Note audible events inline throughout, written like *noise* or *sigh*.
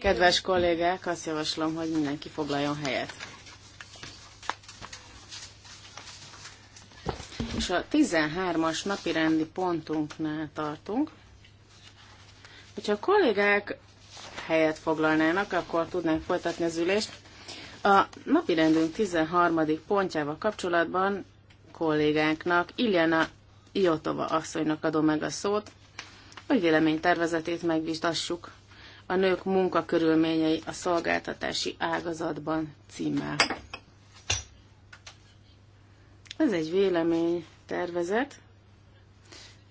Kedves kollégák, azt javaslom, hogy mindenki foglaljon helyet. És a 13-as napi rendi pontunknál tartunk. Hogyha a kollégák helyet foglalnának, akkor tudnánk folytatni az ülést. A napi rendünk 13. pontjával kapcsolatban kollégánknak, Iljana Iotova asszonynak adom meg a szót, hogy véleménytervezetét megvizsgassuk a nők munkakörülményei a szolgáltatási ágazatban címmel. Ez egy vélemény tervezet,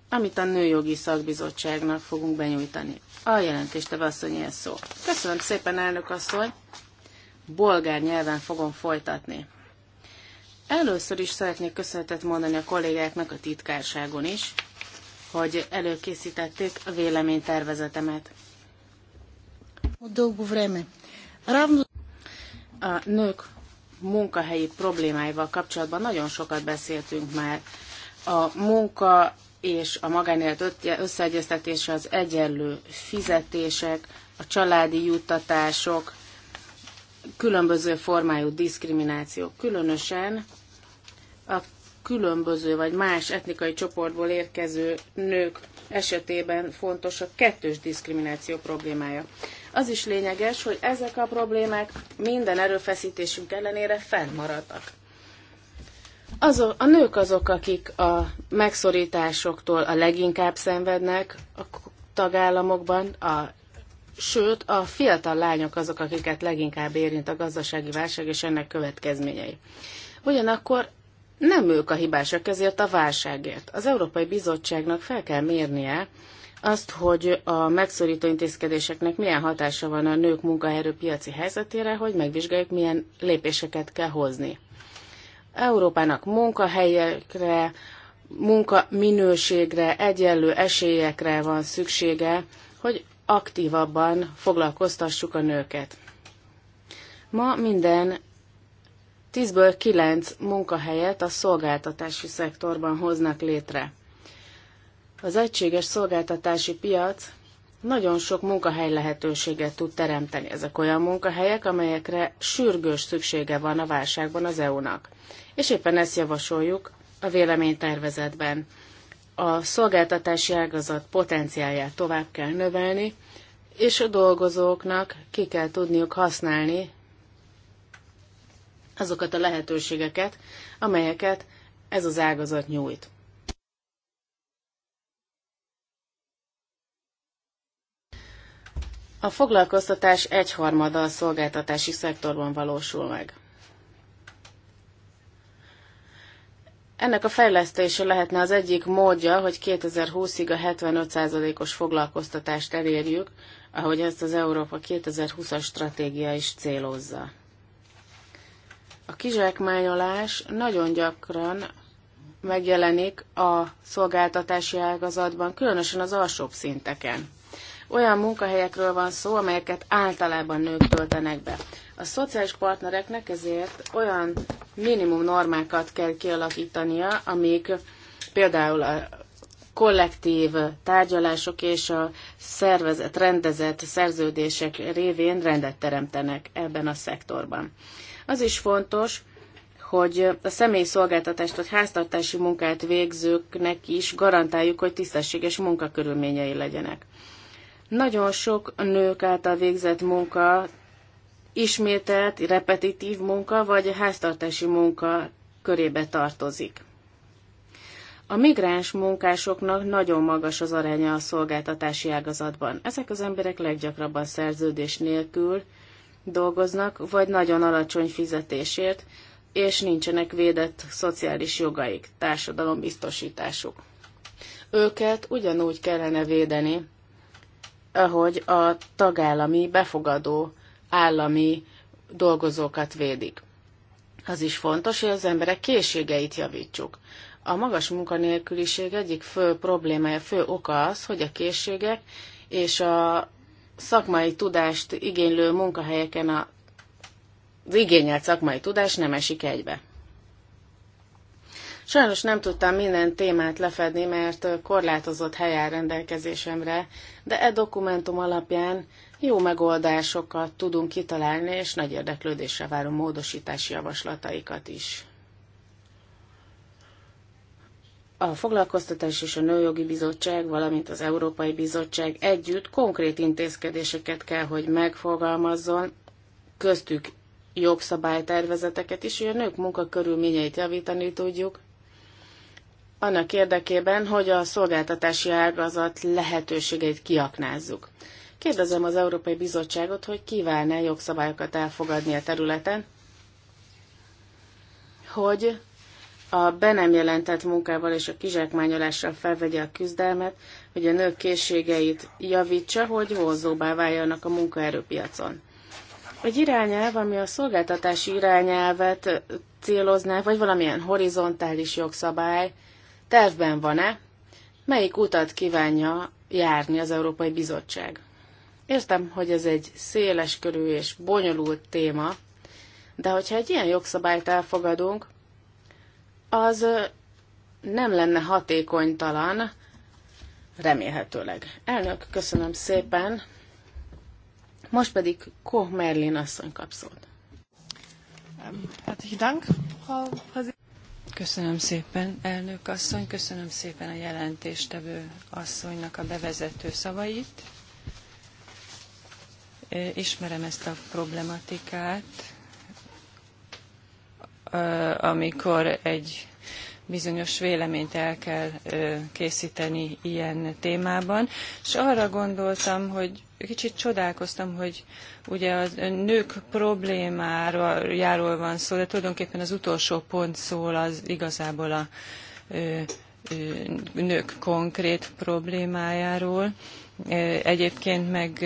amit a Nőjogi Szakbizottságnak fogunk benyújtani. A jelentést asszony ilyen szó. Köszönöm szépen, elnök asszony! Bolgár nyelven fogom folytatni. Először is szeretnék köszönetet mondani a kollégáknak a titkárságon is, hogy előkészítették a véleménytervezetemet. A nők munkahelyi problémáival kapcsolatban nagyon sokat beszéltünk már. A munka és a magánélet összeegyeztetése az egyenlő fizetések, a családi juttatások, különböző formájú diszkrimináció, különösen a különböző vagy más etnikai csoportból érkező nők esetében fontos a kettős diszkrimináció problémája. Az is lényeges, hogy ezek a problémák minden erőfeszítésünk ellenére fennmaradnak. Azok, a nők azok, akik a megszorításoktól a leginkább szenvednek a tagállamokban, a, sőt a fiatal lányok azok, akiket leginkább érint a gazdasági válság és ennek következményei. Ugyanakkor nem ők a hibásak ezért a válságért. Az Európai Bizottságnak fel kell mérnie, azt, hogy a megszorító intézkedéseknek milyen hatása van a nők munkaerőpiaci helyzetére, hogy megvizsgáljuk, milyen lépéseket kell hozni. Európának munkahelyekre, munkaminőségre, egyenlő esélyekre van szüksége, hogy aktívabban foglalkoztassuk a nőket. Ma minden 10-ből 9 munkahelyet a szolgáltatási szektorban hoznak létre. Az egységes szolgáltatási piac nagyon sok munkahely lehetőséget tud teremteni. Ezek olyan munkahelyek, amelyekre sürgős szüksége van a válságban az EU-nak. És éppen ezt javasoljuk a véleménytervezetben. A szolgáltatási ágazat potenciáját tovább kell növelni, és a dolgozóknak ki kell tudniuk használni azokat a lehetőségeket, amelyeket ez az ágazat nyújt. A foglalkoztatás egyharmada a szolgáltatási szektorban valósul meg. Ennek a fejlesztése lehetne az egyik módja, hogy 2020-ig a 75%-os foglalkoztatást elérjük, ahogy ezt az Európa 2020-as stratégia is célozza. A kizsákmányolás nagyon gyakran megjelenik a szolgáltatási ágazatban, különösen az alsóbb szinteken. Olyan munkahelyekről van szó, amelyeket általában nők töltenek be. A szociális partnereknek ezért olyan minimum normákat kell kialakítania, amik például a kollektív tárgyalások és a szervezet, rendezett szerződések révén rendet teremtenek ebben a szektorban. Az is fontos, hogy a személyszolgáltatást vagy háztartási munkát végzőknek is garantáljuk, hogy tisztességes munkakörülményei legyenek. Nagyon sok nők által végzett munka, ismételt, repetitív munka vagy háztartási munka körébe tartozik. A migráns munkásoknak nagyon magas az aránya a szolgáltatási ágazatban. Ezek az emberek leggyakrabban szerződés nélkül dolgoznak, vagy nagyon alacsony fizetésért, és nincsenek védett szociális jogaik, társadalombiztosításuk. Őket ugyanúgy kellene védeni, ahogy a tagállami befogadó állami dolgozókat védik. Az is fontos, hogy az emberek készségeit javítsuk. A magas munkanélküliség egyik fő problémája, fő oka az, hogy a készségek és a szakmai tudást igénylő munkahelyeken a, az igényelt szakmai tudás nem esik egybe. Sajnos nem tudtam minden témát lefedni, mert korlátozott hely áll rendelkezésemre, de e dokumentum alapján jó megoldásokat tudunk kitalálni, és nagy érdeklődésre várom módosítási javaslataikat is. A Foglalkoztatás és a Nőjogi Bizottság, valamint az Európai Bizottság együtt konkrét intézkedéseket kell, hogy megfogalmazzon, köztük jogszabálytervezeteket is, hogy a nők munkakörülményeit javítani tudjuk, annak érdekében, hogy a szolgáltatási ágazat lehetőségeit kiaknázzuk. Kérdezem az Európai Bizottságot, hogy kívánne jogszabályokat elfogadni a területen, hogy a be nem jelentett munkával és a kizsákmányolással felvegye a küzdelmet, hogy a nők készségeit javítsa, hogy vonzóbbá váljanak a munkaerőpiacon. Egy irányelv, ami a szolgáltatási irányelvet célozná, vagy valamilyen horizontális jogszabály, tervben van-e, melyik utat kívánja járni az Európai Bizottság. Értem, hogy ez egy széles körű és bonyolult téma, de hogyha egy ilyen jogszabályt elfogadunk, az nem lenne hatékonytalan, remélhetőleg. Elnök, köszönöm szépen. Most pedig Koh Merlin asszony kap szót. Köszönöm szépen, elnök asszony, köszönöm szépen a jelentéstevő asszonynak a bevezető szavait. Ismerem ezt a problematikát, amikor egy bizonyos véleményt el kell készíteni ilyen témában, és arra gondoltam, hogy kicsit csodálkoztam, hogy ugye a nők problémájáról van szó, de tulajdonképpen az utolsó pont szól az igazából a nők konkrét problémájáról. Egyébként meg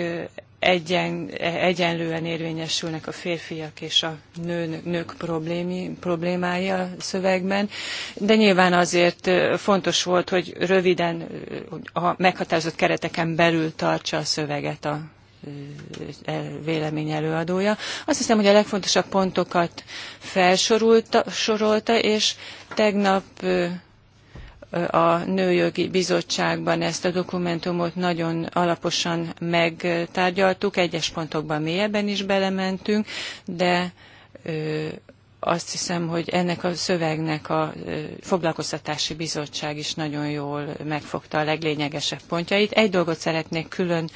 egyen, egyenlően érvényesülnek a férfiak és a nők problémi, problémái a szövegben, de nyilván azért fontos volt, hogy röviden a meghatározott kereteken belül tartsa a szöveget a e, vélemény előadója. Azt hiszem, hogy a legfontosabb pontokat felsorolta, és tegnap a Nőjogi Bizottságban ezt a dokumentumot nagyon alaposan megtárgyaltuk, egyes pontokban mélyebben is belementünk, de azt hiszem, hogy ennek a szövegnek a foglalkoztatási bizottság is nagyon jól megfogta a leglényegesebb pontjait. Egy dolgot szeretnék külön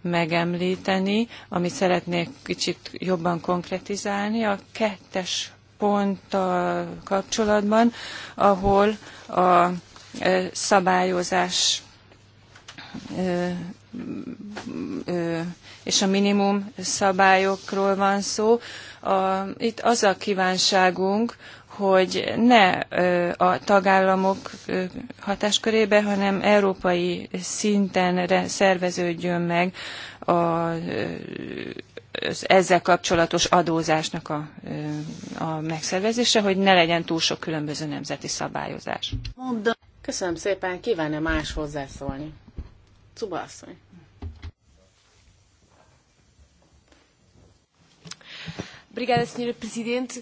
megemlíteni, amit szeretnék kicsit jobban konkretizálni, a kettes ponttal kapcsolatban, ahol a szabályozás és a minimum szabályokról van szó. itt az a kívánságunk, hogy ne a tagállamok hatáskörébe, hanem európai szinten szerveződjön meg az ezzel kapcsolatos adózásnak a, a megszervezése, hogy ne legyen túl sok különböző nemzeti szabályozás. Köszönöm szépen, kívánja más hozzászólni. Cuba asszony. Obrigada, Sra. Presidente.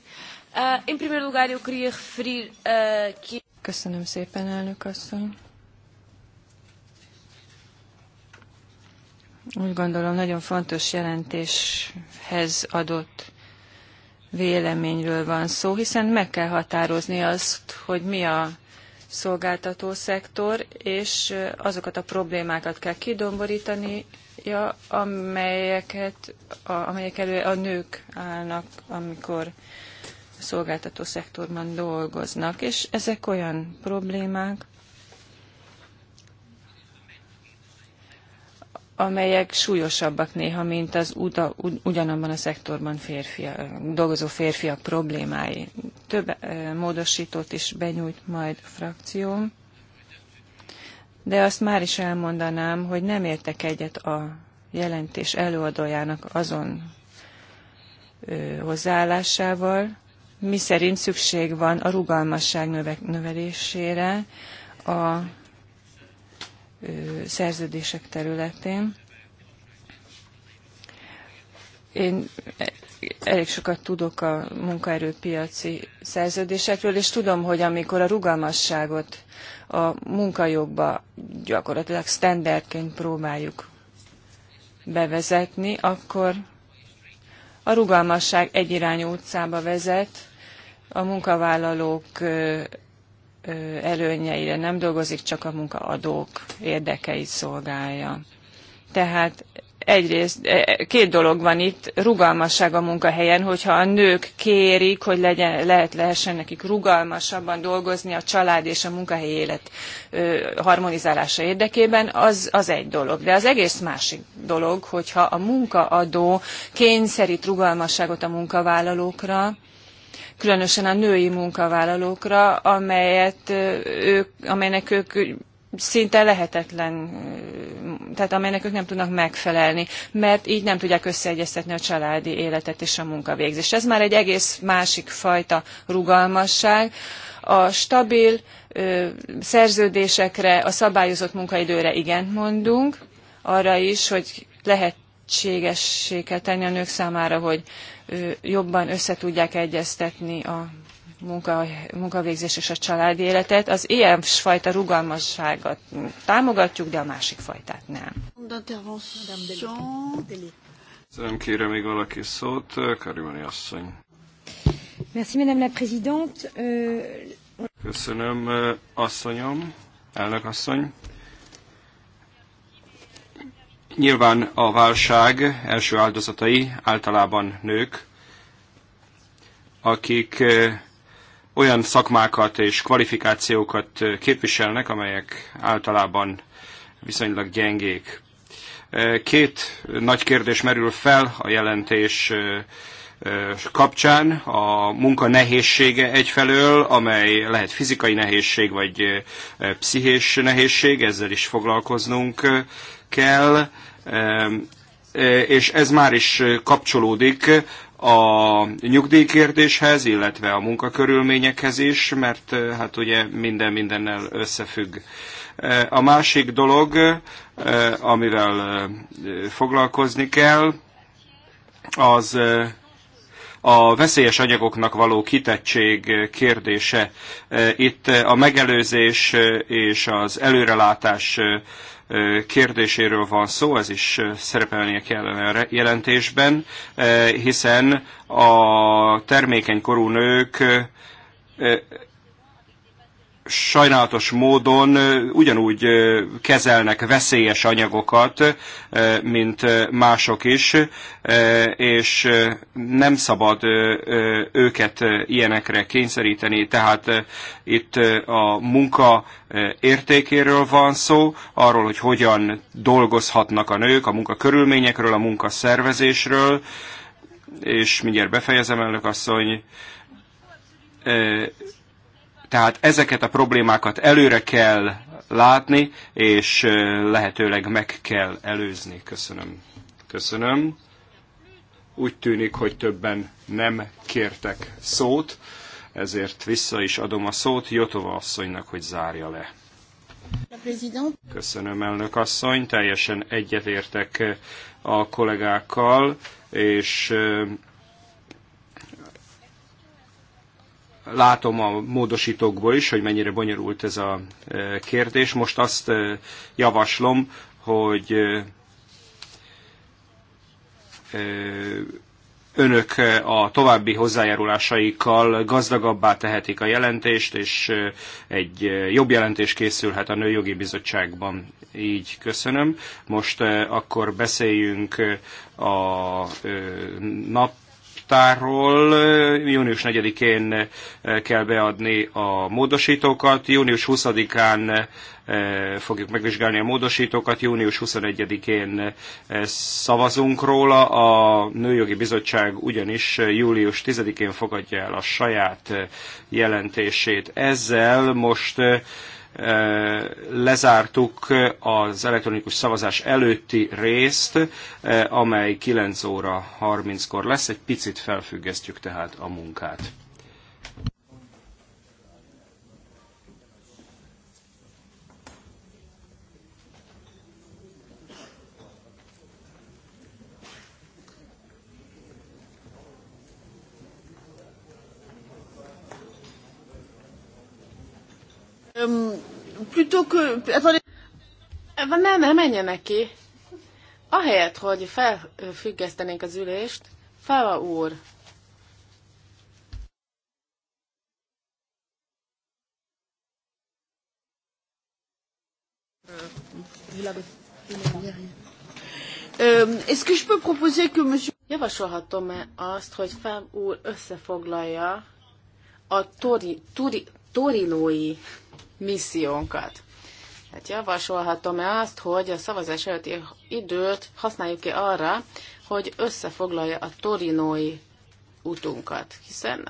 Uh, em primeiro lugar, eu queria referir uh, que... Köszönöm szépen, elnök asszony. Úgy gondolom, nagyon fontos jelentéshez adott véleményről van szó, hiszen meg kell határozni azt, hogy mi a szolgáltató szektor, és azokat a problémákat kell kidomborítania, amelyeket, a, amelyek elő a nők állnak, amikor a szolgáltató szektorban dolgoznak. És ezek olyan problémák, amelyek súlyosabbak néha, mint az uda, ugyanabban a szektorban férfiak, dolgozó férfiak problémái. Több módosítót is benyújt majd a frakcióm, de azt már is elmondanám, hogy nem értek egyet a jelentés előadójának azon ö, hozzáállásával, miszerint szükség van a rugalmasság növe, növelésére, a szerződések területén. Én elég sokat tudok a munkaerőpiaci szerződésekről, és tudom, hogy amikor a rugalmasságot a munkajogba gyakorlatilag standardként próbáljuk bevezetni, akkor a rugalmasság egyirányú utcába vezet, a munkavállalók előnyeire nem dolgozik, csak a munkaadók érdekeit szolgálja. Tehát egyrészt e, e, két dolog van itt, rugalmasság a munkahelyen, hogyha a nők kérik, hogy legyen, lehet, lehessen nekik rugalmasabban dolgozni a család és a munkahelyi élet harmonizálása érdekében, az, az egy dolog. De az egész másik dolog, hogyha a munkaadó kényszerít rugalmasságot a munkavállalókra, különösen a női munkavállalókra, amelyet ők, amelynek ők szinte lehetetlen, tehát amelynek ők nem tudnak megfelelni, mert így nem tudják összeegyeztetni a családi életet és a munkavégzést. Ez már egy egész másik fajta rugalmasság. A stabil ö, szerződésekre, a szabályozott munkaidőre igent mondunk, arra is, hogy lehetségessé kell tenni a nők számára, hogy jobban összetudják egyeztetni a munka, munkavégzés és a családi életet. Az ilyen fajta rugalmasságot támogatjuk, de a másik fajtát nem. Nem kérem még valaki szót, Karimani asszony. Merci, Madame la Présidente. Euh, Köszönöm, asszonyom, elnök asszony. Nyilván a válság első áldozatai általában nők, akik olyan szakmákat és kvalifikációkat képviselnek, amelyek általában viszonylag gyengék. Két nagy kérdés merül fel a jelentés kapcsán. A munka nehézsége egyfelől, amely lehet fizikai nehézség vagy pszichés nehézség, ezzel is foglalkoznunk kell E, és ez már is kapcsolódik a nyugdíjkérdéshez, illetve a munkakörülményekhez is, mert e, hát ugye minden mindennel összefügg. E, a másik dolog, amivel foglalkozni kell, az a veszélyes anyagoknak való kitettség kérdése. Itt a megelőzés és az előrelátás kérdéséről van szó, ez is szerepelnie kellene a jelentésben, hiszen a termékeny korú nők sajnálatos módon ugyanúgy kezelnek veszélyes anyagokat, mint mások is, és nem szabad őket ilyenekre kényszeríteni. Tehát itt a munka értékéről van szó, arról, hogy hogyan dolgozhatnak a nők, a munka körülményekről, a munka szervezésről, és mindjárt befejezem, elnök asszony, tehát ezeket a problémákat előre kell látni, és lehetőleg meg kell előzni. Köszönöm. Köszönöm. Úgy tűnik, hogy többen nem kértek szót, ezért vissza is adom a szót Jotova asszonynak, hogy zárja le. Köszönöm, elnök asszony, teljesen egyetértek a kollégákkal, és látom a módosítókból is, hogy mennyire bonyolult ez a e, kérdés. Most azt e, javaslom, hogy e, önök a további hozzájárulásaikkal gazdagabbá tehetik a jelentést, és egy jobb jelentés készülhet a Nőjogi Bizottságban. Így köszönöm. Most akkor beszéljünk a nap naptárról. Június 4-én kell beadni a módosítókat, június 20-án fogjuk megvizsgálni a módosítókat, június 21-én szavazunk róla. A Nőjogi Bizottság ugyanis július 10-én fogadja el a saját jelentését. Ezzel most Eh, lezártuk az elektronikus szavazás előtti részt, eh, amely 9 óra 30-kor lesz, egy picit felfüggesztjük tehát a munkát. Um, plutôt que... Attendez. Nem, nem, menjenek ki. Ahelyett, hogy felfüggesztenénk az ülést, a úr, Est-ce que je peux proposer que monsieur... Javasolhatom-e azt, hogy fel úr összefoglalja a tori, tori, torinói missziónkat. Tehát javasolhatom-e azt, hogy a szavazás előtti időt használjuk ki arra, hogy összefoglalja a torinói utunkat, hiszen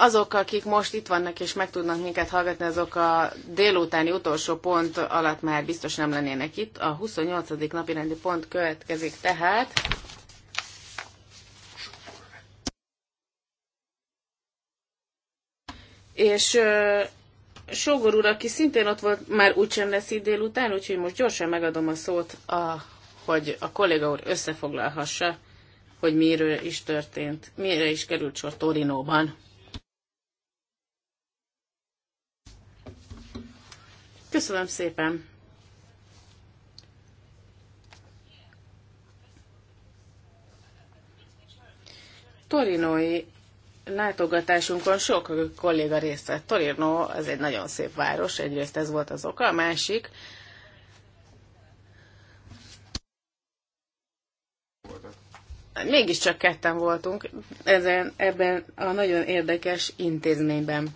azok, akik most itt vannak és meg tudnak minket hallgatni, azok a délutáni utolsó pont alatt már biztos nem lennének itt. A 28. napi rendi pont következik tehát. és Sógor úr, aki szintén ott volt, már úgysem lesz így délután, úgyhogy most gyorsan megadom a szót, a, hogy a kolléga úr összefoglalhassa, hogy miről is történt, mire is került sor Torinóban. Köszönöm szépen! Torinói látogatásunkon sok kolléga részt vett. Torino az egy nagyon szép város, egyrészt ez volt az oka, a másik, mégiscsak ketten voltunk ezen, ebben a nagyon érdekes intézményben.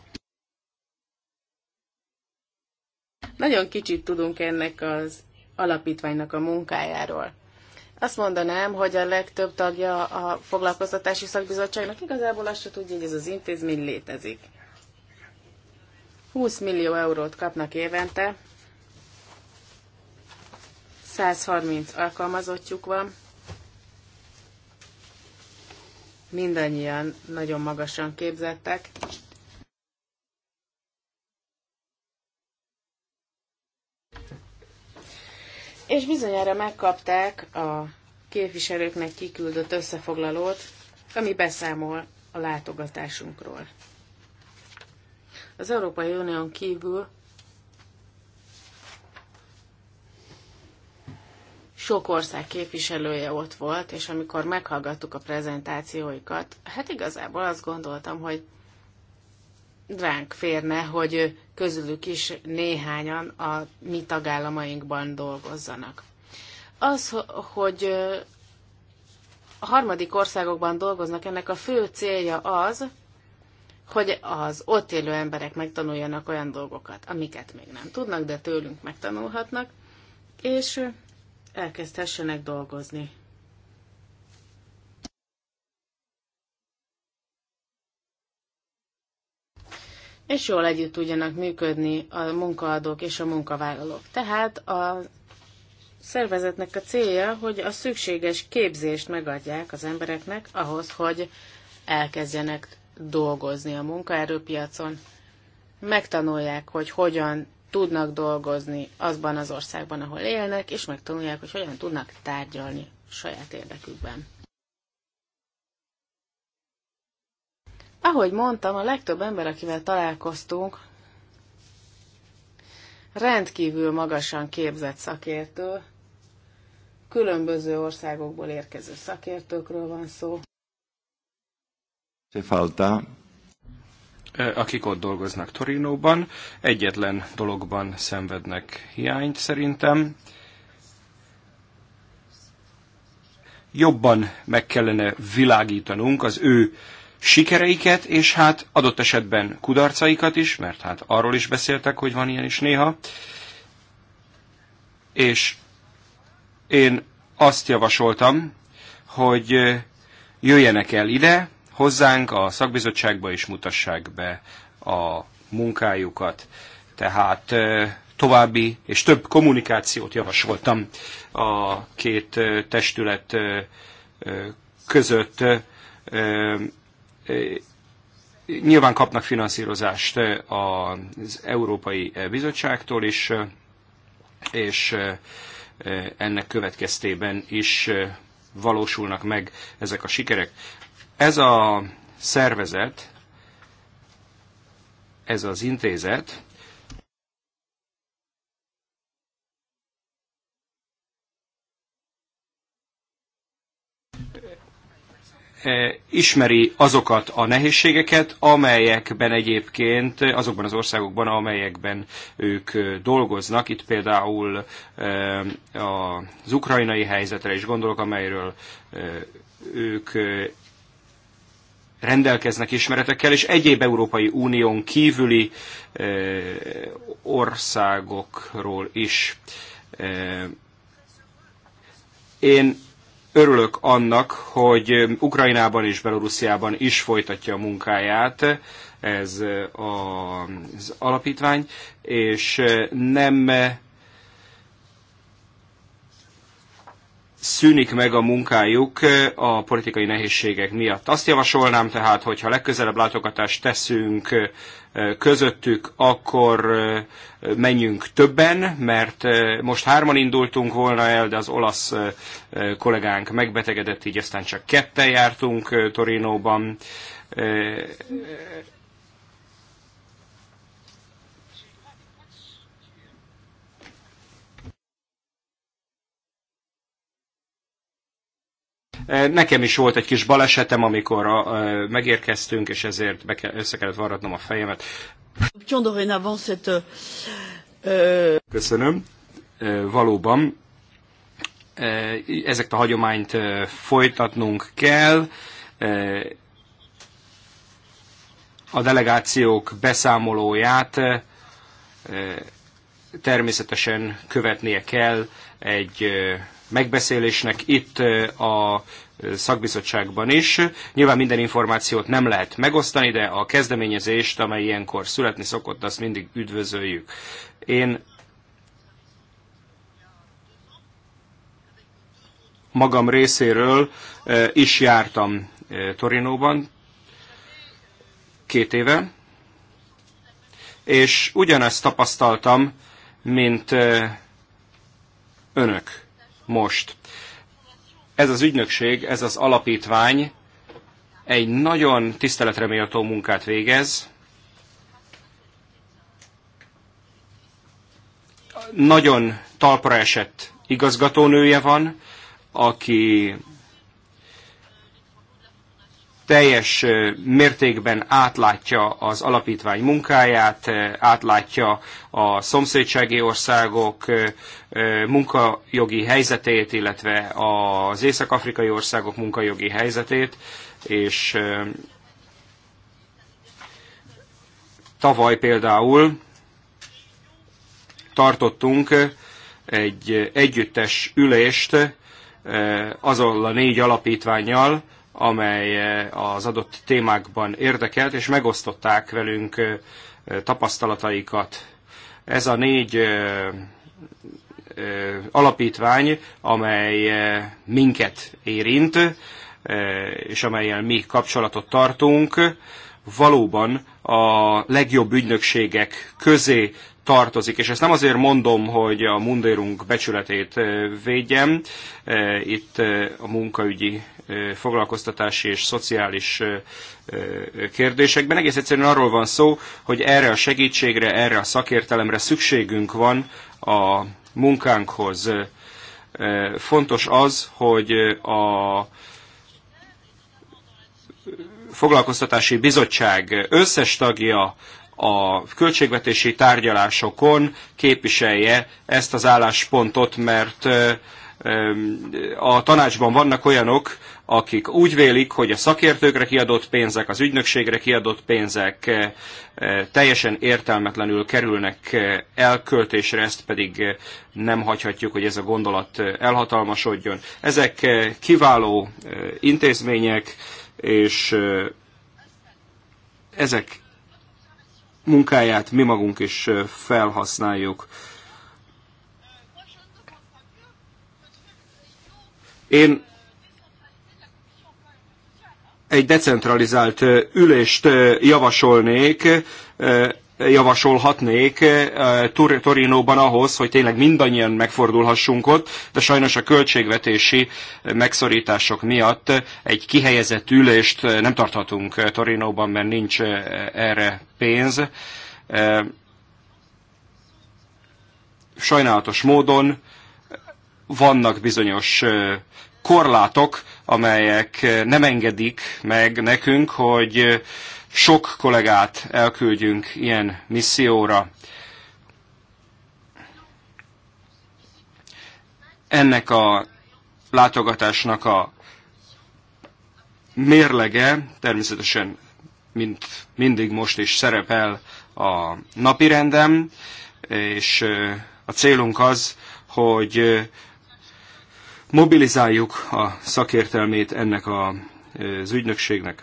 Nagyon kicsit tudunk ennek az alapítványnak a munkájáról. Azt mondanám, hogy a legtöbb tagja a foglalkoztatási szakbizottságnak igazából azt se tudja, hogy ez az intézmény létezik. 20 millió eurót kapnak évente, 130 alkalmazottjuk van, mindannyian nagyon magasan képzettek, és bizonyára megkapták a képviselőknek kiküldött összefoglalót, ami beszámol a látogatásunkról. Az Európai Unión kívül sok ország képviselője ott volt, és amikor meghallgattuk a prezentációikat, hát igazából azt gondoltam, hogy ránk férne, hogy közülük is néhányan a mi tagállamainkban dolgozzanak. Az, hogy a harmadik országokban dolgoznak, ennek a fő célja az, hogy az ott élő emberek megtanuljanak olyan dolgokat, amiket még nem tudnak, de tőlünk megtanulhatnak, és elkezdhessenek dolgozni. és jól együtt tudjanak működni a munkaadók és a munkavállalók. Tehát a szervezetnek a célja, hogy a szükséges képzést megadják az embereknek ahhoz, hogy elkezdjenek dolgozni a munkaerőpiacon, megtanulják, hogy hogyan tudnak dolgozni azban az országban, ahol élnek, és megtanulják, hogy hogyan tudnak tárgyalni saját érdekükben. Ahogy mondtam, a legtöbb ember, akivel találkoztunk, rendkívül magasan képzett szakértő, különböző országokból érkező szakértőkről van szó. Falta. E, akik ott dolgoznak Torinóban, egyetlen dologban szenvednek hiányt szerintem. Jobban meg kellene világítanunk az ő sikereiket, és hát adott esetben kudarcaikat is, mert hát arról is beszéltek, hogy van ilyen is néha. És én azt javasoltam, hogy jöjjenek el ide, hozzánk a szakbizottságba, és mutassák be a munkájukat. Tehát további és több kommunikációt javasoltam a két testület között Nyilván kapnak finanszírozást az Európai Bizottságtól is, és ennek következtében is valósulnak meg ezek a sikerek. Ez a szervezet, ez az intézet Eh, ismeri azokat a nehézségeket, amelyekben egyébként eh, azokban az országokban, amelyekben ők eh, dolgoznak. Itt például az ukrajnai helyzetre is gondolok, amelyről ők rendelkeznek ismeretekkel, és egyéb Európai Unión kívüli országokról is. Én örülök annak, hogy Ukrajnában és Belorussziában is folytatja a munkáját ez az alapítvány, és nem szűnik meg a munkájuk eh, a politikai nehézségek miatt. Azt javasolnám tehát, hogyha legközelebb látogatást teszünk eh, közöttük, akkor eh, menjünk többen, mert most hárman indultunk volna el, de az olasz kollégánk megbetegedett, így aztán csak ketten jártunk Torinóban Nekem is volt egy kis balesetem, amikor megérkeztünk, és ezért be ke- össze kellett varratnom a fejemet. Euh, euh, Köszönöm. Valóban ezeket a hagyományt folytatnunk kell. A delegációk beszámolóját természetesen követnie kell egy megbeszélésnek itt a szakbizottságban is. Nyilván minden információt nem lehet megosztani, de a kezdeményezést, amely ilyenkor születni szokott, azt mindig üdvözöljük. Én magam részéről is jártam Torinóban két éve, és ugyanezt tapasztaltam, mint önök most. Ez az ügynökség, ez az alapítvány egy nagyon tiszteletre méltó munkát végez, nagyon talpra esett igazgatónője van, aki teljes mértékben átlátja az alapítvány munkáját, átlátja a szomszédsági országok munkajogi helyzetét, illetve az észak-afrikai országok munkajogi helyzetét, és tavaly például tartottunk egy együttes ülést azon a négy alapítványjal, amely eh, az adott témákban érdekelt, és megosztották velünk eh, tapasztalataikat. Ez a négy eh, alapítvány, amely minket érint, és amelyel mi kapcsolatot tartunk, valóban a legjobb ügynökségek közé tartozik, és ezt nem azért mondom, hogy a mundérunk becsületét védjem, itt a munkaügyi foglalkoztatási és szociális kérdésekben. Egész egyszerűen arról van szó, hogy erre a segítségre, erre a szakértelemre szükségünk van a munkánkhoz. Fontos az, hogy a foglalkoztatási bizottság összes tagja a költségvetési tárgyalásokon képviselje ezt az álláspontot, mert a tanácsban vannak olyanok, akik úgy vélik, hogy a szakértőkre kiadott pénzek, az ügynökségre kiadott pénzek eh, eh, teljesen értelmetlenül kerülnek eh, elköltésre, ezt pedig nem hagyhatjuk, hogy ez a gondolat elhatalmasodjon. Ezek kiváló intézmények, és ezek munkáját mi magunk is felhasználjuk. Én egy decentralizált ülést javasolnék, javasolhatnék Torinóban ahhoz, hogy tényleg mindannyian megfordulhassunk ott, de sajnos a költségvetési megszorítások miatt egy kihelyezett ülést nem tarthatunk Torinóban, mert nincs erre pénz. Sajnálatos módon vannak bizonyos korlátok, amelyek eh, nem engedik meg nekünk, hogy eh, sok kollégát elküldjünk ilyen misszióra. Ennek a látogatásnak a mérlege természetesen, mint mindig most is szerepel a napirendem, és eh, a célunk az, hogy mobilizáljuk a szakértelmét ennek a, az ügynökségnek.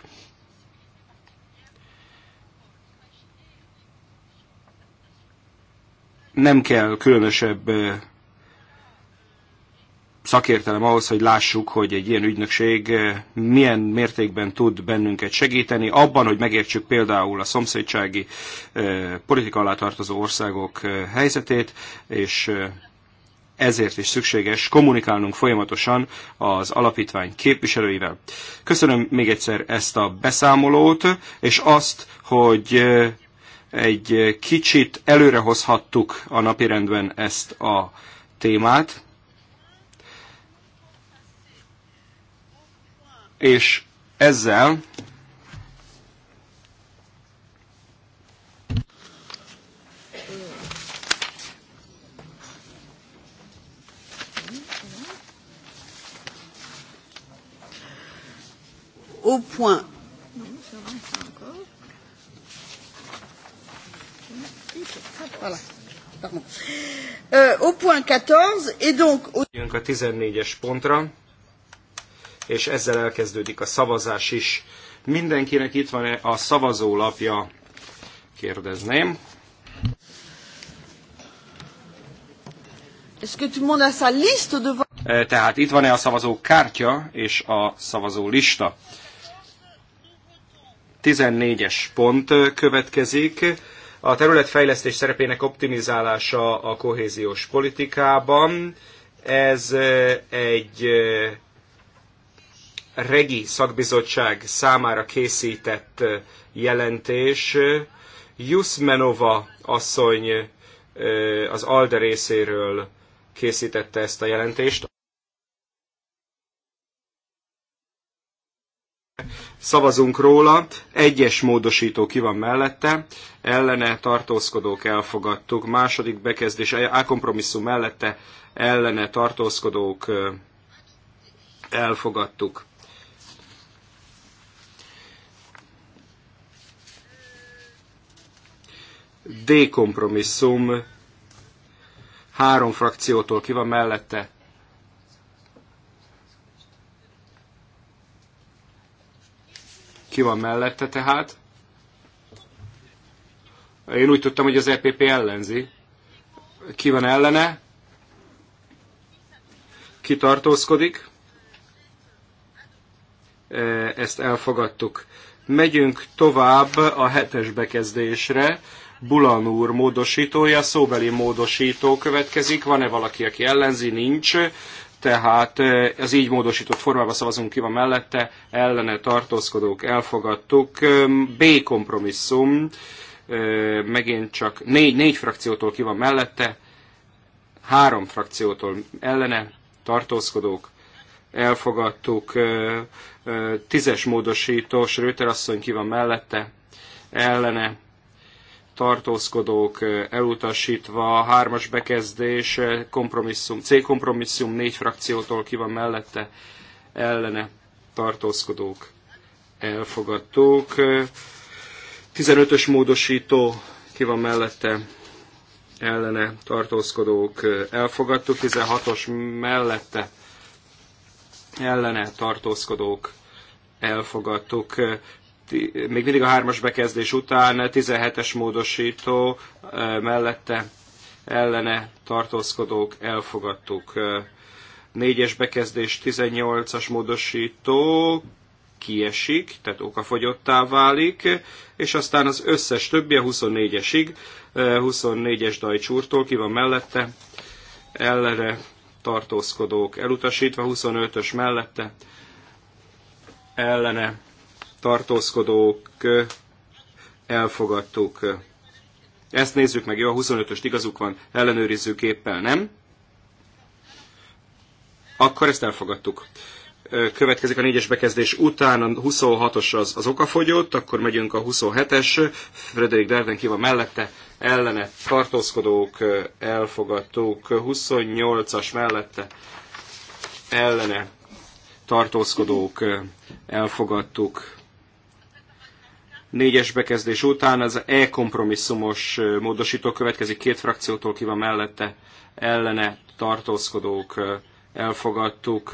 Nem kell különösebb szakértelem ahhoz, hogy lássuk, hogy egy ilyen ügynökség milyen mértékben tud bennünket segíteni, abban, hogy megértsük például a szomszédsági politika alá tartozó országok helyzetét, és ezért is szükséges kommunikálnunk folyamatosan az alapítvány képviselőivel. Köszönöm még egyszer ezt a beszámolót, és azt, hogy egy kicsit előrehozhattuk a napirendben ezt a témát, és ezzel au point. Voilà. Euh, au point 14 et donc a 14-es pontra, és ezzel elkezdődik a szavazás is. Mindenkinek itt van -e a szavazólapja, kérdezném. Est-ce que tout le monde a sa liste de Tehát itt van-e a szavazó kártya és a szavazó lista? 14-es pont következik. A területfejlesztés szerepének optimizálása a kohéziós politikában. Ez egy regi szakbizottság számára készített jelentés. Jusmenova asszony az ALDE részéről készítette ezt a jelentést. Szavazunk róla, egyes módosító ki van mellette, ellene tartózkodók elfogadtuk, második bekezdés A kompromisszum mellette, ellene tartózkodók elfogadtuk. D kompromisszum három frakciótól ki van mellette, Ki van mellette tehát? Én úgy tudtam, hogy az EPP ellenzi. Ki van ellene? Ki tartózkodik? E, ezt elfogadtuk. Megyünk tovább a hetes bekezdésre. Bulan úr módosítója, szóbeli módosító következik. Van-e valaki, aki ellenzi? Nincs tehát az így módosított formában szavazunk ki van mellette, ellene tartózkodók elfogadtuk. B kompromisszum, megint csak négy, négy frakciótól ki van mellette, három frakciótól ellene tartózkodók elfogadtuk. Tízes módosító, Schröter asszony ki van mellette, ellene tartózkodók elutasítva, hármas bekezdés, kompromisszum, C kompromisszum, négy frakciótól ki van mellette, ellene tartózkodók elfogadtók. 15-ös módosító ki van mellette, ellene tartózkodók elfogadtuk, 16-os mellette ellene tartózkodók elfogadtuk, még mindig a hármas bekezdés után 17-es módosító mellette ellene tartózkodók elfogadtuk. 4-es bekezdés 18-as módosító kiesik, tehát okafogyottá válik, és aztán az összes többi a 24-esig, 24-es Dajcsúrtól ki van mellette, ellene tartózkodók elutasítva, 25-ös mellette, ellene tartózkodók, elfogadtuk. Ezt nézzük meg, jó, a 25-öst igazuk van, ellenőrizzük éppen, nem? Akkor ezt elfogadtuk. Következik a négyes bekezdés után, a 26-os az, az okafogyott, akkor megyünk a 27-es, Frederik Derden ki van mellette, ellene tartózkodók, elfogadtuk, 28-as mellette, ellene tartózkodók, elfogadtuk, négyes bekezdés után az e-kompromisszumos módosító következik, két frakciótól ki van mellette ellene tartózkodók elfogadtuk.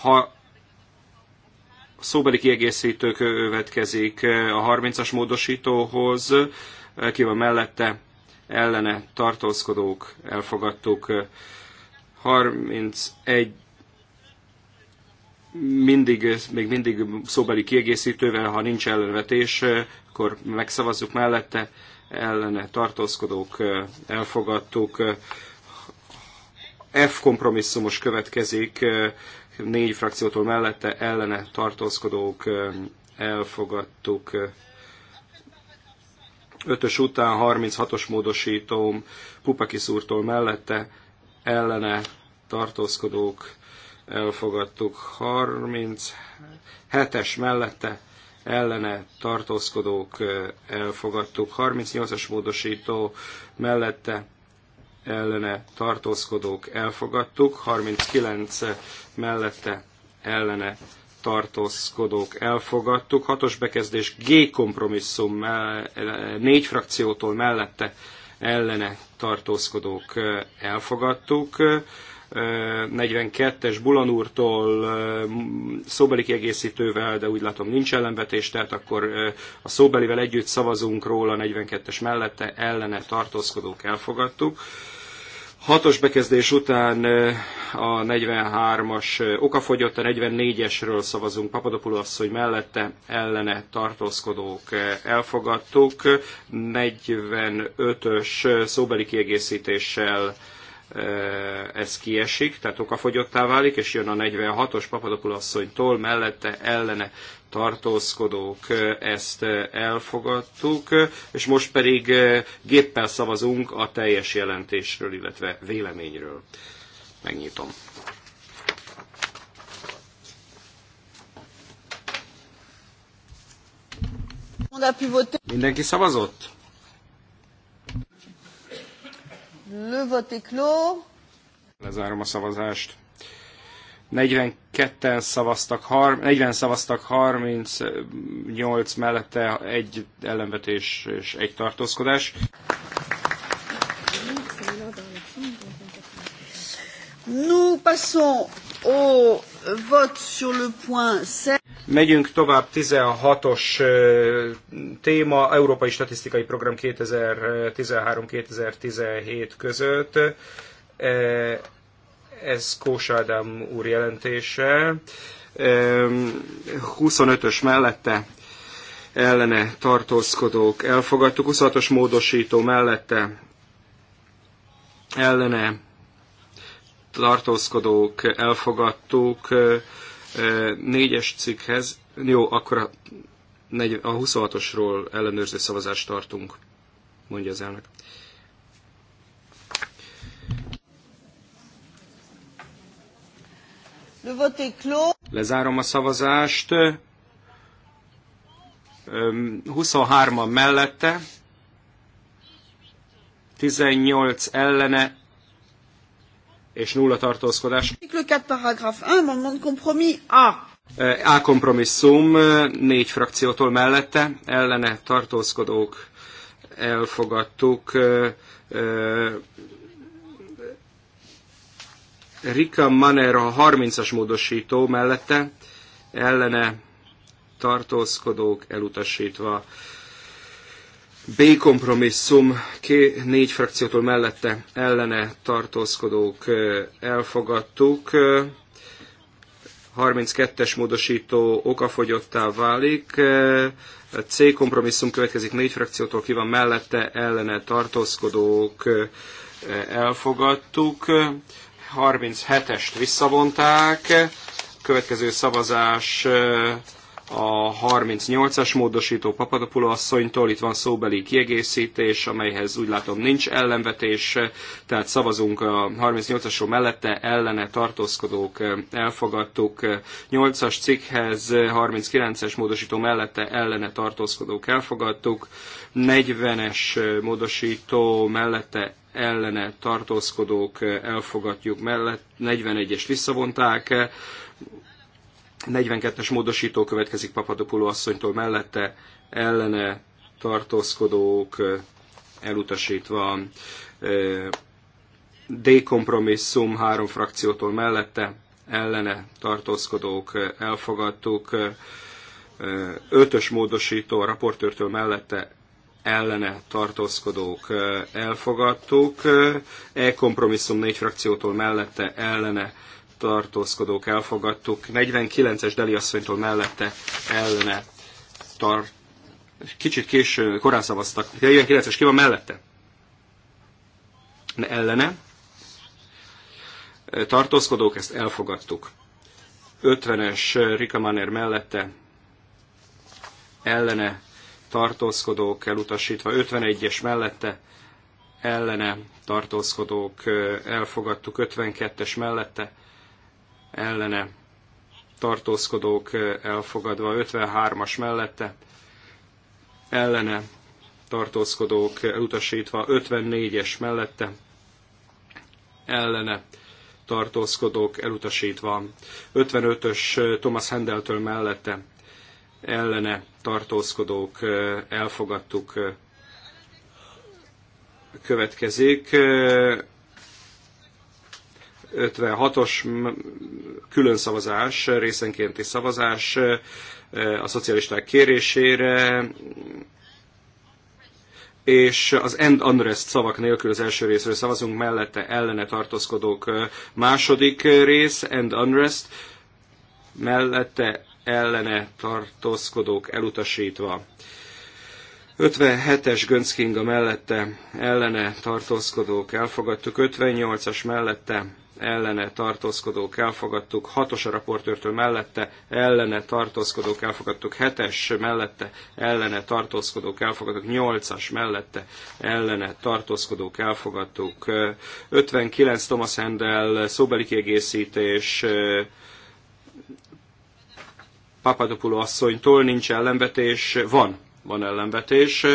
Ha szóbeli kiegészítő következik a 30-as módosítóhoz, ki van mellette ellene tartózkodók elfogadtuk. 31 mindig, még mindig szóbeli kiegészítővel, ha nincs ellenvetés, eh, akkor megszavazzuk mellette, ellene tartózkodók eh, elfogadtuk. Eh, F kompromisszumos következik, négy frakciótól mellette ellene tartózkodók elfogadtuk. Ötös után 36-os módosítóm Pupakis úrtól mellette ellene tartózkodók elfogadtuk. 37-es mellette ellene tartózkodók elfogadtuk. 38-as módosító mellette ellene tartózkodók elfogadtuk. 39 mellette ellene tartózkodók elfogadtuk. Hatos bekezdés G kompromisszum négy frakciótól mellette ellene tartózkodók elfogadtuk. 42-es Bulanúrtól szóbeli kiegészítővel, de úgy látom nincs ellenvetés, tehát akkor a szóbelivel együtt szavazunk róla, 42-es mellette ellene tartózkodók elfogadtuk. Hatos bekezdés után a 43-as okafogyott, a 44-esről szavazunk Papadopulo asszony mellette, ellene tartózkodók elfogadtuk, 45-ös szóbeli kiegészítéssel ez kiesik, tehát okafogyottá válik, és jön a 46-os papadopulasszonytól mellette ellene tartózkodók, ezt elfogadtuk, és most pedig géppel szavazunk a teljes jelentésről, illetve véleményről. Megnyitom. Mindenki szavazott? Le vote est clos. Lezárom a szavazást. 42-en szavaztak, 40 szavaztak, 38 mellette egy ellenvetés és egy tartózkodás. Nous passons au vote sur le point 7. Megyünk tovább, 16-os téma, Európai Statisztikai Program 2013-2017 között. Ez Kós Ádám úr jelentése. 25-ös mellette ellene tartózkodók elfogadtuk, 26-os módosító mellette ellene tartózkodók elfogadtuk, négyes cikkhez, jó, akkor a, a 26-osról ellenőrző szavazást tartunk, mondja az elnök. Lezárom a szavazást. 23 a mellette, 18 ellene, és nulla tartózkodás. A kompromisszum négy frakciótól mellette, ellene tartózkodók elfogadtuk. Rika Maner a 30-as módosító mellette, ellene tartózkodók elutasítva. B kompromisszum ké, négy frakciótól mellette ellene tartózkodók elfogadtuk. 32-es módosító okafogyottá válik. C kompromisszum következik négy frakciótól, ki van mellette ellene tartózkodók elfogadtuk. 37-est visszavonták. Következő szavazás a 38-as módosító Papadopulo asszonytól, itt van szóbeli kiegészítés, amelyhez úgy látom nincs ellenvetés, tehát szavazunk a 38-asról mellette, ellene tartózkodók eh, elfogadtuk, 8-as cikkhez 39-es módosító mellette, ellene tartózkodók elfogadtuk, 40-es eh, módosító mellette ellene tartózkodók eh, elfogadjuk mellett, 41 es visszavonták, 42-es módosító következik Papadopulo asszonytól mellette, ellene tartózkodók elutasítva. D kompromisszum három frakciótól mellette, ellene tartózkodók elfogadtuk. Ötös módosító a raportőrtől mellette, ellene tartózkodók elfogadtuk. E kompromisszum négy frakciótól mellette, ellene tartózkodók elfogadtuk, 49-es Deli asszonytól mellette ellene tart, kicsit késő, korán szavaztak, 49-es ki van mellette? Ellene tartózkodók, ezt elfogadtuk. 50-es Rika Manner mellette ellene tartózkodók elutasítva, 51-es mellette ellene tartózkodók elfogadtuk, 52-es mellette ellene tartózkodók elfogadva, 53-as mellette ellene tartózkodók elutasítva, 54-es mellette ellene tartózkodók elutasítva, 55-ös Thomas Hendeltől mellette ellene tartózkodók elfogadtuk következik 56-os külön szavazás, részenkénti szavazás eh, a szocialisták kérésére, és az end unrest szavak nélkül az első részről szavazunk, mellette ellene tartózkodók eh, második rész, end unrest, mellette ellene tartózkodók elutasítva. 57-es Gönc Kinga mellette ellene tartózkodók elfogadtuk, 58-as mellette ellene tartózkodók elfogadtuk, hatos a raportőrtől mellette, ellene tartózkodók elfogadtuk, hetes mellette, ellene tartózkodók elfogadtuk, nyolcas mellette, ellene tartózkodók elfogadtuk, 59 Thomas Handel szóbeli kiegészítés, Papadopulo asszonytól nincs ellenvetés, van, van ellenvetés,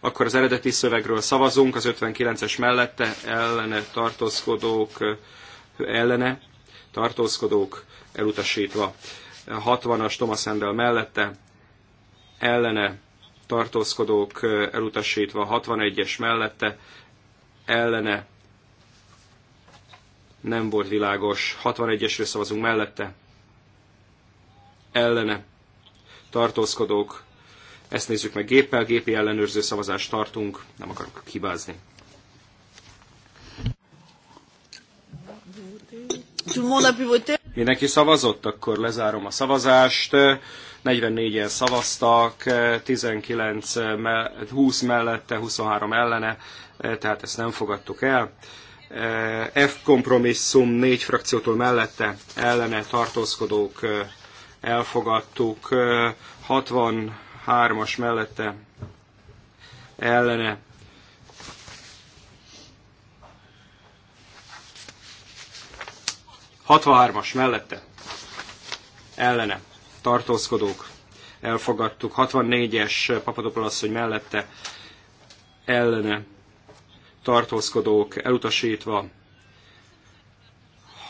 akkor az eredeti szövegről szavazunk, az 59-es mellette ellene tartózkodók ellene, tartózkodók elutasítva. 60-as Thomas Handel mellette, ellene, tartózkodók elutasítva. 61-es mellette, ellene, nem volt világos. 61-esről szavazunk mellette, ellene, tartózkodók ezt nézzük meg géppel, gépi ellenőrző szavazást tartunk, nem akarok hibázni. Mindenki szavazott, akkor lezárom a szavazást. 44-en szavaztak, 19, 20 mellette, 23 ellene, tehát ezt nem fogadtuk el. F kompromisszum négy frakciótól mellette ellene tartózkodók elfogadtuk, 63-as mellette ellene 63-as mellette ellene tartózkodók elfogadtuk. 64-es Papadopoulos, hogy mellette ellene tartózkodók elutasítva.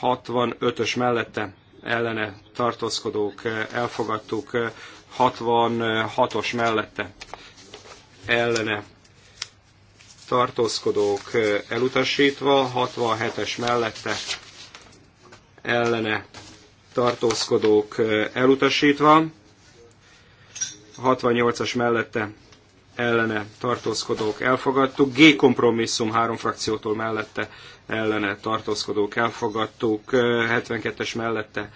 65-ös mellette ellene tartózkodók elfogadtuk. 66-os mellette ellene tartózkodók elutasítva, 67-es mellette ellene tartózkodók elutasítva, 68-as mellette ellene tartózkodók elfogadtuk, G kompromisszum három frakciótól mellette ellene tartózkodók elfogadtuk, 72-es mellette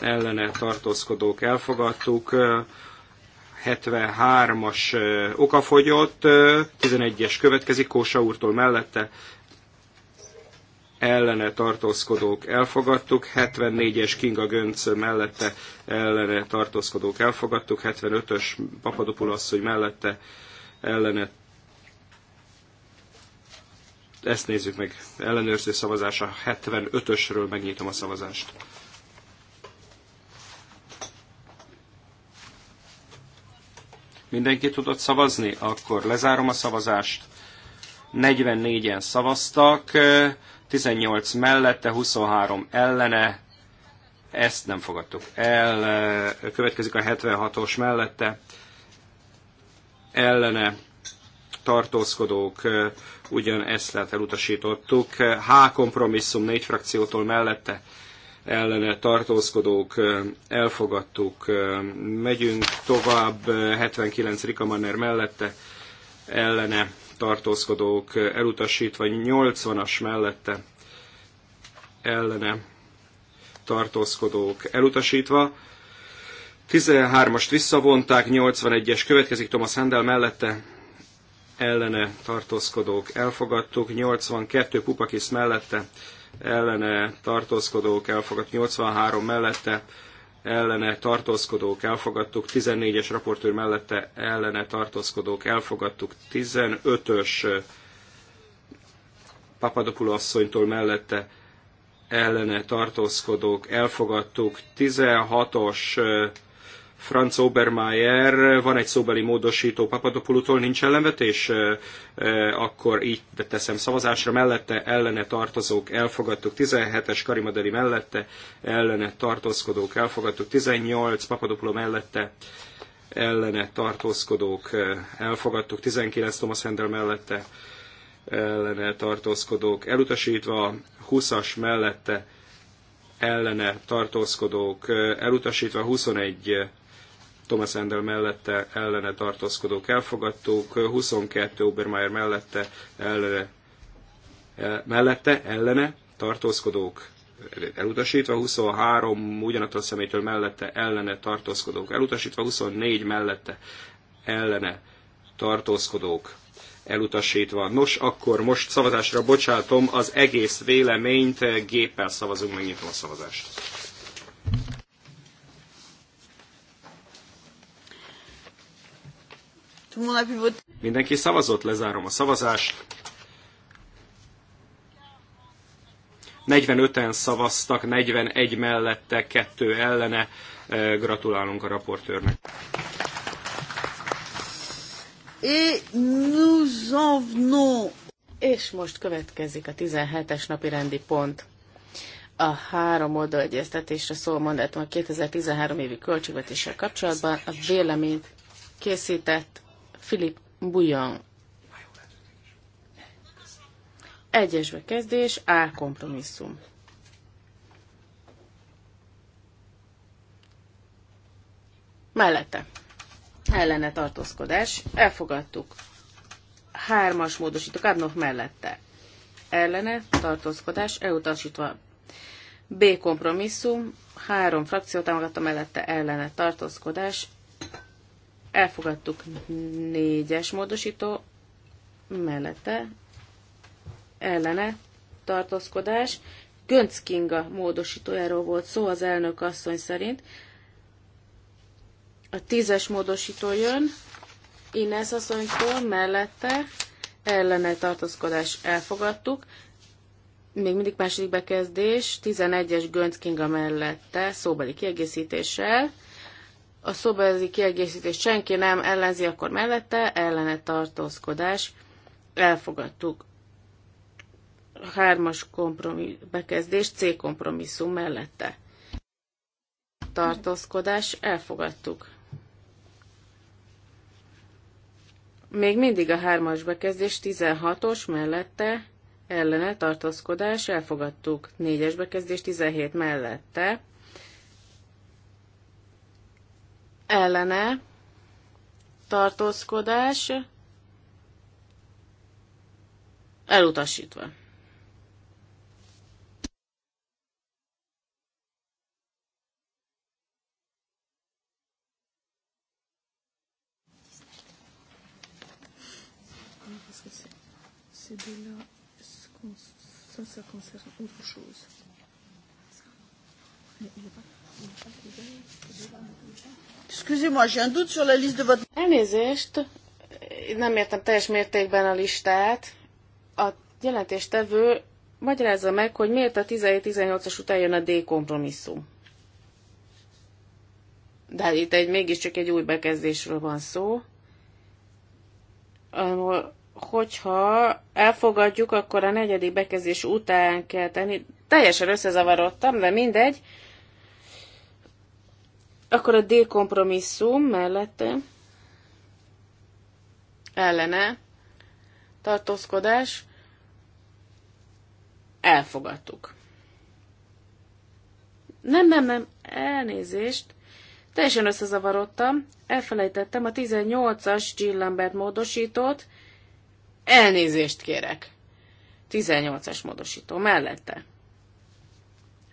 ellene tartózkodók elfogadtuk, 73-as okafogyott, 11-es következik Kósa úrtól mellette ellene tartózkodók elfogadtuk, 74-es Kinga Gönc mellette ellene tartózkodók elfogadtuk, 75-ös Papadopul hogy mellette ellene ezt nézzük meg, ellenőrző szavazása 75-ösről megnyitom a szavazást. Mindenki tudott szavazni? Akkor lezárom a szavazást. 44-en szavaztak, 18 mellette, 23 ellene, ezt nem fogadtuk el. Következik a 76-os mellette, ellene tartózkodók, ezt lehet elutasítottuk. H kompromisszum négy frakciótól mellette ellene tartózkodók elfogadtuk. Megyünk tovább, 79 Rikamanner mellette ellene tartózkodók elutasítva, 80-as mellette ellene tartózkodók elutasítva, 13-ast visszavonták, 81-es következik Thomas Handel mellette, ellene tartózkodók elfogadtuk, 82 Pupakis mellette ellene tartózkodók elfogadtuk, 83 mellette ellene tartózkodók elfogadtuk, 14-es raportőr mellette ellene tartózkodók elfogadtuk, 15-ös Papadopulo asszonytól mellette ellene tartózkodók elfogadtuk, 16-os Franz Obermeier, van egy szóbeli módosító Papadopoulutól, nincs ellenvetés, akkor így teszem szavazásra, mellette ellene tartozók elfogadtuk, 17-es Karimadeli mellette ellene tartózkodók elfogadtuk, 18 Papadopoulou mellette ellene tartózkodók elfogadtuk, 19 Thomas Hendel mellette ellene tartózkodók elutasítva, 20-as mellette ellene tartózkodók elutasítva, 21 Thomas Endel mellette ellene tartózkodók elfogadtók, 22 Obermeier mellette ellene, mellette ellene tartózkodók elutasítva, 23 ugyanattól szemétől mellette ellene tartózkodók elutasítva, 24 mellette ellene tartózkodók elutasítva. Nos, akkor most szavazásra bocsátom az egész véleményt, géppel szavazunk, megnyitom a szavazást. Mindenki szavazott, lezárom a szavazást. 45-en szavaztak, 41 mellette, 2 ellene. Eh, gratulálunk a raportőrnek. Et nous en venons. És most következik a 17-es napi rendi pont. A három oldalegyeztetésre szól mandátum a 2013 évi költségvetéssel kapcsolatban a véleményt készített Filip Bujan. Egyesbe kezdés, A kompromisszum. Mellette. Ellene tartózkodás. Elfogadtuk. Hármas módosító Kárnok mellette. Ellene tartózkodás elutasítva. B kompromisszum. Három frakció támogatta mellette ellene tartózkodás Elfogadtuk négyes módosító mellette ellene tartózkodás. Gönc Kinga módosítójáról volt szó az elnök asszony szerint. A tízes módosító jön, Ines asszonytól mellette ellene tartózkodás elfogadtuk. Még mindig második bekezdés, 11-es Gönc Kinga mellette szóbeli kiegészítéssel a szobeli kiegészítés senki nem ellenzi, akkor mellette ellene tartózkodás. Elfogadtuk a hármas bekezdés C kompromisszum mellette. Tartózkodás, elfogadtuk. Még mindig a hármas bekezdés 16-os mellette, ellene tartózkodás, elfogadtuk. Négyes bekezdés 17 mellette, ellene tartózkodás elutasítva. il n'y a pas, Excusez-moi, j'ai un doute sur la liste de votre... Elnézést, nem értem teljes mértékben a listát. A jelentéstevő magyarázza meg, hogy miért a 17-18-as után jön a D kompromisszum. De itt egy, mégiscsak egy új bekezdésről van szó. Hogyha elfogadjuk, akkor a negyedik bekezdés után kell tenni. Teljesen összezavarodtam, de mindegy. Akkor a D kompromisszum mellette ellene tartózkodás elfogadtuk. Nem, nem, nem, elnézést. Teljesen összezavarodtam, elfelejtettem a 18-as Gillambert módosítót. Elnézést kérek. 18-as módosító mellette.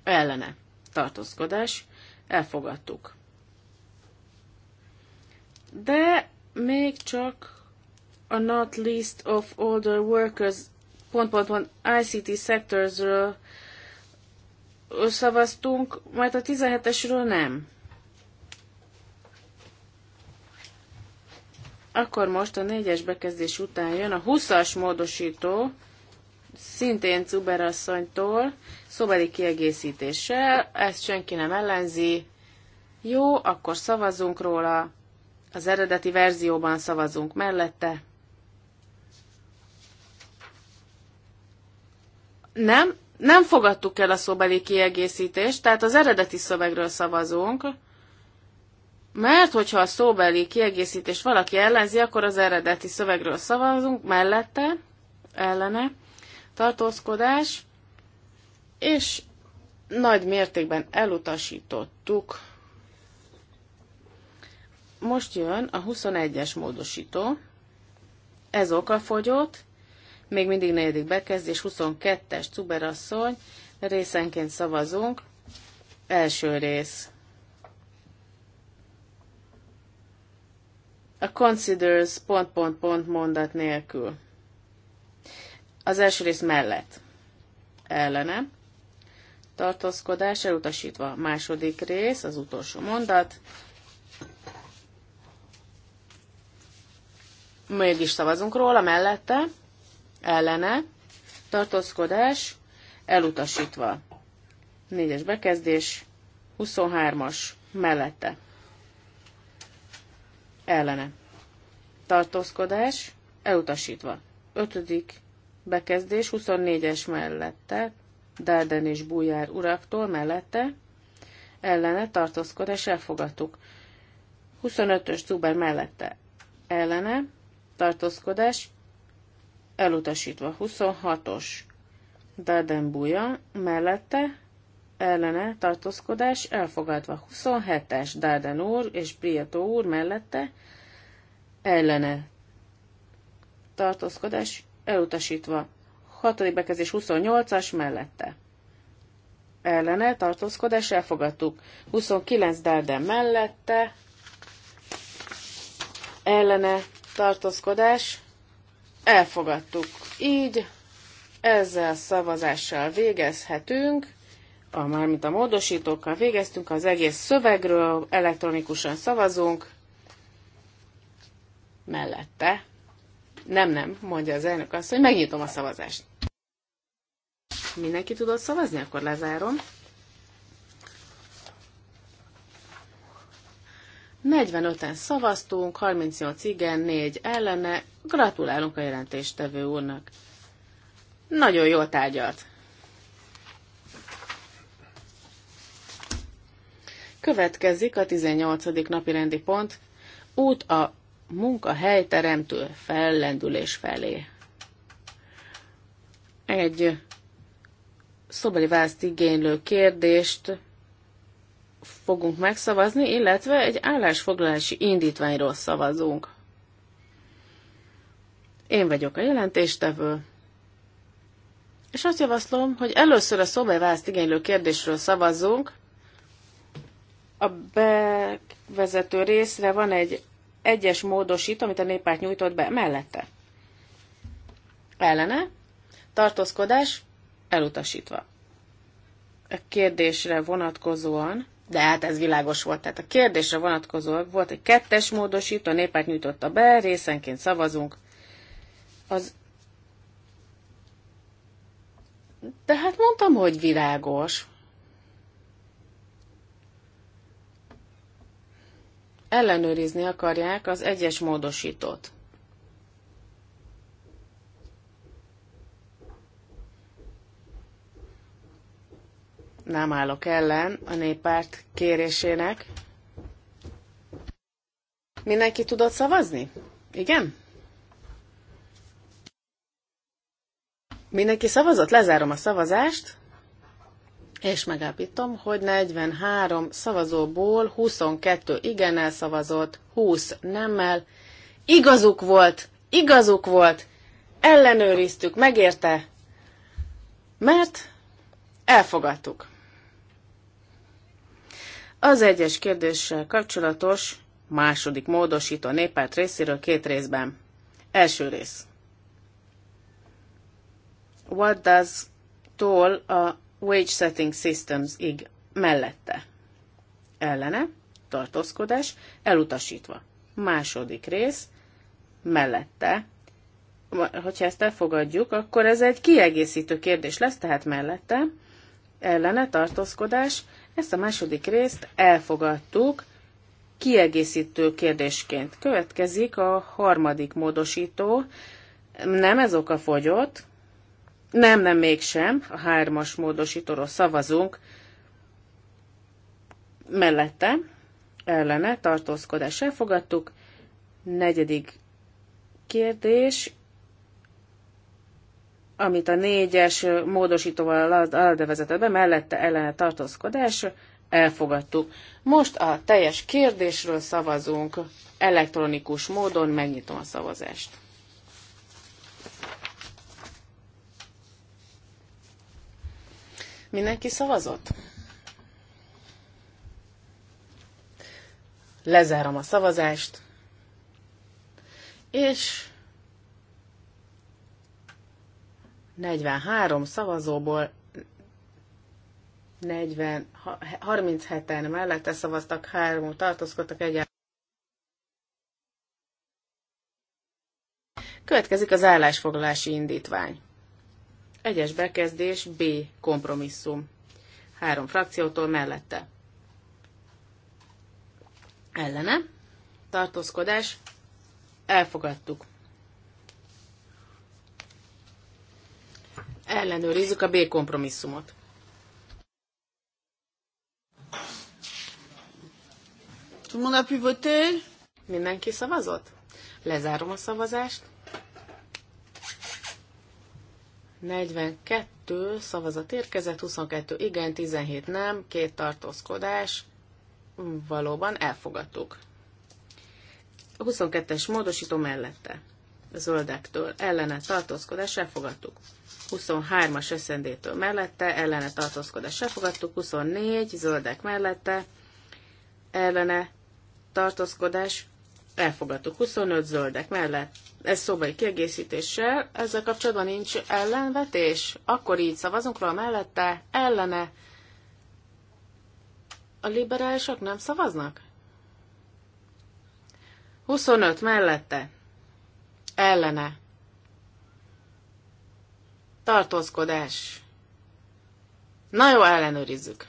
Ellene. Tartózkodás. Elfogadtuk de még csak a Not Least of Older Workers pont pont pont ICT sectorsről szavaztunk, majd a 17-esről nem. Akkor most a 4-es bekezdés után jön a 20-as módosító, szintén Cuber asszonytól, szobeli kiegészítéssel, ezt senki nem ellenzi. Jó, akkor szavazunk róla az eredeti verzióban szavazunk mellette. Nem, nem fogadtuk el a szóbeli kiegészítést, tehát az eredeti szövegről szavazunk, mert hogyha a szóbeli kiegészítés valaki ellenzi, akkor az eredeti szövegről szavazunk, mellette, ellene, tartózkodás, és nagy mértékben elutasítottuk most jön a 21-es módosító, ez okafogyott, még mindig negyedik bekezdés, 22-es cuberasszony, részenként szavazunk, első rész. A considers pont, pont, pont mondat nélkül. Az első rész mellett. Ellene. Tartózkodás elutasítva. Második rész, az utolsó mondat. mégis szavazunk róla, mellette, ellene, tartózkodás, elutasítva. Négyes bekezdés, 23-as, mellette, ellene, tartózkodás, elutasítva. Ötödik bekezdés, 24-es mellette, Darden és Bújár uraktól mellette, ellene tartózkodás elfogadtuk. 25-ös Zuber mellette, ellene, tartózkodás elutasítva. 26-os Dardenbuja mellette ellene tartózkodás elfogadva. 27-es Darden úr és Prieto úr mellette ellene tartózkodás elutasítva. 6. bekezés 28-as mellette ellene tartózkodás elfogadtuk. 29 Darden mellette ellene tartózkodás, elfogadtuk. Így ezzel szavazással végezhetünk, a, mármint a módosítókkal végeztünk, az egész szövegről elektronikusan szavazunk, mellette. Nem, nem, mondja az elnök azt, hogy megnyitom a szavazást. Mindenki tudott szavazni, akkor lezárom. 45-en szavaztunk, 38 igen, 4 ellene. Gratulálunk a jelentéstevő úrnak. Nagyon jó tárgyalt. Következik a 18. napi rendi pont, út a munkahely teremtő fellendülés felé. Egy szobali választ igénylő kérdést fogunk megszavazni, illetve egy állásfoglalási indítványról szavazunk. Én vagyok a jelentéstevő, és azt javaslom, hogy először a szobevászt igénylő kérdésről szavazzunk. A bevezető részre van egy egyes módosít, amit a néppárt nyújtott be mellette. Ellene, tartózkodás elutasítva. A kérdésre vonatkozóan de hát ez világos volt. Tehát a kérdésre vonatkozó volt egy kettes módosító, a népát nyújtotta be, részenként szavazunk. Az... De hát mondtam, hogy világos. Ellenőrizni akarják az egyes módosítót. nem állok ellen a néppárt kérésének. Mindenki tudott szavazni? Igen? Mindenki szavazott? Lezárom a szavazást, és megállapítom, hogy 43 szavazóból 22 igennel szavazott, 20 nemmel. Igazuk volt, igazuk volt, ellenőriztük, megérte, mert elfogadtuk. Az egyes kérdéssel kapcsolatos második módosító néppárt részéről két részben. Első rész. What does toll a Wage Setting Systems-ig mellette? Ellene, tartózkodás, elutasítva. Második rész, mellette. Hogyha ezt elfogadjuk, akkor ez egy kiegészítő kérdés lesz, tehát mellette, ellene, tartózkodás, ezt a második részt elfogadtuk, kiegészítő kérdésként. Következik a harmadik módosító. Nem ez oka fogyott. Nem, nem, mégsem. A hármas módosítóról szavazunk. Mellette, ellene, tartózkodás elfogadtuk. Negyedik kérdés, amit a négyes módosítóval aladbevezetett be, mellette ellene tartózkodás, elfogadtuk. Most a teljes kérdésről szavazunk, elektronikus módon megnyitom a szavazást. Mindenki szavazott? Lezárom a szavazást, és 43 szavazóból 40, 37-en mellette szavaztak, 3 tartózkodtak egyáltalán. Következik az állásfoglalási indítvány. Egyes bekezdés B kompromisszum. Három frakciótól mellette. Ellene. Tartózkodás. Elfogadtuk. ellenőrizzük a B kompromisszumot. a Mindenki szavazott? Lezárom a szavazást. 42 szavazat érkezett, 22 igen, 17 nem, két tartózkodás. Valóban elfogadtuk. A 22-es módosító mellette. zöldektől ellene tartózkodás elfogadtuk. 23-as eszendétől mellette, ellene tartózkodás elfogadtuk, 24 zöldek mellette, ellene tartózkodás elfogadtuk, 25 zöldek mellett. Ez szóbeli kiegészítéssel, ezzel kapcsolatban nincs ellenvetés, akkor így szavazunk róla mellette, ellene. A liberálisok nem szavaznak? 25 mellette, ellene Tartózkodás. Na jó, ellenőrizzük.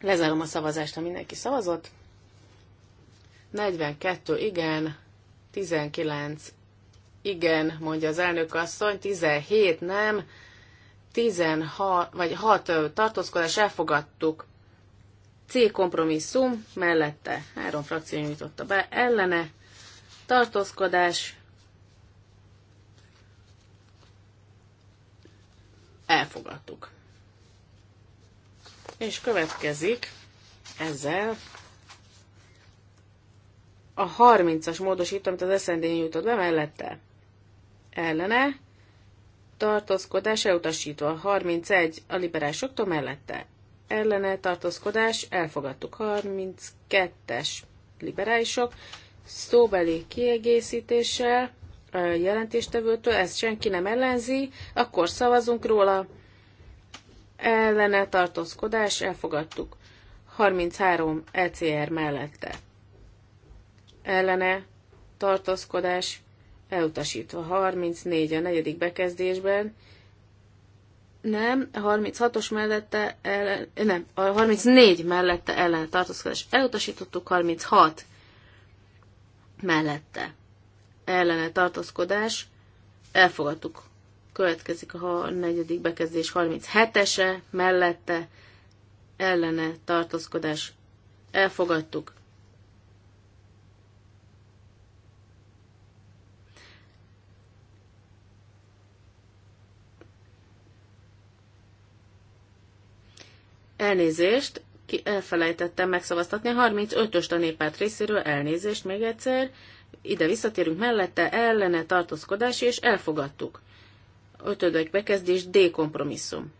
Lezárom a szavazást, ha mindenki szavazott. 42 igen, 19 igen, mondja az elnök asszony, 17 nem, 16 vagy 6 tartózkodás elfogadtuk. C kompromisszum mellette három frakció nyújtotta be, ellene tartózkodás elfogadtuk. És következik ezzel a 30-as módosító, amit az SND nyújtott be mellette. Ellene tartózkodás elutasítva. 31 a liberálisoktól mellette ellene tartózkodás, elfogadtuk. 32-es liberálisok, szóbeli kiegészítéssel, jelentéstevőtől, ezt senki nem ellenzi, akkor szavazunk róla. Ellene tartózkodás, elfogadtuk. 33 ECR mellette. Ellene tartózkodás, elutasítva. 34 a negyedik bekezdésben, nem, a 36-os mellette ellen, nem, a 34 mellette ellen tartózkodás elutasítottuk, 36 mellette ellene tartózkodás elfogadtuk. Következik a negyedik bekezdés 37-ese mellette ellene tartózkodás elfogadtuk. Elnézést, ki elfelejtettem megszavaztatni. 35-öst a néppárt részéről, elnézést még egyszer. Ide visszatérünk mellette, ellene tartózkodási, és elfogadtuk. Ötödik bekezdés, D kompromisszum.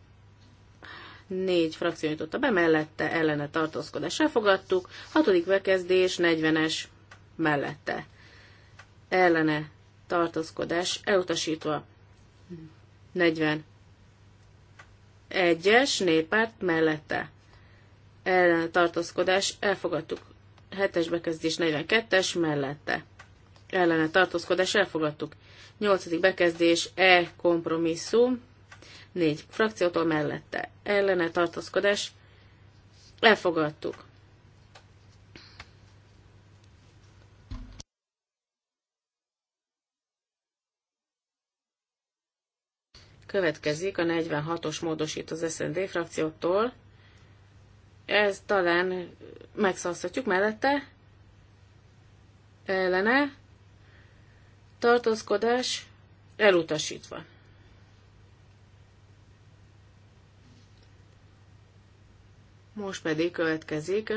Négy frakció a be, mellette ellene tartózkodás elfogadtuk. Hatodik bekezdés, 40-es mellette. Ellene tartózkodás elutasítva. 40 egyes néppárt mellette. Ellen tartózkodás elfogadtuk. Hetes bekezdés 42-es mellette. Ellene tartózkodás elfogadtuk. Nyolcadik bekezdés E kompromisszum. Négy frakciótól mellette. Ellene tartózkodás elfogadtuk. Következik a 46-os módosít az SND frakciótól. Ez talán megszasztatjuk mellette. Ellene. Tartózkodás elutasítva. Most pedig következik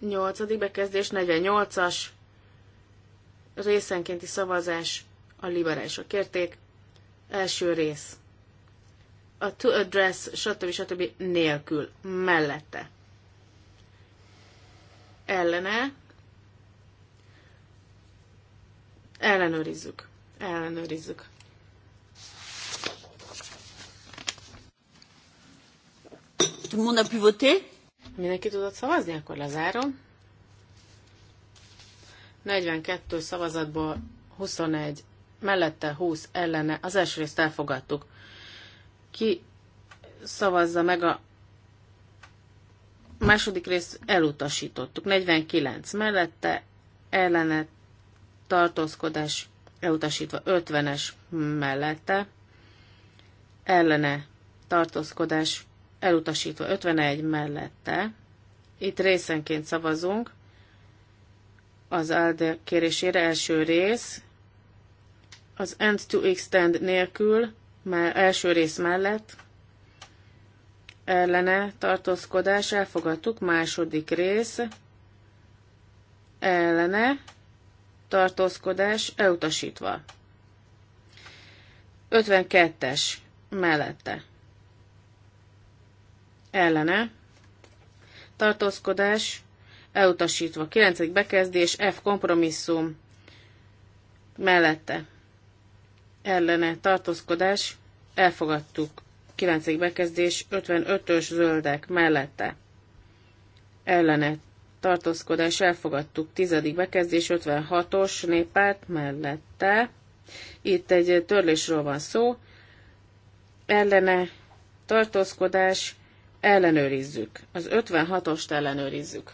8. bekezdés, 48-as részenkénti szavazás, a liberálisok kérték, Első rész. A to address, stb. stb. nélkül, mellette. Ellene. Ellenőrizzük. Ellenőrizzük. Tout le monde a pu voter? Mindenki tudott szavazni, akkor lezárom. 42 szavazatból 21 mellette 20 ellene, az első részt elfogadtuk. Ki szavazza meg a második részt elutasítottuk. 49 mellette ellene tartózkodás elutasítva 50-es mellette ellene tartózkodás elutasítva 51 mellette. Itt részenként szavazunk az ALDE kérésére első rész az end to extend nélkül, már első rész mellett, ellene tartózkodás, elfogadtuk, második rész, ellene tartózkodás, elutasítva. 52-es mellette. Ellene. Tartózkodás elutasítva. 9. bekezdés F kompromisszum mellette ellene tartózkodás elfogadtuk. 9. bekezdés 55-ös zöldek mellette ellene tartózkodás elfogadtuk. 10. bekezdés 56-os néppárt mellette. Itt egy törlésről van szó. Ellene tartózkodás ellenőrizzük. Az 56-ost ellenőrizzük.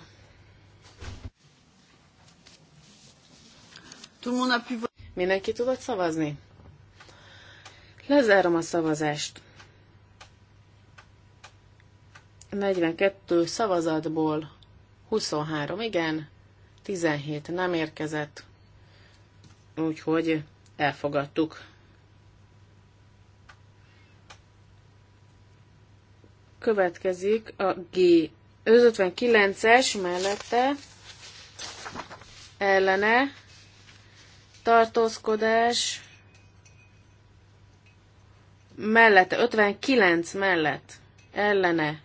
Mindenki tudott szavazni? Lezárom a szavazást. 42 szavazatból 23 igen, 17 nem érkezett, úgyhogy elfogadtuk. Következik a G 59-es mellette ellene tartózkodás mellette, 59 mellett, ellene,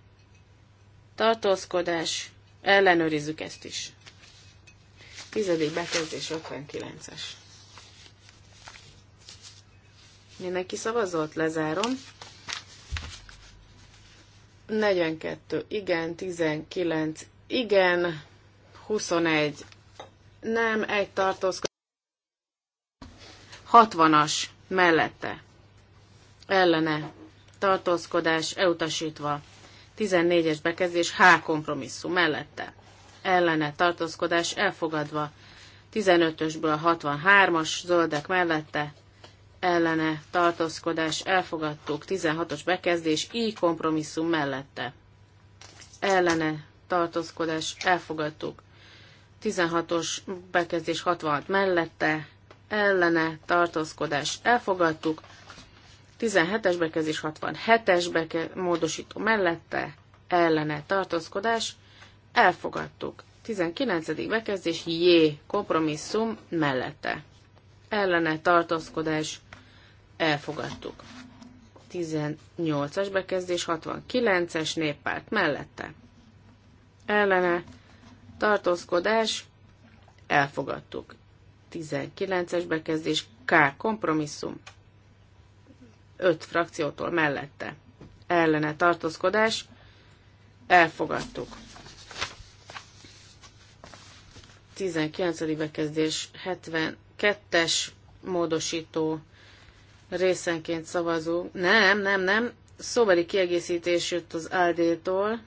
tartózkodás, ellenőrizzük ezt is. Tizedik bekezdés 59-es. Mindenki szavazott, lezárom. 42, igen, 19, igen, 21, nem, egy tartózkodás. 60-as mellette ellene tartózkodás elutasítva. 14-es bekezdés H kompromisszum mellette ellene tartózkodás elfogadva. 15-ösből 63-as zöldek mellette ellene tartózkodás elfogadtuk. 16-os bekezdés I kompromisszum mellette ellene tartózkodás elfogadtuk. 16-os bekezdés 66 mellette ellene tartózkodás elfogadtuk. 17-es bekezés 67-es beke, módosító mellette ellene tartózkodás, elfogadtuk. 19. bekezdés J kompromisszum mellette. Ellene tartózkodás, elfogadtuk. 18-as bekezdés 69-es néppárt mellette. Ellene tartózkodás, elfogadtuk. 19-es bekezdés K kompromisszum öt frakciótól mellette. Ellene tartózkodás, elfogadtuk. 19. bekezdés 72-es módosító részenként szavazó. Nem, nem, nem. Szóbeli kiegészítés jött az Áldétól.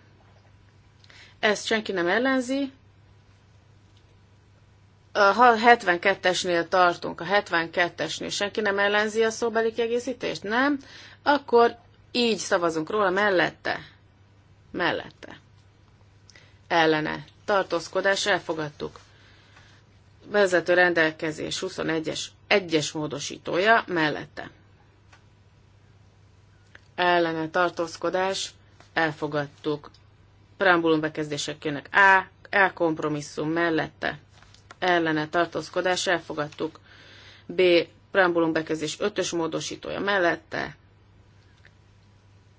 Ezt senki nem ellenzi, a 72-esnél tartunk, a 72-esnél senki nem ellenzi a szóbeli kiegészítést? Nem? Akkor így szavazunk róla mellette. Mellette. Ellene. Tartózkodás elfogadtuk. Vezető rendelkezés 21-es egyes módosítója mellette. Ellene tartózkodás elfogadtuk. Preambulum bekezdések jönnek A, elkompromisszum mellette ellene tartózkodás elfogadtuk. B. Preambulum bekezdés ötös módosítója mellette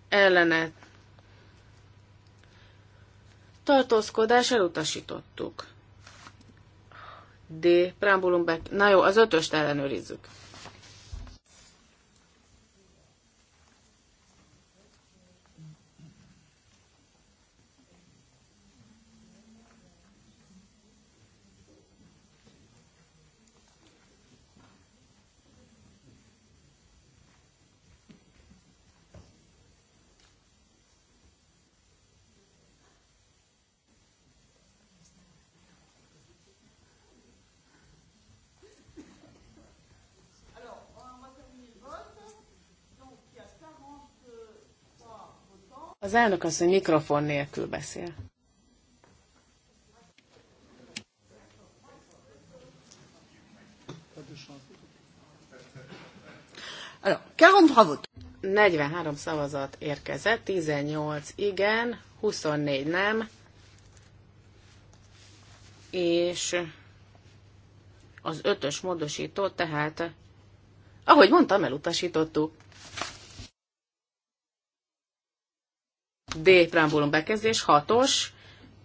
ellene tartózkodás elutasítottuk. D. Preambulum bekezdés. Na jó, az ötöst ellenőrizzük. Az elnök asszony mikrofon nélkül beszél. Alors, 43 43 szavazat érkezett, 18 igen, 24 nem, és az ötös módosító, tehát, ahogy mondtam, elutasítottuk. D preambulum bekezdés, hatos,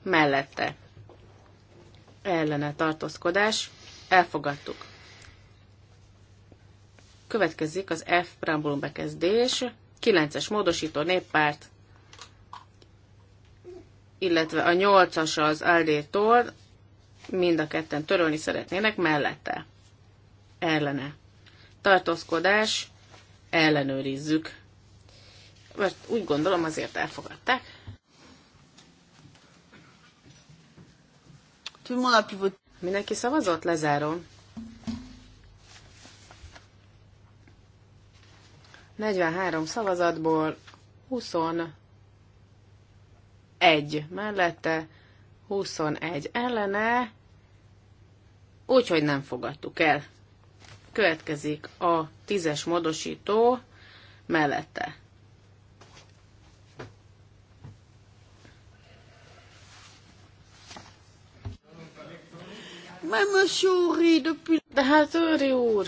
mellette. Ellene tartózkodás, elfogadtuk. Következik az F preambulum bekezdés, 9-es módosító néppárt, illetve a 8-as az Aldétól, mind a ketten törölni szeretnének mellette. Ellene. Tartózkodás, ellenőrizzük mert úgy gondolom azért elfogadták. Mindenki szavazott? Lezárom. 43 szavazatból 21 mellette, 21 ellene, úgyhogy nem fogadtuk el. Következik a 10-es módosító mellette. a Sóri, de hát Őri úr,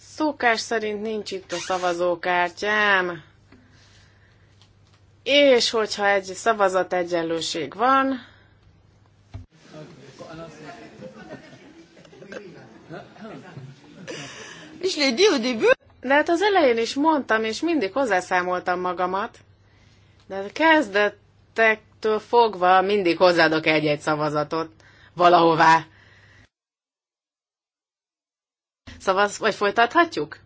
szokás szerint nincs itt a szavazókártyám. És hogyha egy szavazat egyenlőség van, És les De hát az elején is mondtam, és mindig hozzászámoltam magamat. De kezdettektől fogva mindig hozzáadok egy-egy szavazatot. Valahová. Szavaz, vagy folytathatjuk?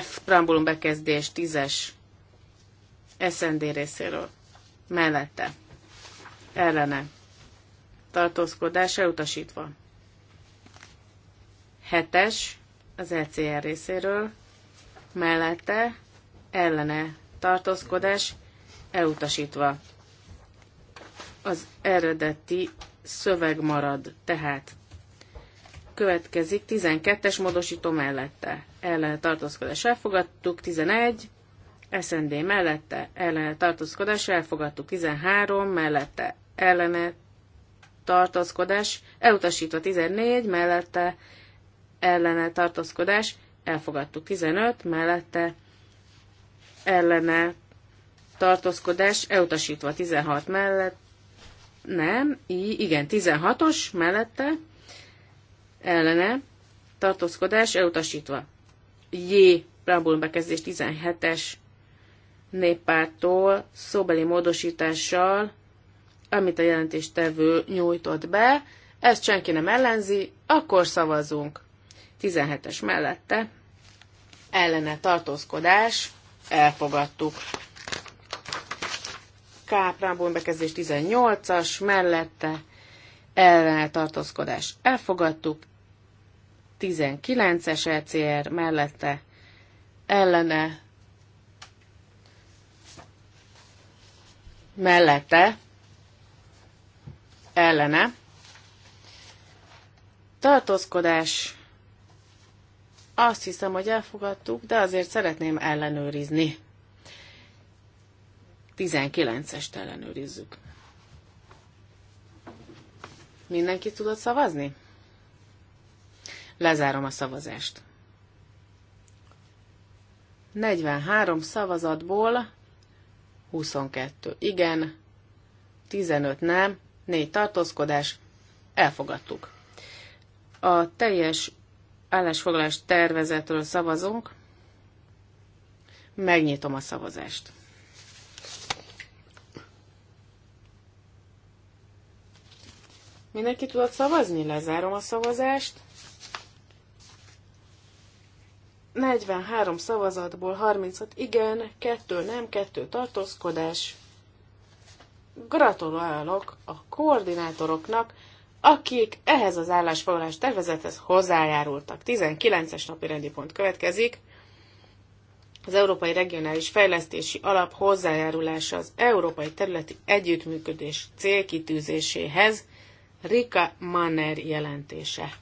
F, preambulum bekezdés, 10-es SND részéről. Mellette. Ellene. Tartózkodás elutasítva. 7-es az ECR részéről. Mellette. Ellene. Tartózkodás elutasítva. Az eredeti szöveg marad, tehát következik 12-es módosító mellette. Ellen tartózkodás elfogadtuk, 11, SND mellette, ellen tartózkodás elfogadtuk, 13 mellette, ellene tartózkodás elutasítva, 14 mellette, ellene tartózkodás elfogadtuk, 15 mellette, ellene tartózkodás elutasítva, 16 mellett, nem, igen, 16-os mellette, ellene tartózkodás elutasítva. J. Preambulum bekezdés 17-es néppártól szóbeli módosítással, amit a jelentéstevő nyújtott be, ezt senki nem ellenzi, akkor szavazunk. 17-es mellette ellene tartózkodás, elfogadtuk. K. Preambulum bekezdés 18-as mellette ellene tartózkodás, elfogadtuk. 19-es ECR mellette ellene mellette ellene tartózkodás azt hiszem, hogy elfogadtuk, de azért szeretném ellenőrizni. 19-est ellenőrizzük. Mindenki tudott szavazni? Lezárom a szavazást. 43 szavazatból 22 igen, 15 nem, 4 tartózkodás, elfogadtuk. A teljes állásfoglalás tervezetről szavazunk. Megnyitom a szavazást. Mindenki tudott szavazni? Lezárom a szavazást. 43 szavazatból 35 igen, 2 nem, 2 tartózkodás. Gratulálok a koordinátoroknak, akik ehhez az állásfoglalás tervezethez hozzájárultak. 19-es napi rendi pont következik. Az Európai Regionális Fejlesztési Alap hozzájárulása az Európai Területi Együttműködés célkitűzéséhez, Rika Manner jelentése.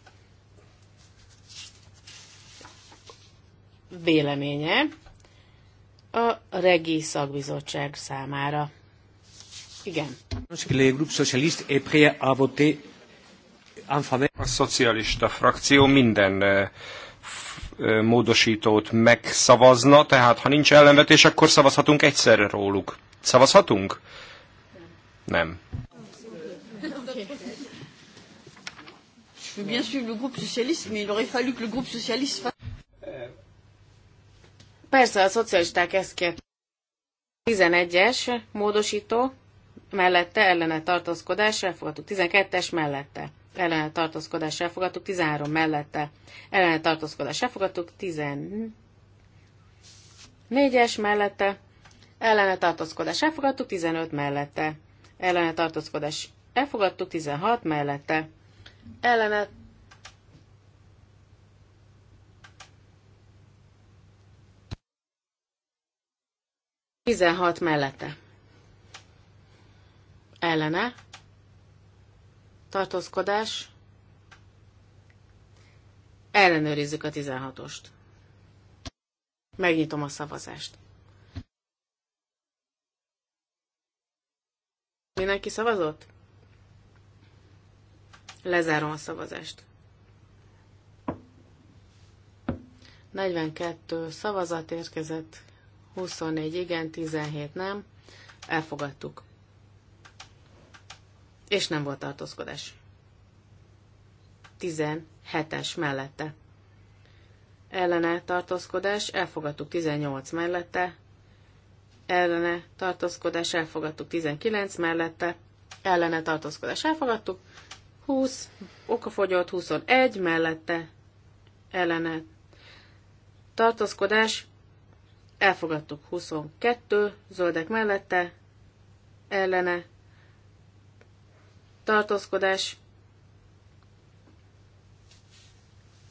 véleménye a Regi Szakbizottság számára. Igen. A szocialista frakció minden eh, eh, módosítót megszavazna, tehát ha nincs ellenvetés, akkor szavazhatunk egyszerre róluk. Szavazhatunk? Nem. Je veux bien suivre le groupe socialiste, mais il aurait fallu que le groupe socialiste fasse... Persze a szocialisták ezt kért. 11-es módosító mellette ellene tartózkodás elfogadtuk. 12-es mellette ellene tartózkodás elfogadtuk. 13 mellette ellene tartózkodás elfogadtuk. 14-es mellette ellene tartózkodás elfogadtuk. 15 mellette ellene tartózkodás elfogadtuk. 16 mellette ellene 16 mellette. Ellene. Tartózkodás. Ellenőrizzük a 16-ost. Megnyitom a szavazást. Mindenki szavazott? Lezárom a szavazást. 42 szavazat érkezett, 24 igen, 17 nem. Elfogadtuk. És nem volt tartózkodás. 17-es mellette. Ellene tartózkodás, elfogadtuk 18 mellette. Ellene tartózkodás, elfogadtuk 19 mellette. Ellene tartózkodás, elfogadtuk 20, okafogyott 21 mellette. Ellene tartózkodás, Elfogadtuk 22, zöldek mellette, ellene, tartózkodás,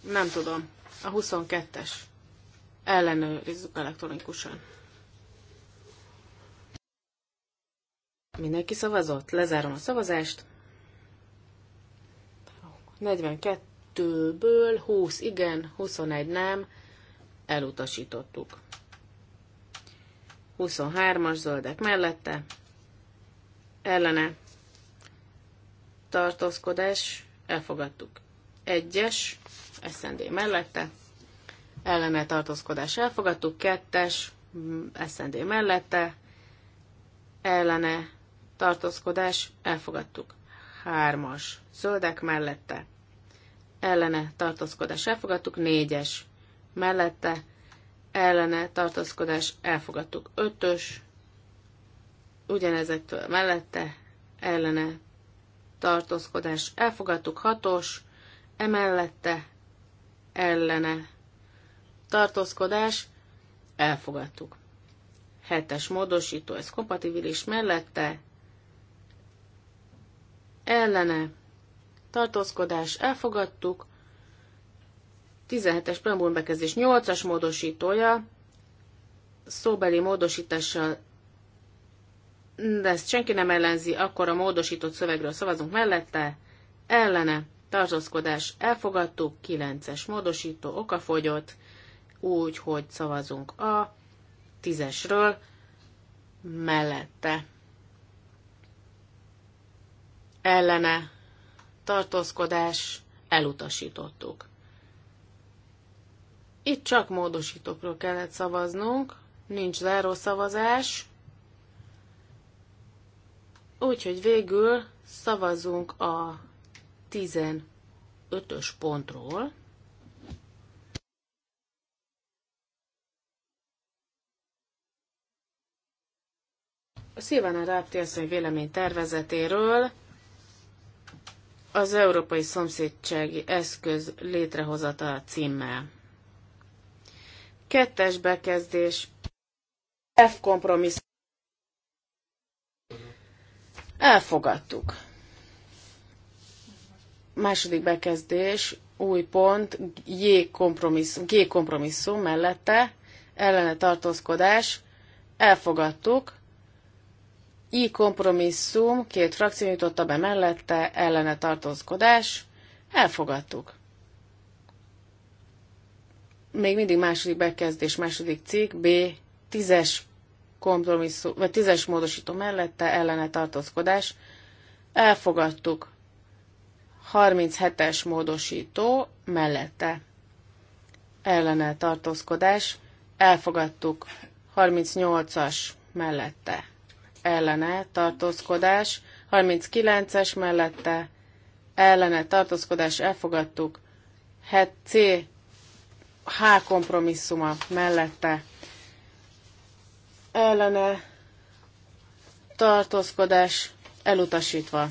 nem tudom, a 22-es ellenőrizzük elektronikusan. Mindenki szavazott? Lezárom a szavazást. 42-ből 20 igen, 21 nem, elutasítottuk. 23-as zöldek mellette, ellene tartózkodás, elfogadtuk. Egyes, SND mellette, ellene tartózkodás, elfogadtuk. Kettes, SND mellette, ellene tartózkodás, elfogadtuk. Hármas, zöldek mellette, ellene tartózkodás, elfogadtuk. Négyes, mellette, ellene tartózkodás elfogadtuk. Ötös, ugyanezektől mellette ellene tartózkodás elfogadtuk. Hatos, emellette ellene tartózkodás elfogadtuk. Hetes módosító, ez kompatibilis mellette ellene tartózkodás elfogadtuk. 17-es preambulum bekezdés 8-as módosítója szóbeli módosítással de ezt senki nem ellenzi, akkor a módosított szövegről szavazunk mellette, ellene, tartózkodás, elfogadtuk, 9-es módosító, okafogyott, úgy, hogy szavazunk a 10-esről, mellette, ellene, tartózkodás, elutasítottuk. Itt csak módosítókról kellett szavaznunk, nincs záró szavazás, úgyhogy végül szavazunk a 15-ös pontról. A Szilvána Ráptélszony vélemény tervezetéről az Európai Szomszédsági Eszköz létrehozata címmel. Kettes bekezdés. F kompromisszum. Elfogadtuk. Második bekezdés, új pont, J kompromisszum, G kompromisszum mellette, ellene tartózkodás, elfogadtuk. I kompromisszum, két frakció jutotta be mellette, ellene tartózkodás, elfogadtuk még mindig második bekezdés, második cikk, B, tízes kompromisszum, vagy tízes módosító mellette ellene tartózkodás. Elfogadtuk 37-es módosító mellette ellene tartózkodás. Elfogadtuk 38-as mellette ellene tartózkodás. 39-es mellette ellene tartózkodás elfogadtuk. c H kompromisszuma mellette ellene tartózkodás elutasítva.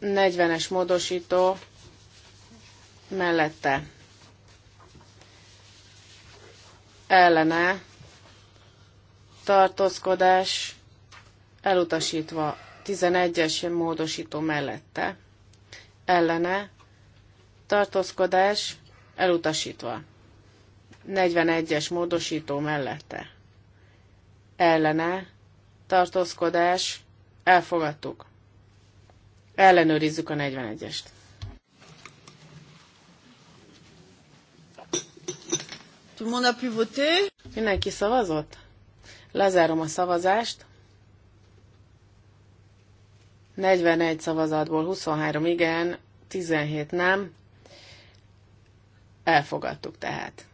40-es módosító mellette ellene tartózkodás elutasítva 11-es módosító mellette ellene tartózkodás elutasítva. 41-es módosító mellette. Ellene, tartózkodás, elfogadtuk. Ellenőrizzük a 41-est. Tout le monde a pu voter? Mindenki szavazott? Lezárom a szavazást. 41 szavazatból 23 igen, 17 nem, Elfogadtuk tehát.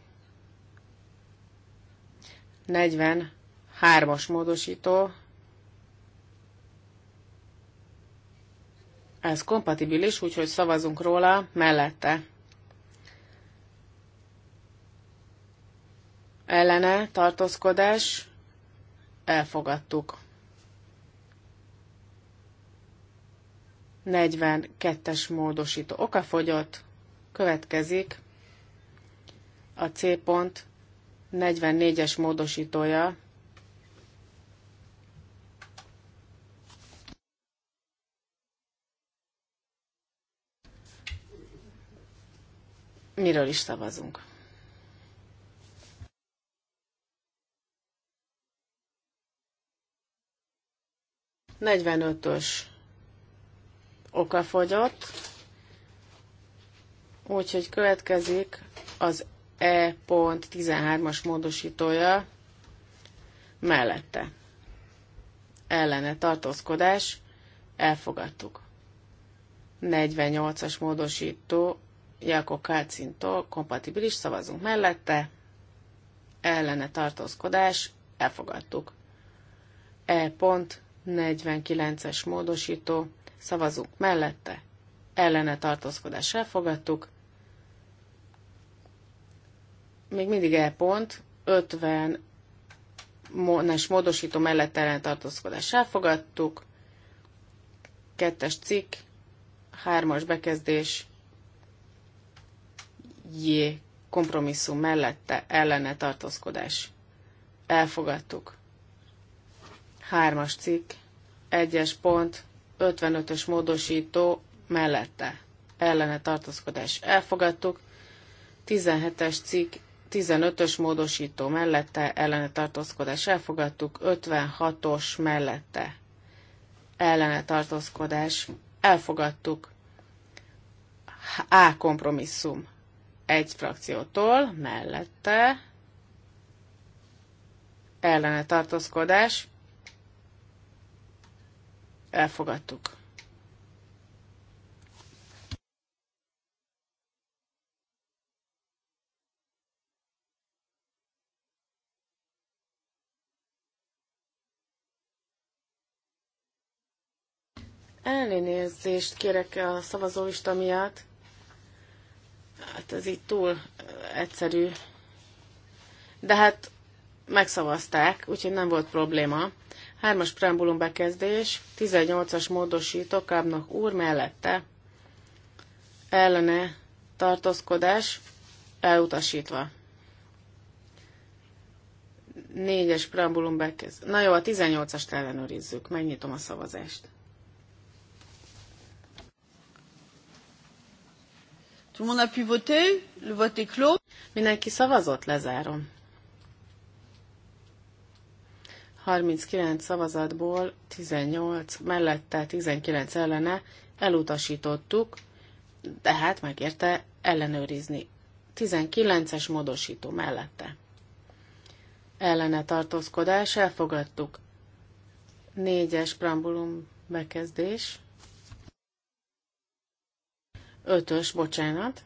43-as módosító. Ez kompatibilis, úgyhogy szavazunk róla mellette. Ellene tartózkodás. Elfogadtuk. 42-es módosító okafogyott, következik a C pont 44-es módosítója, miről is szavazunk. Negyvenötös fogyott, úgyhogy következik az E.13-as módosítója mellette. Ellene tartózkodás, elfogadtuk. 48-as módosító Jakó Kálcintól kompatibilis szavazunk mellette, ellene tartózkodás, elfogadtuk. E pont 49-es módosító, szavazunk mellette, ellene tartózkodás elfogadtuk még mindig E pont, 50 mones módosító mellett ellen tartózkodás elfogadtuk, kettes cikk, hármas bekezdés, J kompromisszum mellette ellene tartózkodás. Elfogadtuk. Hármas cikk, egyes pont, 55-ös módosító mellette ellene tartózkodás. Elfogadtuk. 17-es cikk, 15-ös módosító mellette ellene tartózkodás elfogadtuk, 56-os mellette ellene tartózkodás elfogadtuk. A kompromisszum egy frakciótól mellette ellene tartózkodás elfogadtuk. Elnézést kérek a szavazólista miatt. Hát ez így túl eh, egyszerű. De hát megszavazták, úgyhogy nem volt probléma. Hármas preambulum bekezdés, 18-as módosító Kábnak úr mellette ellene tartózkodás elutasítva. Négyes preambulum bekezdés. Na jó, a 18-ast ellenőrizzük. Megnyitom a szavazást. Tout le monde a pu voter? Le vote est clos. Mindenki szavazott, lezárom. 39 szavazatból 18 mellette, 19 ellene elutasítottuk, de hát megérte ellenőrizni. 19-es módosító mellette. Ellene tartózkodás, elfogadtuk. 4-es prambulum bekezdés. Ötös, bocsánat.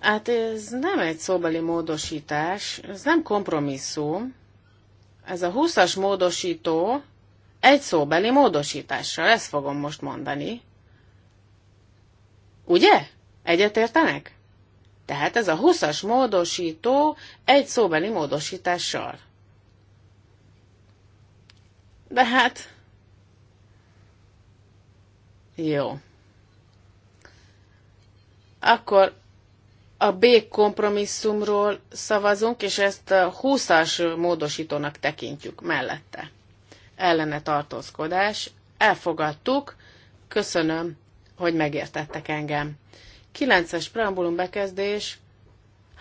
Hát ez nem egy szóbeli módosítás, ez nem kompromisszum. Ez a 20-as módosító egy szóbeli módosítással, ezt fogom most mondani. Ugye? Egyetértenek? Tehát ez a 20-as módosító egy szóbeli módosítással. De hát jó. Akkor a B kompromisszumról szavazunk, és ezt a 20-as módosítónak tekintjük mellette. Ellene tartózkodás. Elfogadtuk. Köszönöm, hogy megértettek engem. 9-es preambulum bekezdés,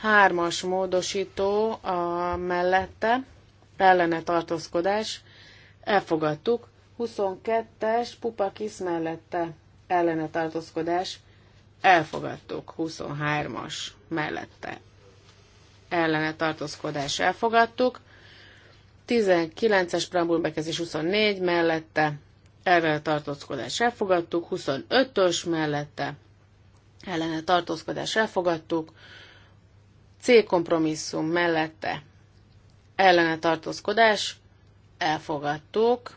3-as módosító a mellette, ellene tartózkodás. Elfogadtuk. 22-es Pupakis mellette ellene tartózkodás. Elfogadtuk. 23-as mellette ellene tartózkodás. Elfogadtuk. 19-es preambul bekezdés 24 mellette ellene tartózkodás. Elfogadtuk. 25-ös mellette ellene tartózkodás. Elfogadtuk. C kompromisszum mellette ellene tartózkodás. Elfogadtuk.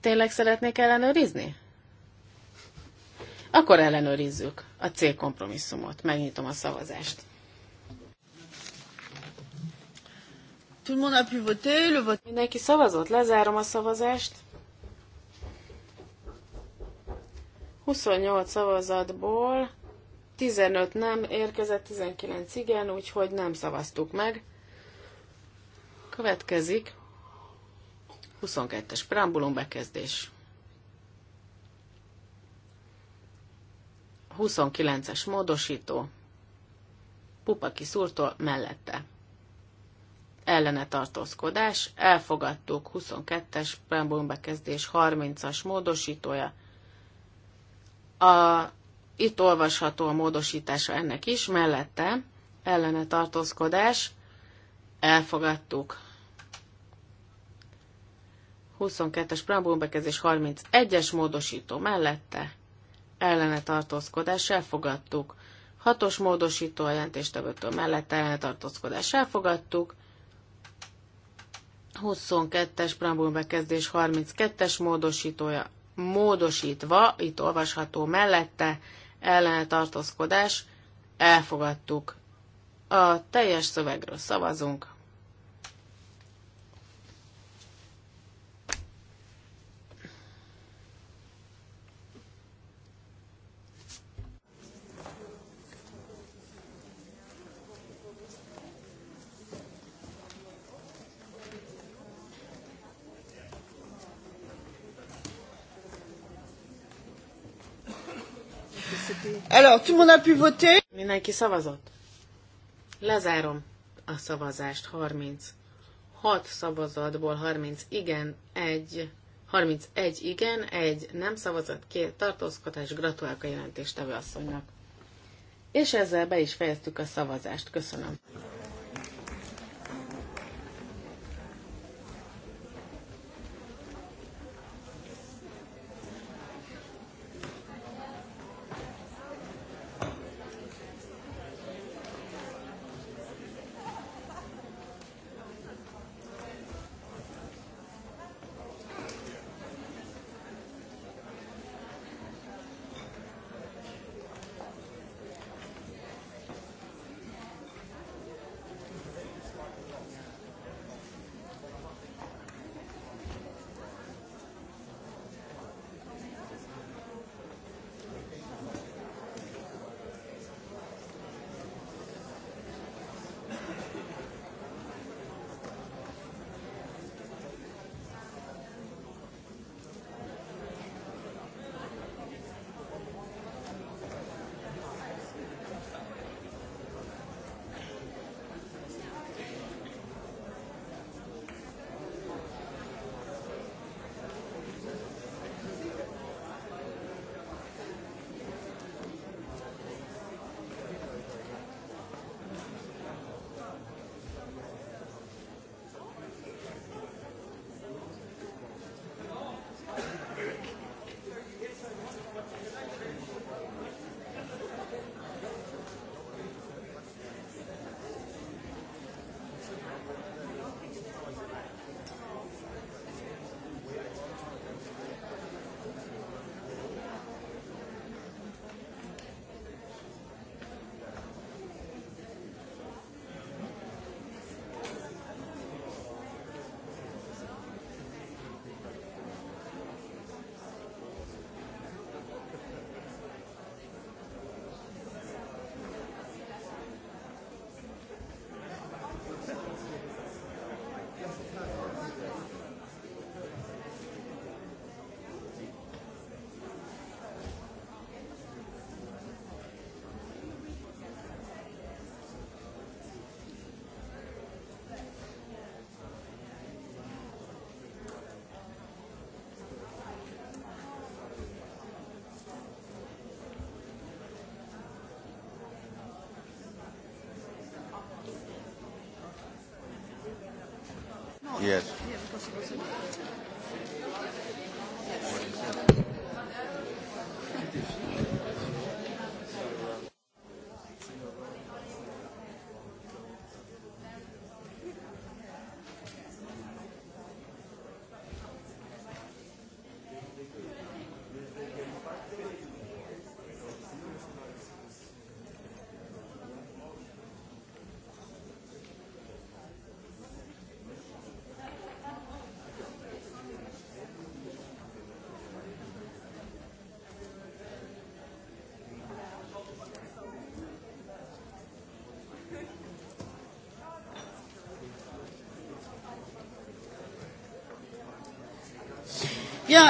Tényleg szeretnék ellenőrizni? Akkor ellenőrizzük a célkompromisszumot. kompromisszumot. Megnyitom a szavazást. pu voter, le Mindenki szavazott, lezárom a szavazást. 28 szavazatból 15 nem érkezett, 19 igen, úgyhogy nem szavaztuk meg. Következik 22-es preambulum bekezdés. 29-es módosító. Pupa szúrtól mellette. Ellene tartózkodás. Elfogadtuk 22-es preambulum bekezdés 30-as módosítója. A, itt olvasható a módosítása ennek is, mellette ellene tartózkodás, elfogadtuk 22-es preambulum 31-es módosító mellette ellene tartózkodás elfogadtuk. 6-os módosító a jelentéstevőtől mellette ellene tartózkodás elfogadtuk. 22-es preambulum 32-es módosítója módosítva, itt olvasható mellette ellene tartózkodás elfogadtuk. A teljes szövegről szavazunk. Alors, tout le monde a pu voter? Mindenki szavazott? Lezárom a szavazást. 30. 6 szavazatból 30 igen, 1 31 igen, 1 nem szavazat, 2 tartózkodás. Gratulálok a jelentéstevő asszonynak. És ezzel be is fejeztük a szavazást. Köszönöm. Yes.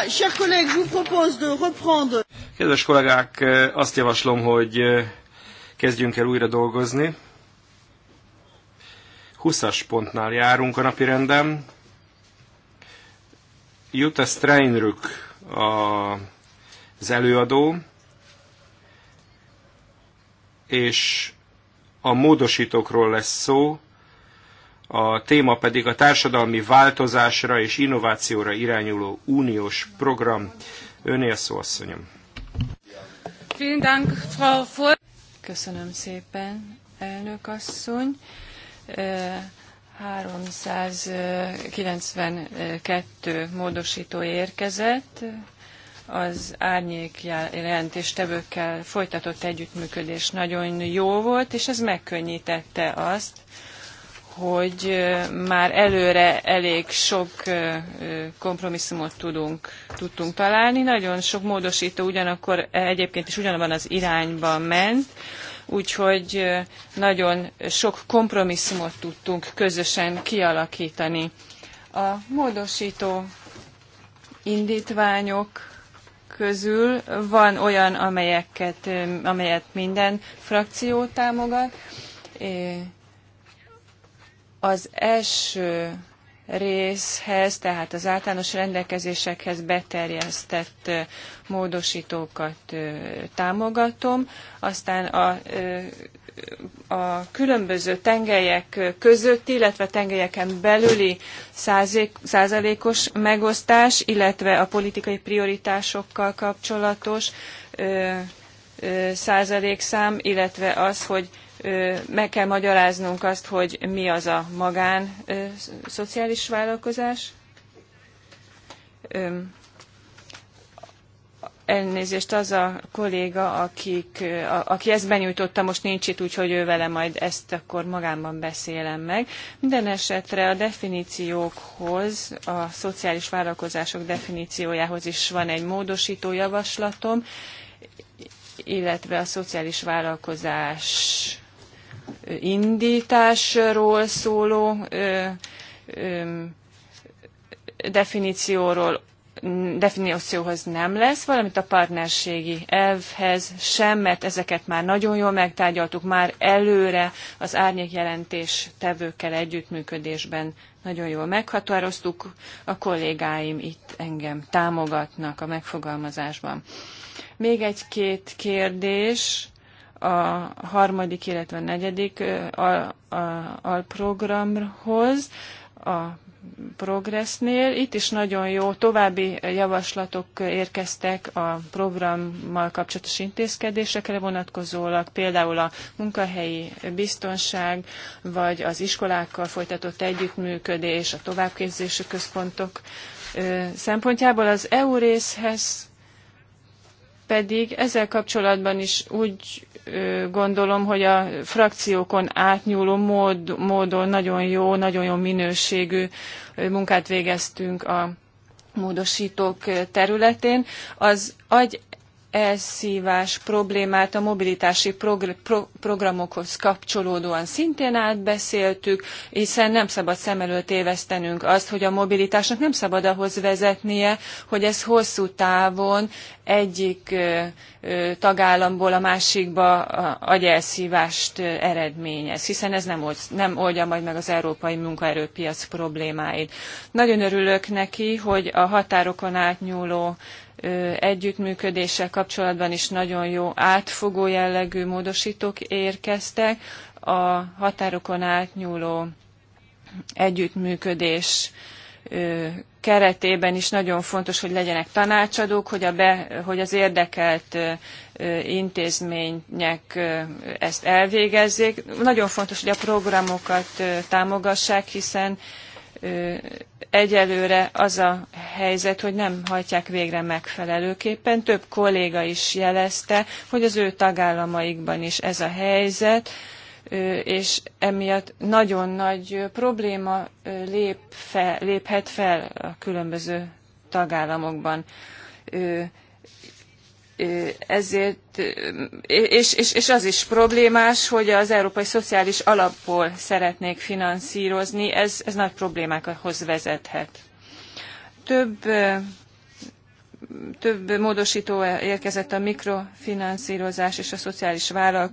chers collègues, je vous propose de reprendre. Kedves kollégák, azt javaslom, hogy kezdjünk el újra dolgozni. 20-as pontnál járunk a napi rendem. Jutta Steinrück a, az előadó, és a módosítókról lesz szó, a téma pedig a társadalmi változásra és innovációra irányuló uniós program. Önél szó, asszonyom. Köszönöm szépen, elnök asszony. 392 módosító érkezett. Az árnyék jelentéstevőkkel folytatott együttműködés nagyon jó volt, és ez megkönnyítette azt, hogy már előre elég sok kompromisszumot tudunk, tudtunk találni. Nagyon sok módosító ugyanakkor e, egyébként is ugyanabban az irányba ment, úgyhogy nagyon sok kompromisszumot tudtunk közösen kialakítani. A módosító indítványok közül van olyan, amelyeket, amelyet minden frakció támogat, az első részhez, tehát az általános rendelkezésekhez beterjesztett módosítókat támogatom. Aztán a, a különböző tengelyek közötti, illetve tengelyeken belüli százék, százalékos megosztás, illetve a politikai prioritásokkal kapcsolatos százalékszám, illetve az, hogy meg kell magyaráznunk azt, hogy mi az a magán szociális vállalkozás. Elnézést az a kolléga, akik, a, aki ezt benyújtotta, most nincs itt, úgyhogy ő vele majd ezt akkor magámban beszélem meg. Minden esetre a definíciókhoz, a szociális vállalkozások definíciójához is van egy módosító javaslatom, illetve a szociális vállalkozás indításról szóló definícióról definícióhoz nem lesz, valamint a partnerségi elvhez sem, mert ezeket már nagyon jól megtárgyaltuk, már előre az árnyékjelentés tevőkkel együttműködésben nagyon jól meghatároztuk, a kollégáim itt engem támogatnak a megfogalmazásban. Még egy-két kérdés a harmadik, illetve negyedik alprogramhoz, a a, a progressnél. Itt is nagyon jó további javaslatok érkeztek a programmal kapcsolatos intézkedésekre vonatkozólag, például a munkahelyi biztonság, vagy az iskolákkal folytatott együttműködés, a továbbképzési központok szempontjából az EU részhez pedig ezzel kapcsolatban is úgy gondolom, hogy a frakciókon átnyúló mód, módon nagyon jó, nagyon jó minőségű munkát végeztünk a módosítók területén. Az agy elszívás problémát a mobilitási progr pro programokhoz kapcsolódóan szintén átbeszéltük, hiszen nem szabad szem előtt évesztenünk azt, hogy a mobilitásnak nem szabad ahhoz vezetnie, hogy ez hosszú távon egyik tagállamból a másikba agyelszívást eredményez, hiszen ez nem, old, nem oldja majd meg az európai munkaerőpiac problémáit. Nagyon örülök neki, hogy a határokon átnyúló együttműködéssel kapcsolatban is nagyon jó átfogó jellegű módosítók érkeztek. A határokon átnyúló együttműködés keretében is nagyon fontos, hogy legyenek tanácsadók, hogy, a be, hogy az érdekelt intézmények ezt elvégezzék. Nagyon fontos, hogy a programokat támogassák, hiszen egyelőre az a helyzet, hogy nem hajtják végre megfelelőképpen. Több kolléga is jelezte, hogy az ő tagállamaikban is ez a helyzet, és emiatt nagyon nagy probléma lép fel, léphet fel a különböző tagállamokban ezért, és, és, és az is problémás, hogy az Európai Szociális Alapból szeretnék finanszírozni, ez, ez nagy problémákhoz vezethet. Több, több módosító érkezett a mikrofinanszírozás és a szociális a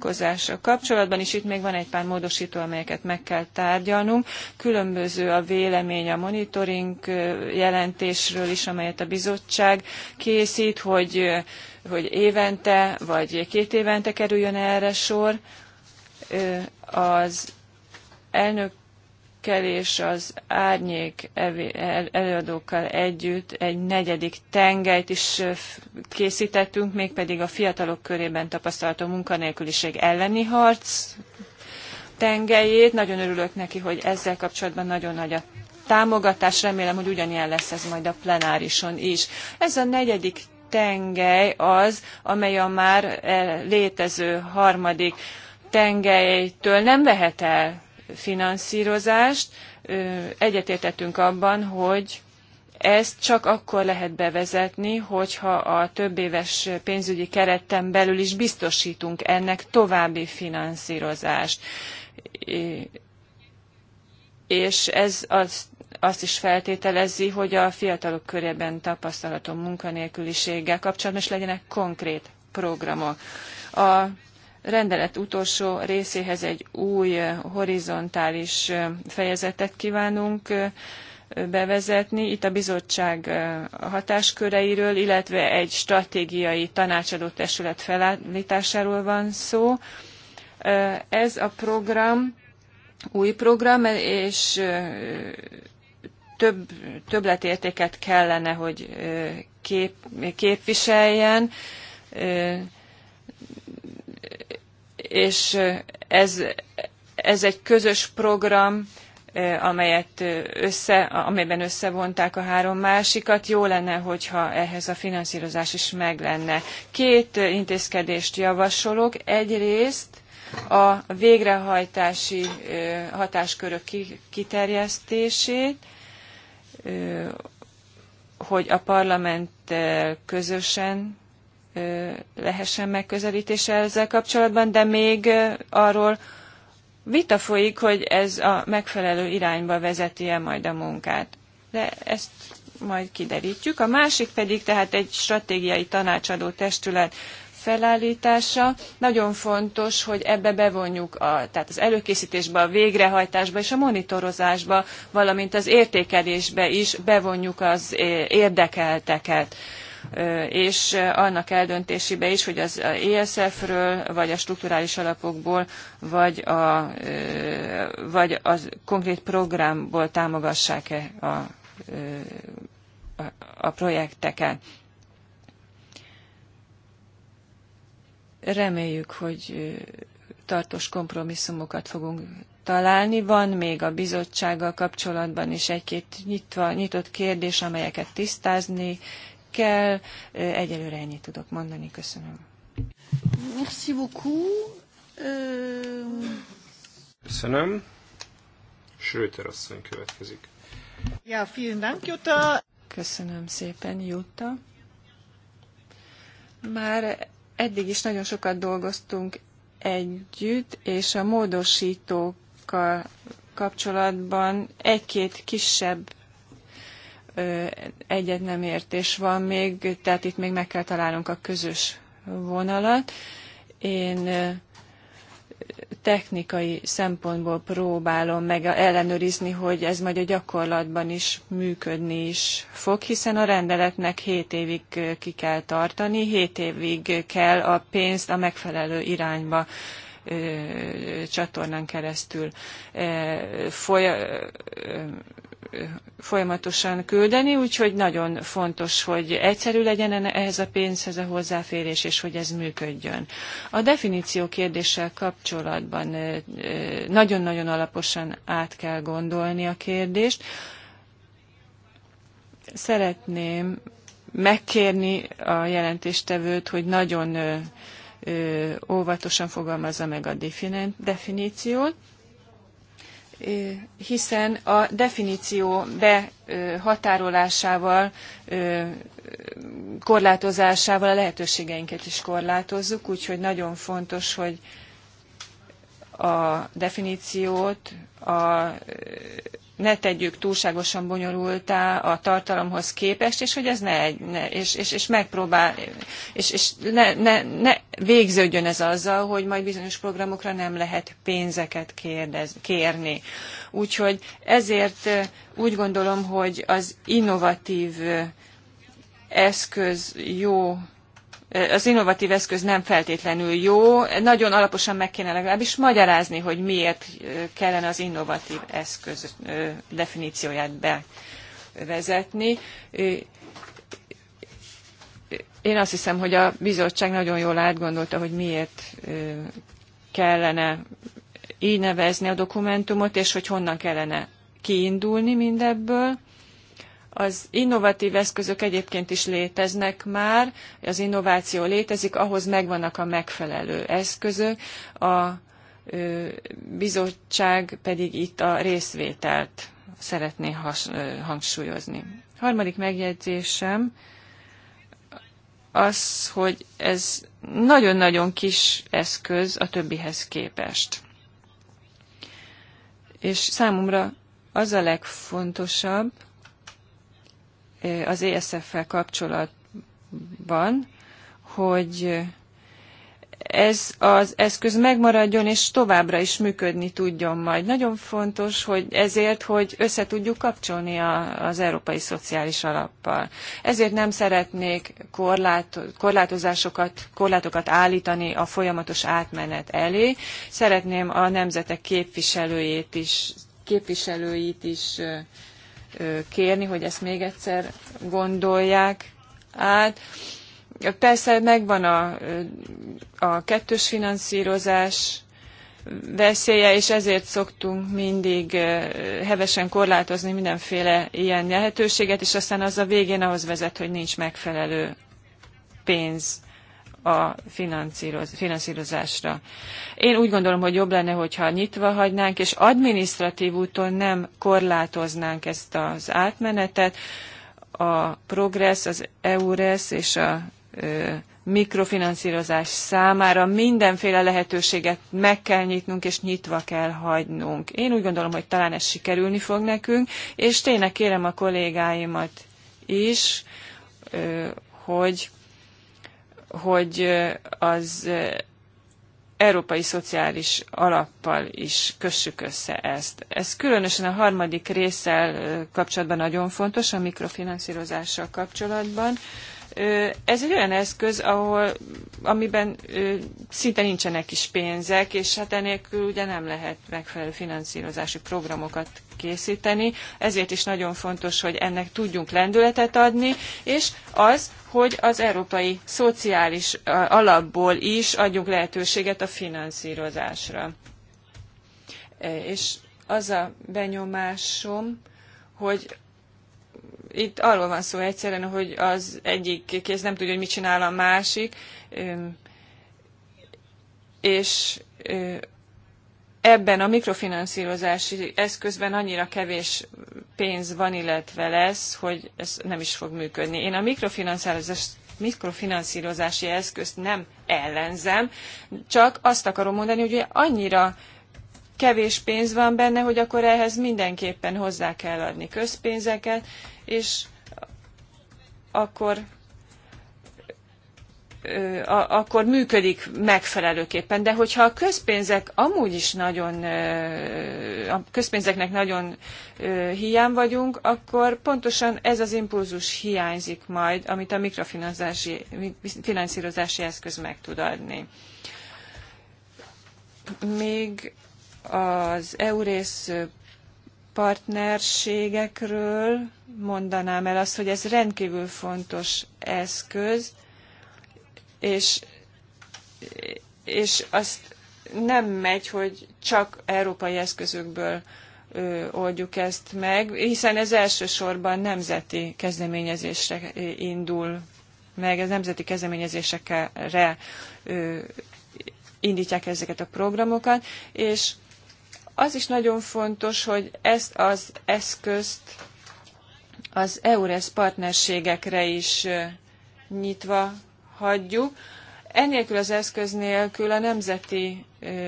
kapcsolatban, és itt még van egy pár módosító, amelyeket meg kell tárgyalnunk. Különböző a vélemény a monitoring jelentésről is, amelyet a bizottság készít, hogy hogy évente vagy két évente kerüljön erre sor. Az elnökkel és az árnyék előadókkal együtt egy negyedik tengelyt is készítettünk, mégpedig a fiatalok körében tapasztalható munkanélküliség elleni harc tengelyét. Nagyon örülök neki, hogy ezzel kapcsolatban nagyon nagy a támogatás. Remélem, hogy ugyanilyen lesz ez majd a plenárison is. Ez a negyedik tengely az, amely a már eh, létező harmadik tengelytől nem vehet el finanszírozást. Egyetértettünk abban, hogy ezt csak akkor lehet bevezetni, hogyha a éves pénzügyi keretten belül is biztosítunk ennek további finanszírozást és ez az, azt is feltételezi, hogy a fiatalok körében tapasztalható munkanélküliséggel kapcsolatban is legyenek konkrét programok. A rendelet utolsó részéhez egy új horizontális fejezetet kívánunk bevezetni. Itt a bizottság hatásköreiről, illetve egy stratégiai tanácsadó testület felállításáról van szó. Ez a program új program, és több, többletértéket kellene, hogy kép, képviseljen, és ez, ez egy közös program, amelyet össze, amelyben összevonták a három másikat. Jó lenne, hogyha ehhez a finanszírozás is meg lenne. Két intézkedést javasolok. Egyrészt a végrehajtási hatáskörök kiterjesztését, hogy a parlament közösen lehessen megközelítése ezzel kapcsolatban, de még arról vita folyik, hogy ez a megfelelő irányba vezeti-e majd a munkát. De ezt majd kiderítjük. A másik pedig tehát egy stratégiai tanácsadó testület felállítása. Nagyon fontos, hogy ebbe bevonjuk a, tehát az előkészítésbe, a végrehajtásba és a monitorozásba, valamint az értékelésbe is bevonjuk az eh, érdekelteket és eh, annak eldöntésébe is, hogy az ESF-ről, eh, e vagy a strukturális alapokból, vagy a, vagy az konkrét programból támogassák-e a, a projekteket. Reméljük, hogy tartós kompromisszumokat fogunk találni. Van még a bizottsággal kapcsolatban is egy-két nyitva, nyitott kérdés, amelyeket tisztázni kell. Egyelőre ennyit tudok mondani. Köszönöm. Merci beaucoup. Köszönöm. Schröter asszony következik. Ja, vielen Dank, Jutta. Köszönöm szépen, Jutta. Már Eddig is nagyon sokat dolgoztunk együtt, és a módosítókkal kapcsolatban egy-két kisebb egyet nem értés van még, tehát itt még meg kell találnunk a közös vonalat. Én technikai szempontból próbálom meg ellenőrizni, hogy ez majd a gyakorlatban is működni is fog, hiszen a rendeletnek 7 évig ki kell tartani, 7 évig kell a pénzt a megfelelő irányba csatornán keresztül foly, folyamatosan küldeni, úgyhogy nagyon fontos, hogy egyszerű legyen ehhez a pénzhez a hozzáférés, és hogy ez működjön. A definíció kérdéssel kapcsolatban nagyon-nagyon alaposan át kell gondolni a kérdést. Szeretném megkérni a jelentéstevőt, hogy nagyon óvatosan fogalmazza meg a definíciót hiszen a definíció behatárolásával, korlátozásával a lehetőségeinket is korlátozzuk, úgyhogy nagyon fontos, hogy a definíciót a ne tegyük túlságosan bonyolultá a tartalomhoz képest, és hogy ez ne, ne és, és, és megpróbál, és, és ne, ne, ne végződjön ez azzal, hogy majd bizonyos programokra nem lehet pénzeket kérdez, kérni. Úgyhogy ezért úgy gondolom, hogy az innovatív eszköz jó az innovatív eszköz nem feltétlenül jó. Nagyon alaposan meg kéne legalábbis magyarázni, hogy miért kellene az innovatív eszköz definícióját bevezetni. Én azt hiszem, hogy a bizottság nagyon jól átgondolta, hogy miért kellene így nevezni a dokumentumot, és hogy honnan kellene kiindulni mindebből az innovatív eszközök egyébként is léteznek már, az innováció létezik, ahhoz megvannak a megfelelő eszközök, a bizottság pedig itt a részvételt szeretné has, hangsúlyozni. Harmadik megjegyzésem az, hogy ez nagyon-nagyon kis eszköz a többihez képest. És számomra az a legfontosabb, Eh, az ESF-fel kapcsolatban, hogy ez az eszköz megmaradjon és továbbra is működni tudjon majd. Nagyon fontos, hogy ezért, hogy össze tudjuk kapcsolni a, az Európai Szociális Alappal. Ezért nem szeretnék korlát, korlátozásokat, korlátokat állítani a folyamatos átmenet elé. Szeretném a nemzetek képviselőjét is, képviselőit is eh, kérni, hogy ezt még egyszer gondolják át. Persze megvan a, a kettős finanszírozás veszélye, és ezért szoktunk mindig hevesen korlátozni mindenféle ilyen lehetőséget, és aztán az a végén ahhoz vezet, hogy nincs megfelelő pénz a finanszíroz, finanszírozásra. Én úgy gondolom, hogy jobb lenne, hogyha nyitva hagynánk, és administratív úton nem korlátoznánk ezt az átmenetet. A Progress, az EURES és a ö, mikrofinanszírozás számára mindenféle lehetőséget meg kell nyitnunk, és nyitva kell hagynunk. Én úgy gondolom, hogy talán ez sikerülni fog nekünk, és tényleg kérem a kollégáimat is, ö, hogy hogy az európai szociális alappal is kössük össze ezt. Ez különösen a harmadik résszel kapcsolatban nagyon fontos, a mikrofinanszírozással kapcsolatban, ez egy olyan eszköz, ahol, amiben szinte nincsenek is pénzek, és hát enélkül ugye nem lehet megfelelő finanszírozási programokat készíteni, ezért is nagyon fontos, hogy ennek tudjunk lendületet adni, és az, hogy az európai szociális alapból is adjunk lehetőséget a finanszírozásra. És az a benyomásom, hogy itt arról van szó egyszerűen, hogy az egyik kéz nem tudja, hogy mit csinál a másik, és ebben a mikrofinanszírozási eszközben annyira kevés pénz van, illetve lesz, hogy ez nem is fog működni. Én a mikrofinanszírozás, mikrofinanszírozási eszközt nem ellenzem, csak azt akarom mondani, hogy annyira kevés pénz van benne, hogy akkor ehhez mindenképpen hozzá kell adni közpénzeket, és akkor akkor működik megfelelőképpen. De hogyha a közpénzek amúgy is nagyon, a közpénzeknek nagyon hiány vagyunk, akkor pontosan ez az impulzus hiányzik majd, amit a mikrofinanszírozási eszköz meg tud adni. Még az EURész partnerségekről mondanám el azt, hogy ez rendkívül fontos eszköz, és, és azt nem megy, hogy csak európai eszközökből ö, oldjuk ezt meg, hiszen ez elsősorban nemzeti kezdeményezésre indul meg, ez nemzeti kezdeményezésekre ö, indítják ezeket a programokat, és az is nagyon fontos, hogy ezt az eszközt az EURES partnerségekre is nyitva hagyjuk. Enélkül az eszköz nélkül a nemzeti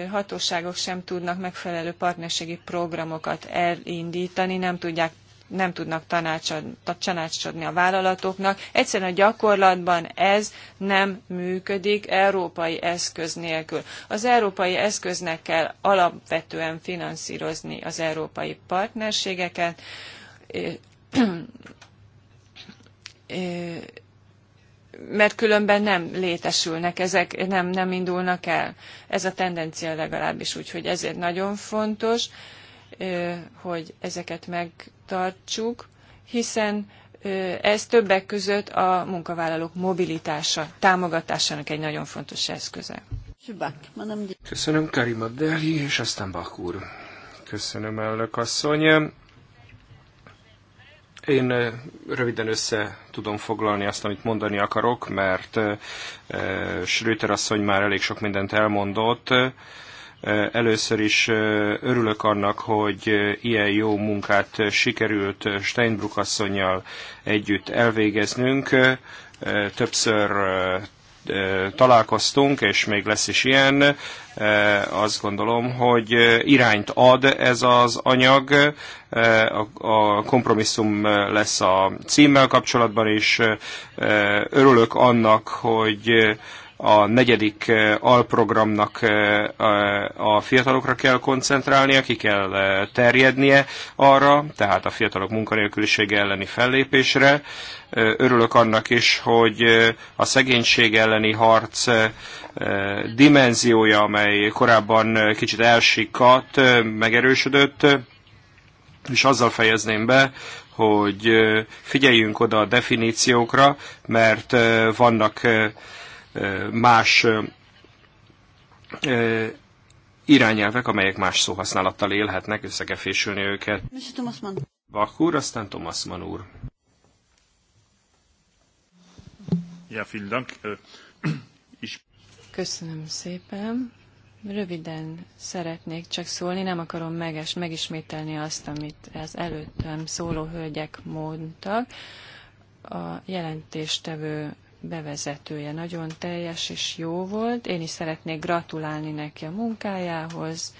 hatóságok sem tudnak megfelelő partnerségi programokat elindítani, nem tudják nem tudnak tanácsad, tanácsodni a vállalatoknak. Egyszerűen a gyakorlatban ez nem működik európai eszköz nélkül. Az európai eszköznek kell alapvetően finanszírozni az európai partnerségeket, mert különben nem létesülnek ezek, nem, nem indulnak el. Ez a tendencia legalábbis, úgyhogy ezért nagyon fontos, hogy ezeket megtartsuk, hiszen ez többek között a munkavállalók mobilitása, támogatásának egy nagyon fontos eszköze. Köszönöm Karima Deli, és aztán Bakur. Köszönöm, elnök asszony. Én röviden össze tudom foglalni azt, amit mondani akarok, mert Schröter asszony már elég sok mindent elmondott. Először is örülök annak, hogy ilyen jó munkát sikerült Steinbruck asszonynal együtt elvégeznünk. Többször találkoztunk, és még lesz is ilyen, azt gondolom, hogy irányt ad ez az anyag, a kompromisszum lesz a címmel kapcsolatban, és örülök annak, hogy a negyedik eh, alprogramnak eh, a fiatalokra kell koncentrálnia, ki kell eh, terjednie arra, tehát a fiatalok munkanélkülisége elleni fellépésre. Örülök annak is, hogy a szegénység elleni harc dimenziója, amely korábban kicsit elsikadt, megerősödött, és azzal fejezném be, hogy figyeljünk oda a definíciókra, mert vannak más irányelvek, amelyek más szóhasználattal élhetnek, össze kell fésülni őket. Mr. aztán Bach úr, aztán úr. Ja, vielen Dank. Köszönöm szépen. Röviden szeretnék csak szólni, nem akarom meges, megismételni azt, amit az előttem szóló hölgyek mondtak. A jelentéstevő bevezetője nagyon teljes és jó volt. Én is szeretnék gratulálni neki a munkájához,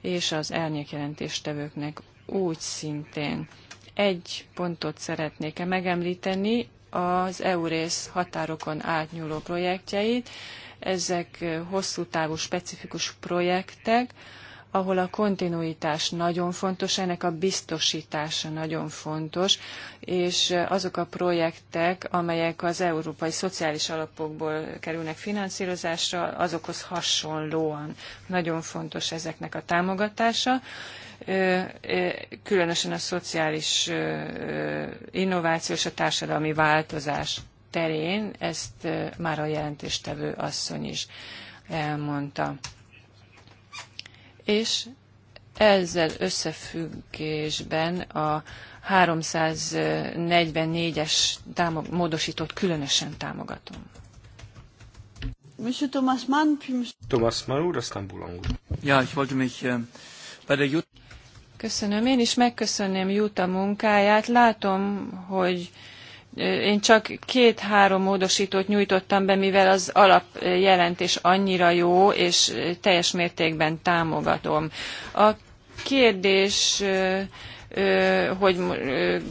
és az elnyékjelentéstevőknek úgy szintén. Egy pontot szeretnék -e megemlíteni, az EURész határokon átnyúló projektjeit. Ezek hosszú távú specifikus projektek, ahol a kontinuitás nagyon fontos, ennek a biztosítása nagyon fontos, és azok a projektek, amelyek az európai szociális alapokból kerülnek finanszírozásra, azokhoz hasonlóan nagyon fontos ezeknek a támogatása különösen a szociális innováció és a társadalmi változás terén, ezt már a jelentéstevő asszony is elmondta és ezzel összefüggésben a 344-es támog, módosítót különösen támogatom. Monsieur Thomas Mann, puis... Thomas Mann úr, aztán Bulang Ja, ich wollte mich äh, bei der Jut... Köszönöm. Én is megköszönném Jut munkáját. Látom, hogy én csak két-három módosítót nyújtottam be, mivel az alapjelentés annyira jó, és teljes mértékben támogatom. A kérdés hogy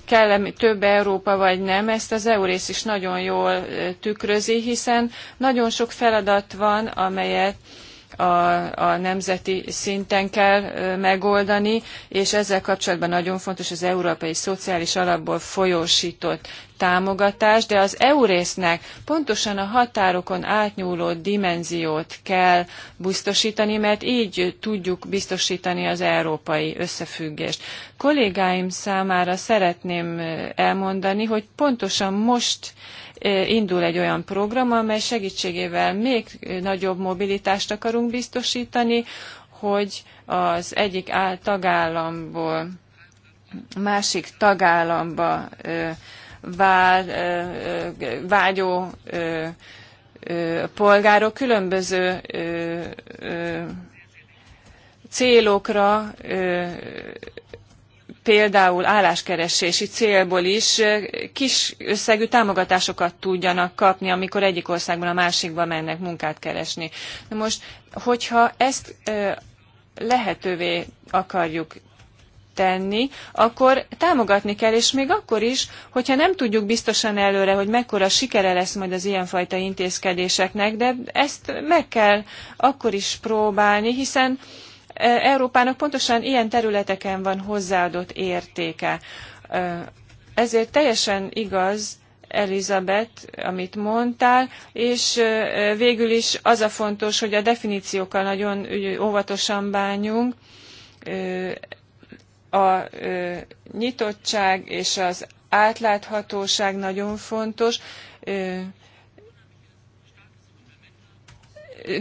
kell e több Európa vagy nem, ezt az EURész is nagyon jól tükrözi, hiszen nagyon sok feladat van, amelyet a, a nemzeti szinten kell megoldani, és ezzel kapcsolatban nagyon fontos az Európai Szociális Alapból folyósított támogatás, de az EURésznek pontosan a határokon átnyúló dimenziót kell biztosítani, mert így tudjuk biztosítani az európai összefüggést. Kollégáim számára szeretném elmondani, hogy pontosan most indul egy olyan program, amely segítségével még nagyobb mobilitást akarunk biztosítani, hogy az egyik tagállamból másik tagállamba vágyó polgárok különböző célokra például álláskeresési célból is eh, kis összegű támogatásokat tudjanak kapni, amikor egyik országban a másikba mennek munkát keresni. Na most, hogyha ezt eh, lehetővé akarjuk tenni, akkor támogatni kell, és még akkor is, hogyha nem tudjuk biztosan előre, hogy mekkora sikere lesz majd az ilyenfajta intézkedéseknek, de ezt meg kell akkor is próbálni, hiszen E, Európának pontosan ilyen területeken van hozzáadott értéke. E, ezért teljesen igaz, Elizabeth, amit mondtál, és e, végül is az a fontos, hogy a definíciókkal nagyon óvatosan bánjunk. A nyitottság és az átláthatóság nagyon fontos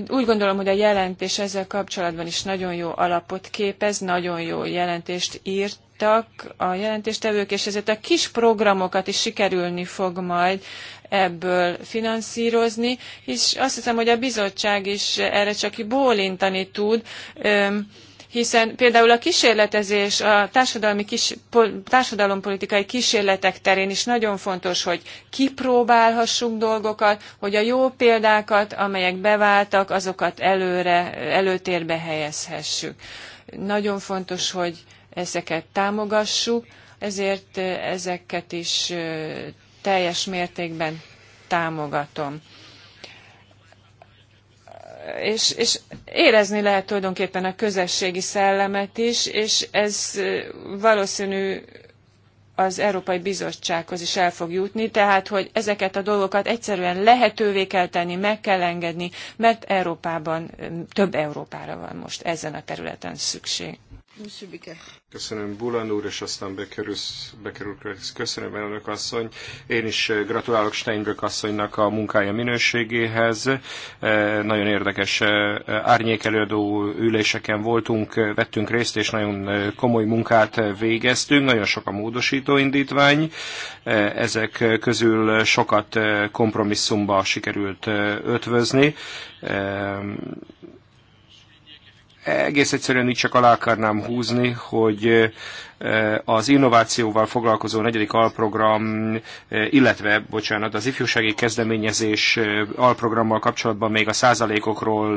úgy gondolom, hogy a jelentés ezzel kapcsolatban is nagyon jó alapot képez, nagyon jó jelentést írtak a jelentéstevők, és ezért a kis programokat is sikerülni fog majd ebből finanszírozni, és azt hiszem, hogy a bizottság is erre csak bólintani tud. Öm, hiszen például a kísérletezés, a társadalmi kis, társadalompolitikai kísérletek terén is nagyon fontos, hogy kipróbálhassunk dolgokat, hogy a jó példákat, amelyek beváltak, azokat előre, előtérbe helyezhessük. Nagyon fontos, hogy ezeket támogassuk, ezért eh, ezeket is eh, teljes mértékben támogatom és, és érezni lehet tulajdonképpen a közösségi szellemet is, és ez valószínű az Európai Bizottsághoz is el fog jutni, tehát hogy ezeket a dolgokat egyszerűen lehetővé kell tenni, meg kell engedni, mert Európában több Európára van most ezen a területen szükség. Köszönöm Bulan úr, és aztán bekerül. Köszönöm elnök asszony. Én is eh, gratulálok Steinbrück asszonynak a munkája minőségéhez. Eh, nagyon érdekes eh, árnyékelődő üléseken voltunk, vettünk részt, és nagyon komoly munkát végeztünk. Nagyon sok a módosító indítvány. Ezek közül sokat kompromisszumba sikerült ötvözni egész egyszerűen itt csak alá akarnám húzni, hogy Eh, az innovációval foglalkozó negyedik alprogram, eh, illetve, bocsánat, az ifjúsági kezdeményezés eh, alprogrammal kapcsolatban még a százalékokról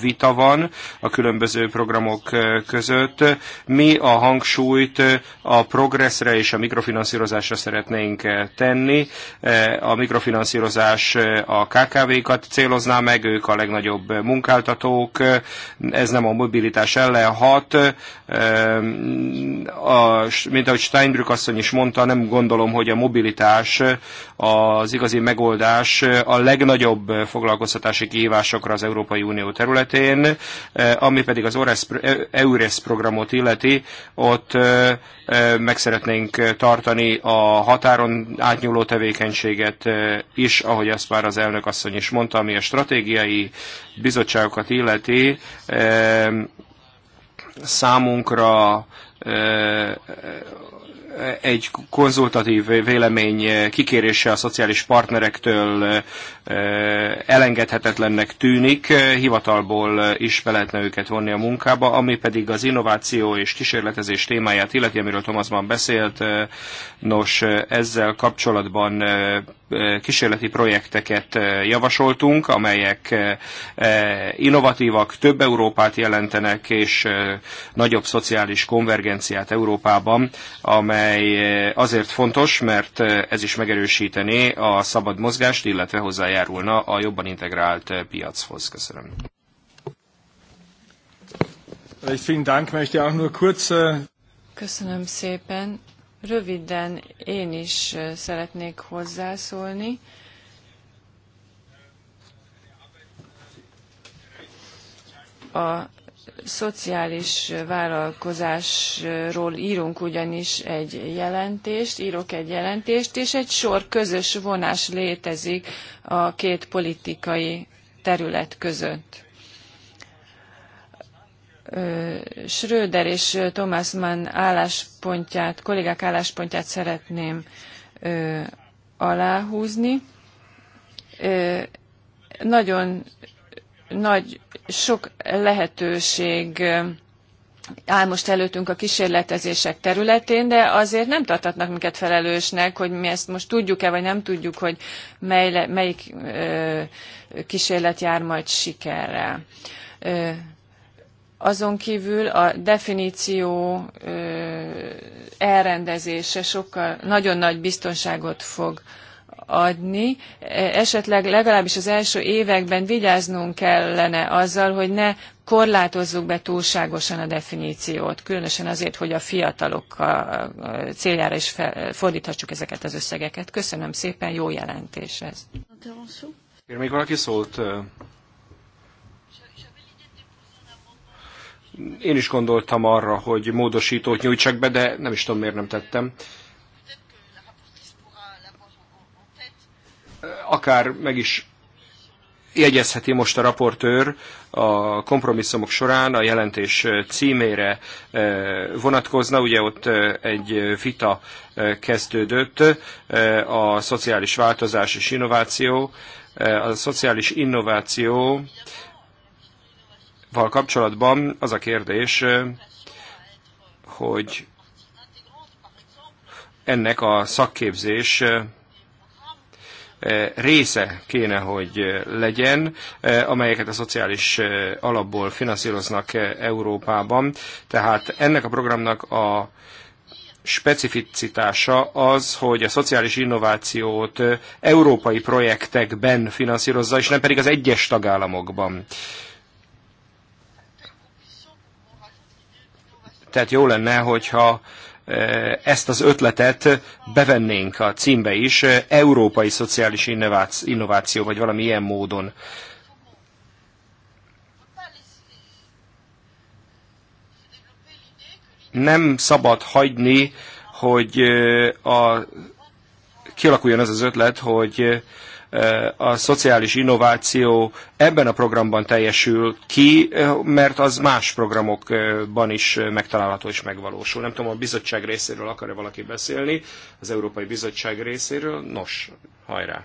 vita van a különböző programok között. Mi a hangsúlyt a progresszre és a mikrofinanszírozásra szeretnénk tenni. A mikrofinanszírozás a KKV-kat célozná meg, ők a legnagyobb munkáltatók, ez nem a mobilitás ellen hat, a a, mint ahogy Steinbrück asszony is mondta, nem gondolom, hogy a mobilitás az igazi megoldás a legnagyobb foglalkoztatási kihívásokra az Európai Unió területén, ami pedig az EURES programot illeti, ott meg szeretnénk tartani a határon átnyúló tevékenységet is, ahogy azt már az elnök asszony is mondta, ami a stratégiai bizottságokat illeti, számunkra egy konzultatív vélemény kikérése a szociális partnerektől elengedhetetlennek tűnik, hivatalból is be lehetne őket vonni a munkába, ami pedig az innováció és kísérletezés témáját illeti, amiről Thomas beszélt. Nos, ezzel kapcsolatban kísérleti projekteket eh, javasoltunk, amelyek eh, eh, innovatívak, több Európát jelentenek, és nagyobb szociális konvergenciát Európában, amely azért fontos, mert ez is megerősítené a szabad mozgást, illetve hozzájárulna a jobban integrált piachoz. Köszönöm. Äh, Köszönöm szépen. Röviden én is szeretnék hozzászólni. A szociális vállalkozásról írunk ugyanis egy jelentést, írok egy jelentést, és egy sor közös vonás létezik a két politikai terület között. Schröder és Thomas Mann álláspontját, kollégák álláspontját szeretném ö, aláhúzni. Ö, nagyon nagy, sok lehetőség áll most előttünk a kísérletezések területén, de azért nem tartatnak minket felelősnek, hogy mi ezt most tudjuk-e, vagy nem tudjuk, hogy mely, melyik ö, kísérlet jár majd sikerrel. Azon kívül a definíció elrendezése sokkal nagyon nagy biztonságot fog adni. E, esetleg legalábbis az első években vigyáznunk kellene azzal, hogy ne korlátozzuk be túlságosan a definíciót, különösen azért, hogy a fiatalok céljára is fel, fordíthassuk ezeket az összegeket. Köszönöm szépen, jó jelentés ez. Még valaki szólt Én is gondoltam arra, hogy módosítót nyújtsak be, de nem is tudom, miért nem tettem. Akár meg is jegyezheti most a raportőr a kompromisszumok során a jelentés címére eh, vonatkozna. Ugye ott eh, egy vita eh, kezdődött, a szociális változás és innováció. A szociális innováció val kapcsolatban az a kérdés, hogy ennek a szakképzés része kéne, hogy legyen, amelyeket a szociális alapból finanszíroznak Európában. Tehát ennek a programnak a specificitása az, hogy a szociális innovációt európai projektekben finanszírozza, és nem pedig az egyes tagállamokban. Tehát jó lenne, hogyha e, ezt az ötletet bevennénk a címbe is, e, európai szociális innováció, vagy valami ilyen módon. Nem szabad hagyni, hogy e, a, kialakuljon az az ötlet, hogy a szociális innováció ebben a programban teljesül ki, mert az más programokban is megtalálható és megvalósul. Nem tudom, a bizottság részéről akar-e valaki beszélni, az Európai Bizottság részéről? Nos, hajrá!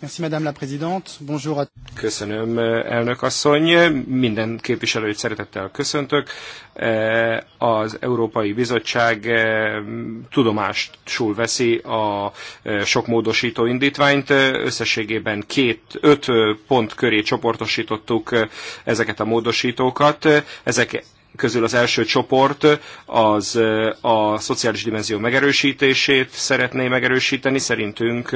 Merci, Madame la Présidente. Bonjour à... Köszönöm, elnök asszony. Minden képviselőt szeretettel köszöntök. E, az Európai Bizottság e, tudomásul veszi a e, sok módosító indítványt. Összességében két, öt pont köré csoportosítottuk ezeket a módosítókat. Ezek közül az első csoport az a szociális dimenzió megerősítését szeretné megerősíteni. Szerintünk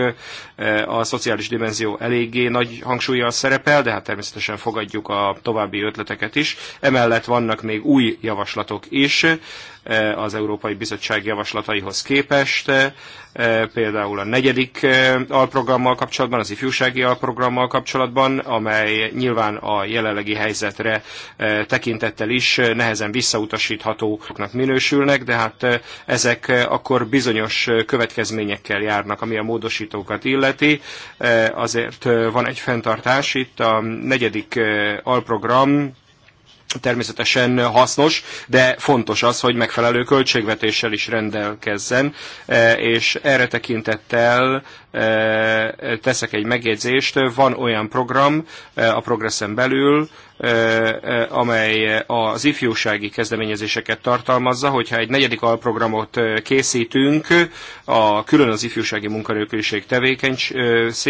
a szociális dimenzió eléggé nagy hangsúlyjal szerepel, de hát természetesen fogadjuk a további ötleteket is. Emellett vannak még új javaslatok is. E, az Európai Bizottság javaslataihoz képest, e, például a negyedik e, alprogrammal kapcsolatban, az ifjúsági alprogrammal kapcsolatban, amely nyilván a jelenlegi helyzetre tekintettel is nehezen visszautasíthatóknak minősülnek, de hát ezek akkor bizonyos következményekkel járnak, ami a módosítókat illeti. Azért van egy fenntartás itt a negyedik alprogram természetesen hasznos, de fontos az, hogy megfelelő költségvetéssel is rendelkezzen, e, és erre tekintettel e, teszek egy megjegyzést. Van olyan program e, a progresszen belül, amely az ifjúsági kezdeményezéseket tartalmazza, hogyha egy negyedik alprogramot készítünk, a, külön az ifjúsági munkanélküliség tevékeny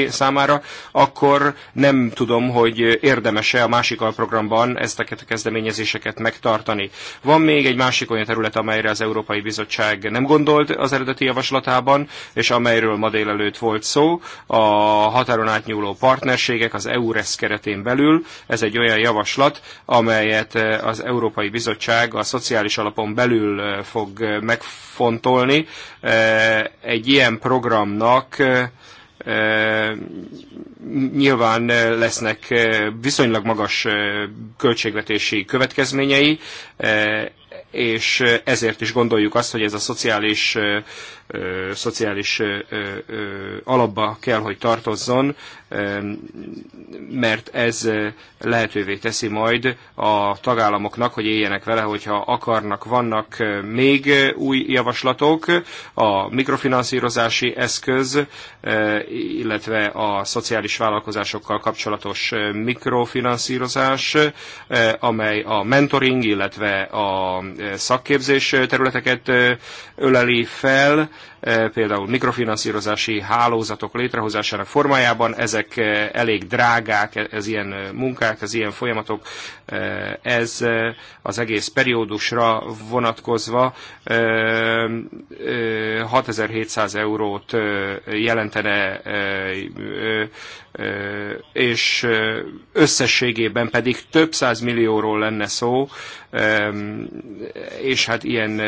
számára, akkor nem tudom, hogy érdemese a másik alprogramban ezt a kezdeményezéseket megtartani. Van még egy másik olyan terület, amelyre az Európai Bizottság nem gondolt az eredeti javaslatában, és amelyről ma délelőtt volt szó, a határon átnyúló partnerségek az EURES keretén belül. Ez egy olyan javaslat, javaslat, amelyet eh, az Európai Bizottság a szociális alapon belül eh, fog eh, megfontolni. Egy ilyen programnak nyilván lesznek viszonylag magas költségvetési következményei, és ezért is gondoljuk azt, hogy ez a szociális szociális alapba kell, hogy tartozzon, mert ez lehetővé teszi majd a tagállamoknak, hogy éljenek vele, hogyha akarnak, vannak még új javaslatok, a mikrofinanszírozási eszköz, illetve a szociális vállalkozásokkal kapcsolatos mikrofinanszírozás, amely a mentoring, illetve a szakképzés területeket öleli fel, Eh, például mikrofinanszírozási hálózatok létrehozásának formájában. Ezek eh, elég drágák, e-, ez ilyen eh, munkák, ez ilyen folyamatok. Ez az egész periódusra vonatkozva 6700 eurót jelentene és összességében pedig több száz millióról lenne szó, és hát ilyen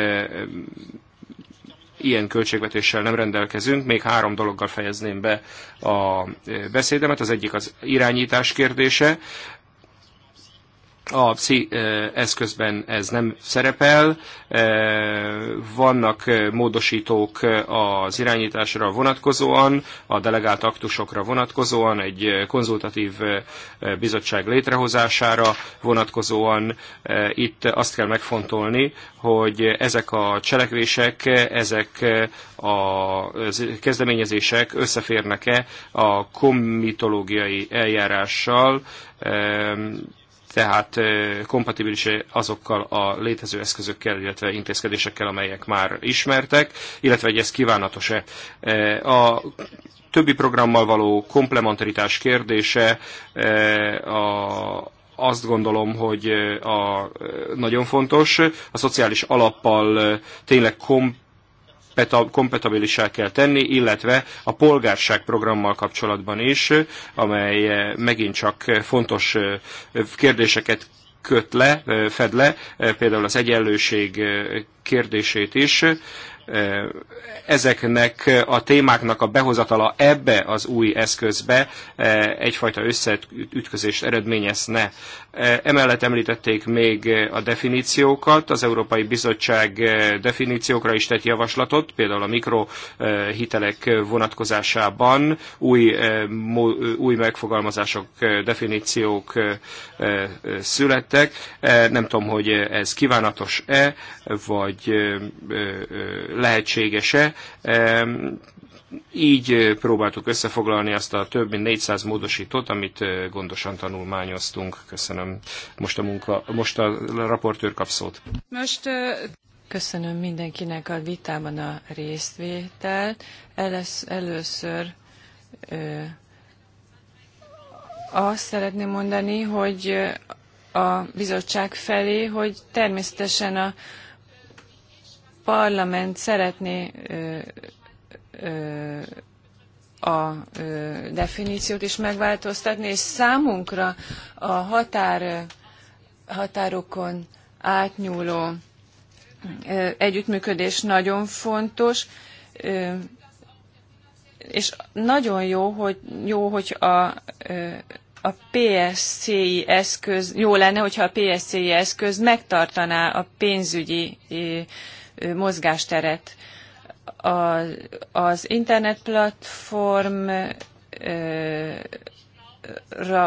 ilyen költségvetéssel nem rendelkezünk. Még három dologgal fejezném be a e, beszédemet. Az egyik az irányítás kérdése a PSZI eszközben ez nem szerepel. Vannak módosítók az irányításra vonatkozóan, a delegált aktusokra vonatkozóan, egy konzultatív bizottság létrehozására vonatkozóan. Itt azt kell megfontolni, hogy ezek a cselekvések, ezek a kezdeményezések összeférnek-e a komitológiai eljárással, tehát kompatibilis -e azokkal a létező eszközökkel, illetve intézkedésekkel, amelyek már ismertek, illetve hogy ez kívánatos-e. A többi programmal való komplementaritás kérdése a, azt gondolom, hogy a, nagyon fontos. A szociális alappal tényleg kom, kompatibilissá kell tenni, illetve a polgárság programmal kapcsolatban is, amely eh, megint csak fontos eh, kérdéseket köt le, eh, fed le, például az egyenlőség kérdését is ezeknek a témáknak a behozatala ebbe az új eszközbe egyfajta összeütközést eredményezne. Emellett említették még a definíciókat, az Európai Bizottság definíciókra is tett javaslatot, például a mikrohitelek vonatkozásában új, új megfogalmazások, definíciók születtek. Nem tudom, hogy ez kívánatos-e, vagy lehetséges-e. Így próbáltuk összefoglalni azt a több mint 400 módosítót, amit gondosan tanulmányoztunk. Köszönöm. Most a, munka, most a raportőr kap szót. Most Köszönöm mindenkinek a vitában a résztvételt. Először azt szeretném mondani, hogy a bizottság felé, hogy természetesen a parlament szeretné a definíciót is megváltoztatni, és számunkra a határ, határokon átnyúló együttműködés nagyon fontos, és nagyon jó, hogy, jó, hogy a a PSCI eszköz, jó lenne, hogyha a PSCI eszköz megtartaná a pénzügyi mozgásteret. A, az internetplatformra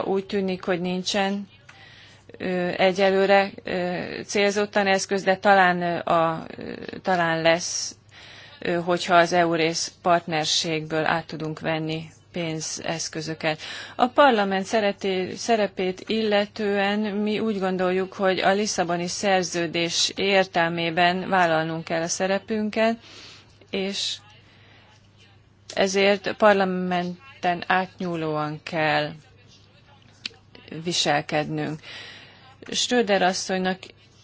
úgy tűnik, hogy nincsen egyelőre célzottan eszköz, de talán, a, talán lesz, hogyha az EURész partnerségből át tudunk venni pénzeszközöket. A parlament szereté, szerepét illetően mi úgy gondoljuk, hogy a Lisszaboni szerződés értelmében vállalnunk kell a szerepünket, és ezért parlamenten átnyúlóan kell viselkednünk. Stöder asszonynak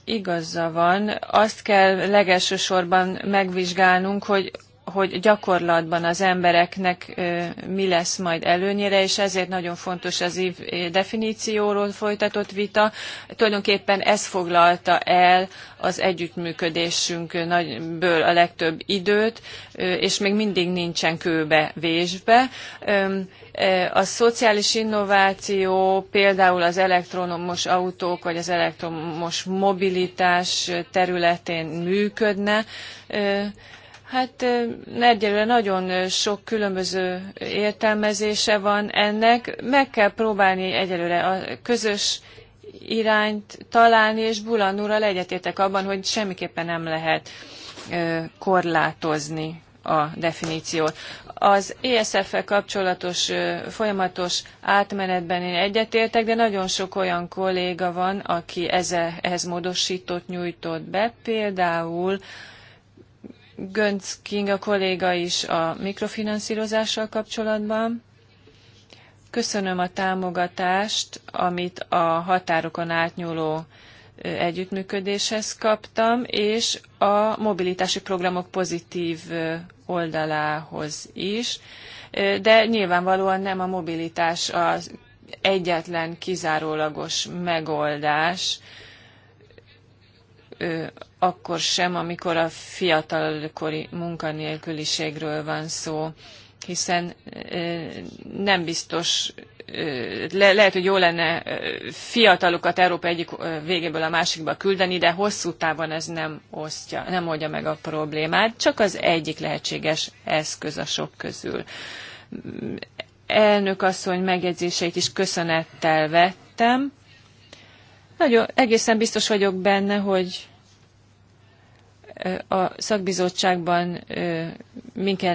igaza van, azt kell legelsősorban megvizsgálnunk, hogy hogy gyakorlatban az embereknek mi lesz majd előnyére, és ezért nagyon fontos az ív definícióról folytatott vita. Tulajdonképpen ez foglalta el az együttműködésünkből nagyből a legtöbb időt, és még mindig nincsen kőbe vésbe. A szociális innováció például az elektromos autók vagy az elektromos mobilitás területén működne, Hát egyelőre nagyon sok különböző értelmezése van ennek. Meg kell próbálni egyelőre a közös irányt találni, és Bulan úrral egyetértek abban, hogy semmiképpen nem lehet korlátozni a definíciót. Az ESF-fel kapcsolatos folyamatos átmenetben én egyetértek, de nagyon sok olyan kolléga van, aki eze, ehhez módosított, nyújtott be, például Gönc Kinga kolléga is a mikrofinanszírozással kapcsolatban. Köszönöm a támogatást, amit a határokon átnyúló együttműködéshez kaptam, és a mobilitási programok pozitív oldalához is, de nyilvánvalóan nem a mobilitás az egyetlen kizárólagos megoldás akkor sem, amikor a fiatalkori munkanélküliségről van szó, hiszen nem biztos, le, lehet, hogy jó lenne fiatalokat Európa egyik végéből a másikba küldeni, de hosszú távon ez nem osztja, nem oldja meg a problémát, csak az egyik lehetséges eszköz a sok közül. Elnök asszony megjegyzéseit is köszönettel vettem. Nagyon egészen biztos vagyok benne, hogy a szakbizottságban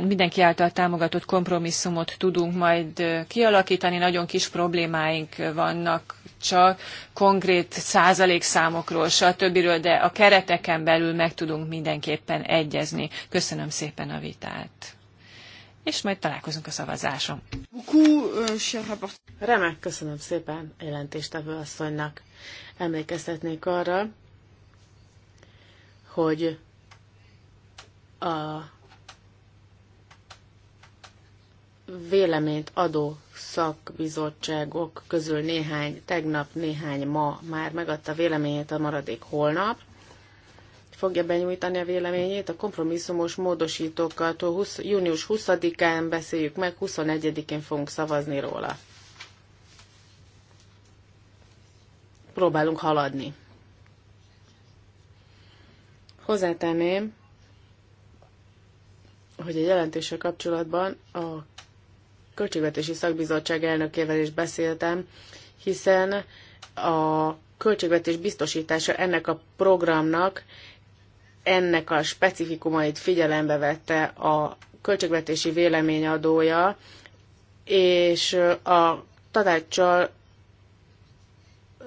mindenki által támogatott kompromisszumot tudunk majd kialakítani. Nagyon kis problémáink vannak csak konkrét százalékszámokról, stb. de a kereteken belül meg tudunk mindenképpen egyezni. Köszönöm szépen a vitát. És majd találkozunk a szavazáson. Remek, köszönöm szépen jelentéstevő asszonynak. Emlékeztetnék arra, hogy a véleményt adó szakbizottságok közül néhány tegnap, néhány ma már megadta véleményét a maradék holnap. Fogja benyújtani a véleményét, a kompromisszumos módosítókat 20, június 20-án beszéljük meg, 21-én fogunk szavazni róla. Próbálunk haladni. Hozzátenném, hogy a jelentéssel kapcsolatban a Költségvetési Szakbizottság elnökével is beszéltem, hiszen a költségvetés biztosítása ennek a programnak ennek a specifikumait figyelembe vette a költségvetési véleményadója, és a tanácssal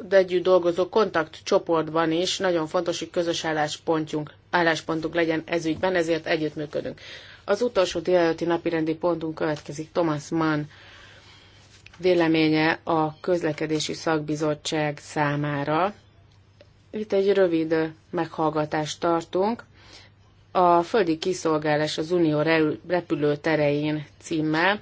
együtt dolgozó kontaktcsoportban is nagyon fontos, hogy közös álláspontunk, álláspontunk legyen ezügyben, ezért együttműködünk. Az utolsó délelőtti napirendi pontunk következik Thomas Mann véleménye a közlekedési szakbizottság számára. Itt egy rövid meghallgatást tartunk. A földi kiszolgálás az Unió repülőterein címmel,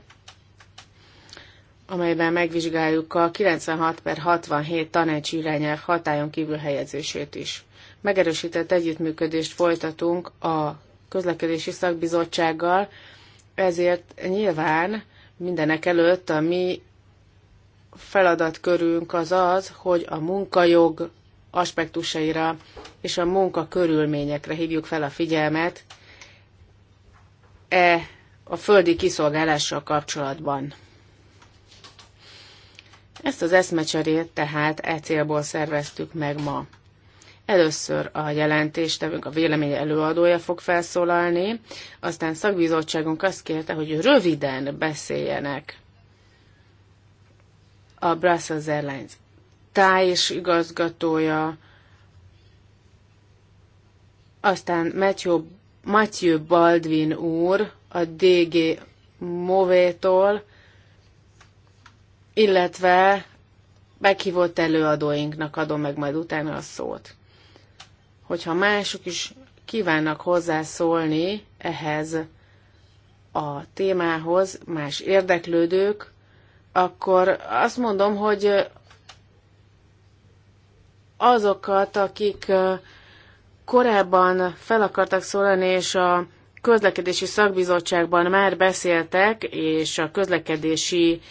amelyben megvizsgáljuk a 96 per 67 tanácsi irányelv hatályon kívül helyezését is. Megerősített együttműködést folytatunk a közlekedési szakbizottsággal, ezért nyilván mindenek előtt a mi feladatkörünk az az, hogy a munkajog aspektusaira és a munka körülményekre hívjuk fel a figyelmet e a földi kiszolgálással kapcsolatban. Ezt az eszmecserét tehát e célból szerveztük meg ma. Először a jelentéstevőnk, a vélemény előadója fog felszólalni, aztán szakbizottságunk azt kérte, hogy röviden beszéljenek a Brussels Airlines tájés igazgatója, aztán Matthew, Matthew Baldwin úr a DG Movétól, illetve meghívott előadóinknak adom meg majd utána a szót hogyha mások is kívánnak hozzászólni ehhez a témához, más érdeklődők, akkor azt mondom, hogy azokat, akik korábban fel akartak szólani, és a közlekedési szakbizottságban már beszéltek, és a közlekedési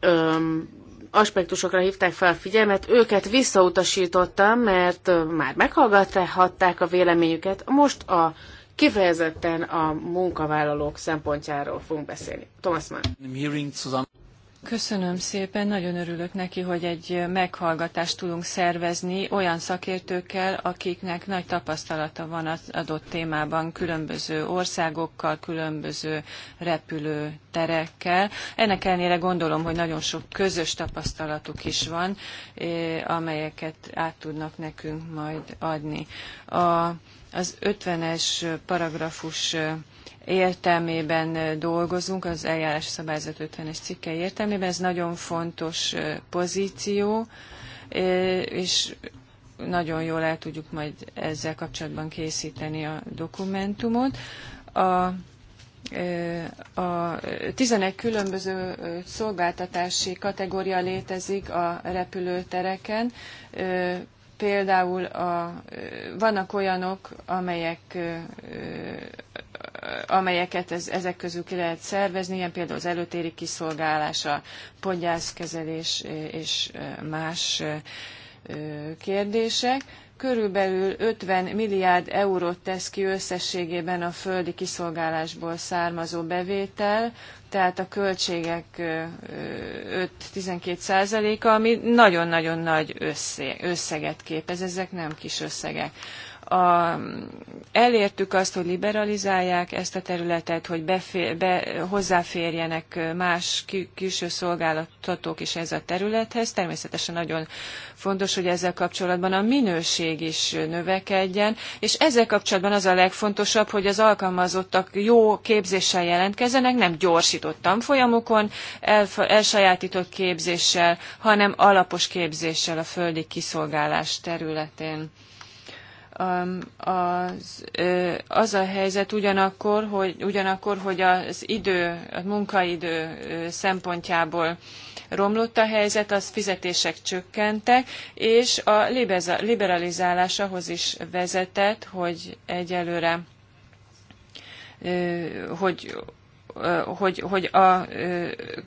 öm, aspektusokra hívták fel a figyelmet, őket visszautasítottam, mert már meghallgatták a véleményüket, most a kifejezetten a munkavállalók szempontjáról fogunk beszélni. Thomas Mann. Köszönöm szépen, nagyon örülök neki, hogy egy meghallgatást tudunk szervezni olyan szakértőkkel, akiknek nagy tapasztalata van az adott témában, különböző országokkal, különböző repülőterekkel. Ennek ellenére gondolom, hogy nagyon sok közös tapasztalatuk is van, eh, amelyeket át tudnak nekünk majd adni. A, az 50-es paragrafus eh, értelmében dolgozunk, az eljárás szabályzat 50-es cikke értelmében. Ez nagyon fontos pozíció, és nagyon jól el tudjuk majd ezzel kapcsolatban készíteni a dokumentumot. A a 11 különböző szolgáltatási kategória létezik a repülőtereken. Például a, vannak olyanok, amelyek amelyeket ez, ezek közül ki lehet szervezni, ilyen például az előtéri kiszolgálás, a podgyászkezelés és más kérdések. Körülbelül 50 milliárd eurót tesz ki összességében a földi kiszolgálásból származó bevétel, tehát a költségek 5-12 százaléka, ami nagyon-nagyon nagy összeget képez, ezek nem kis összegek a, elértük azt, hogy liberalizálják ezt a területet, hogy befér, be, hozzáférjenek más külső szolgáltatók is ez a területhez. Természetesen nagyon fontos, hogy ezzel kapcsolatban a minőség is növekedjen, és ezzel kapcsolatban az a legfontosabb, hogy az alkalmazottak jó képzéssel jelentkezzenek, nem gyorsított tanfolyamokon, el, elsajátított képzéssel, hanem alapos képzéssel a földi kiszolgálás területén az, az a helyzet ugyanakkor, hogy, ugyanakkor, hogy az idő, a munkaidő szempontjából romlott a helyzet, az fizetések csökkentek, és a liberalizálás ahhoz is vezetett, hogy egyelőre hogy, hogy, hogy a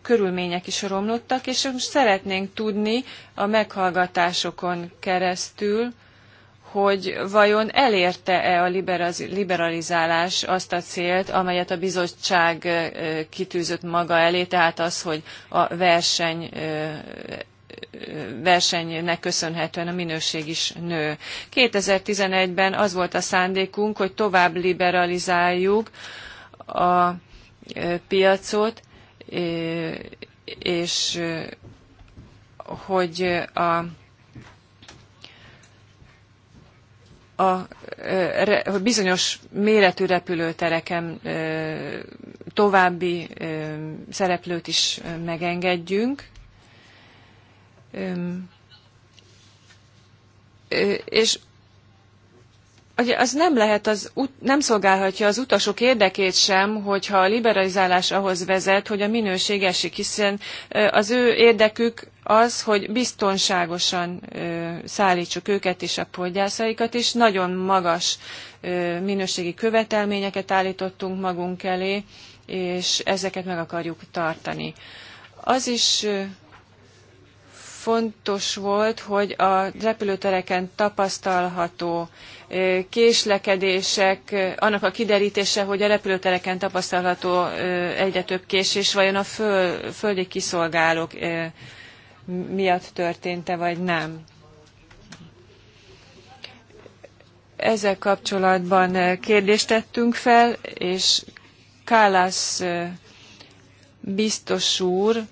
körülmények is romlottak, és most szeretnénk tudni a meghallgatásokon keresztül, hogy vajon elérte-e a liberalizálás azt a célt, amelyet a bizottság kitűzött maga elé, tehát az, hogy a verseny versenynek köszönhetően a minőség is nő. 2011-ben az volt a szándékunk, hogy tovább liberalizáljuk a piacot, és hogy a a bizonyos méretű repülőtereken további szereplőt is megengedjünk. És az nem lehet, az, nem szolgálhatja az utasok érdekét sem, hogyha a liberalizálás ahhoz vezet, hogy a minőség esik, hiszen az ő érdekük az, hogy biztonságosan szállítsuk őket és a polgyászaikat, és nagyon magas minőségi követelményeket állítottunk magunk elé, és ezeket meg akarjuk tartani. Az is fontos volt, hogy a repülőtereken tapasztalható késlekedések, annak a kiderítése, hogy a repülőtereken tapasztalható egyre több késés vajon a föl, földi kiszolgálók miatt történt-e vagy nem. Ezzel kapcsolatban kérdést tettünk fel, és Kálász biztos úr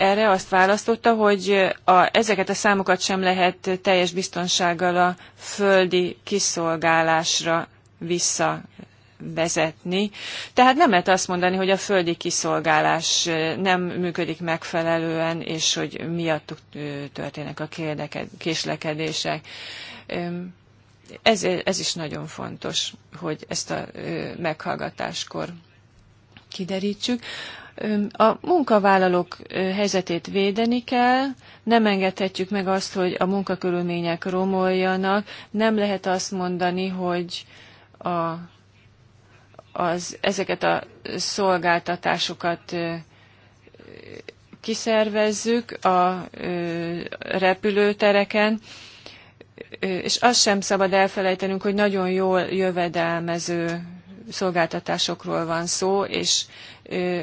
erre azt választotta, hogy a, ezeket a számokat sem lehet teljes biztonsággal a földi kiszolgálásra vissza vezetni. Tehát nem lehet azt mondani, hogy a földi kiszolgálás nem működik megfelelően, és hogy miattuk történnek a késlekedések. Ez, ez is nagyon fontos, hogy ezt a meghallgatáskor kiderítsük. A munkavállalók helyzetét védeni kell, nem engedhetjük meg azt, hogy a munkakörülmények romoljanak, nem lehet azt mondani, hogy a, az, ezeket a szolgáltatásokat kiszervezzük a repülőtereken, és azt sem szabad elfelejtenünk, hogy nagyon jól jövedelmező szolgáltatásokról van szó, és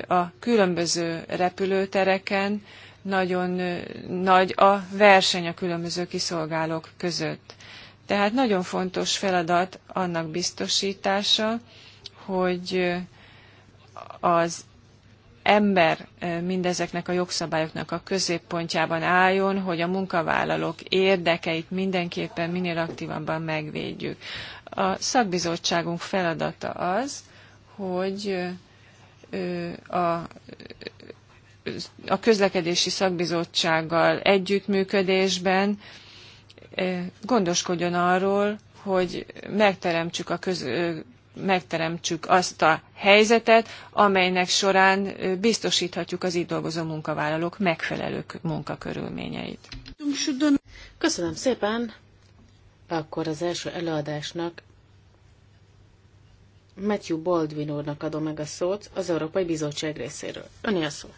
a különböző repülőtereken nagyon nagy a verseny a különböző kiszolgálók között. Tehát nagyon fontos feladat annak biztosítása, hogy az ember mindezeknek a jogszabályoknak a középpontjában álljon, hogy a munkavállalók érdekeit mindenképpen minél aktívabban megvédjük. A szakbizottságunk feladata az, hogy a a közlekedési szakbizottsággal együttműködésben gondoskodjon arról, hogy megteremtsük, a köz, megteremtsük azt a helyzetet, amelynek során biztosíthatjuk az itt dolgozó munkavállalók megfelelő munkakörülményeit. Köszönöm szépen! Akkor az első előadásnak Matthew Baldwin úrnak adom meg a szót az Európai Bizottság részéről. Öné a szó.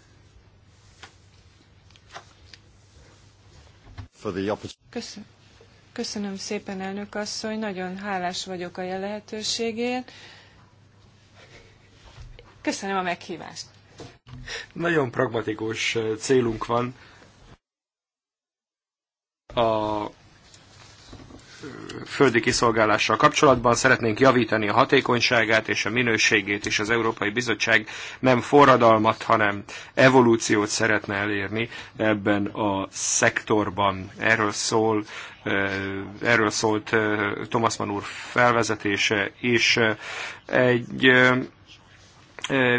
Köszönöm. szépen, elnök asszony, nagyon hálás vagyok a lehetőségén. Köszönöm a meghívást. Nagyon pragmatikus célunk van. A földi kiszolgálással kapcsolatban. Szeretnénk javítani a hatékonyságát és a minőségét, és az Európai Bizottság nem forradalmat, hanem evolúciót szeretne elérni ebben a szektorban. Erről szól erről szólt Thomas Mann úr felvezetése, és egy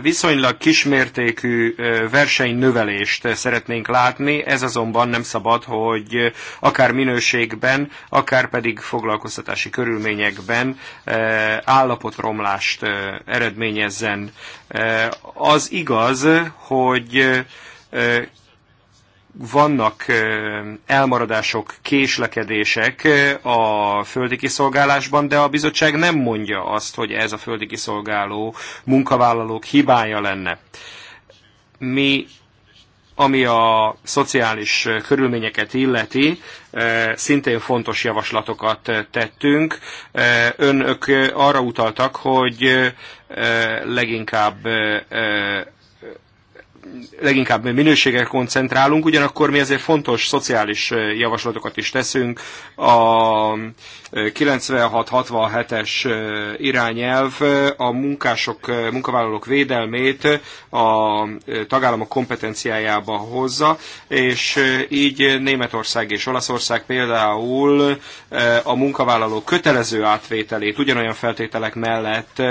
viszonylag kismértékű versenynövelést szeretnénk látni, ez azonban nem szabad, hogy akár minőségben, akár pedig foglalkoztatási körülményekben állapotromlást eredményezzen. Az igaz, hogy vannak elmaradások, késlekedések a földi kiszolgálásban, de a bizottság nem mondja azt, hogy ez a földi kiszolgáló munkavállalók hibája lenne. Mi ami a szociális körülményeket illeti, szintén fontos javaslatokat tettünk. Önök arra utaltak, hogy leginkább leginkább minőségre koncentrálunk, ugyanakkor mi azért fontos szociális javaslatokat is teszünk. A 96-67-es irányelv a munkások, munkavállalók védelmét a tagállamok kompetenciájába hozza, és így Németország és Olaszország például a munkavállalók kötelező átvételét ugyanolyan feltételek mellett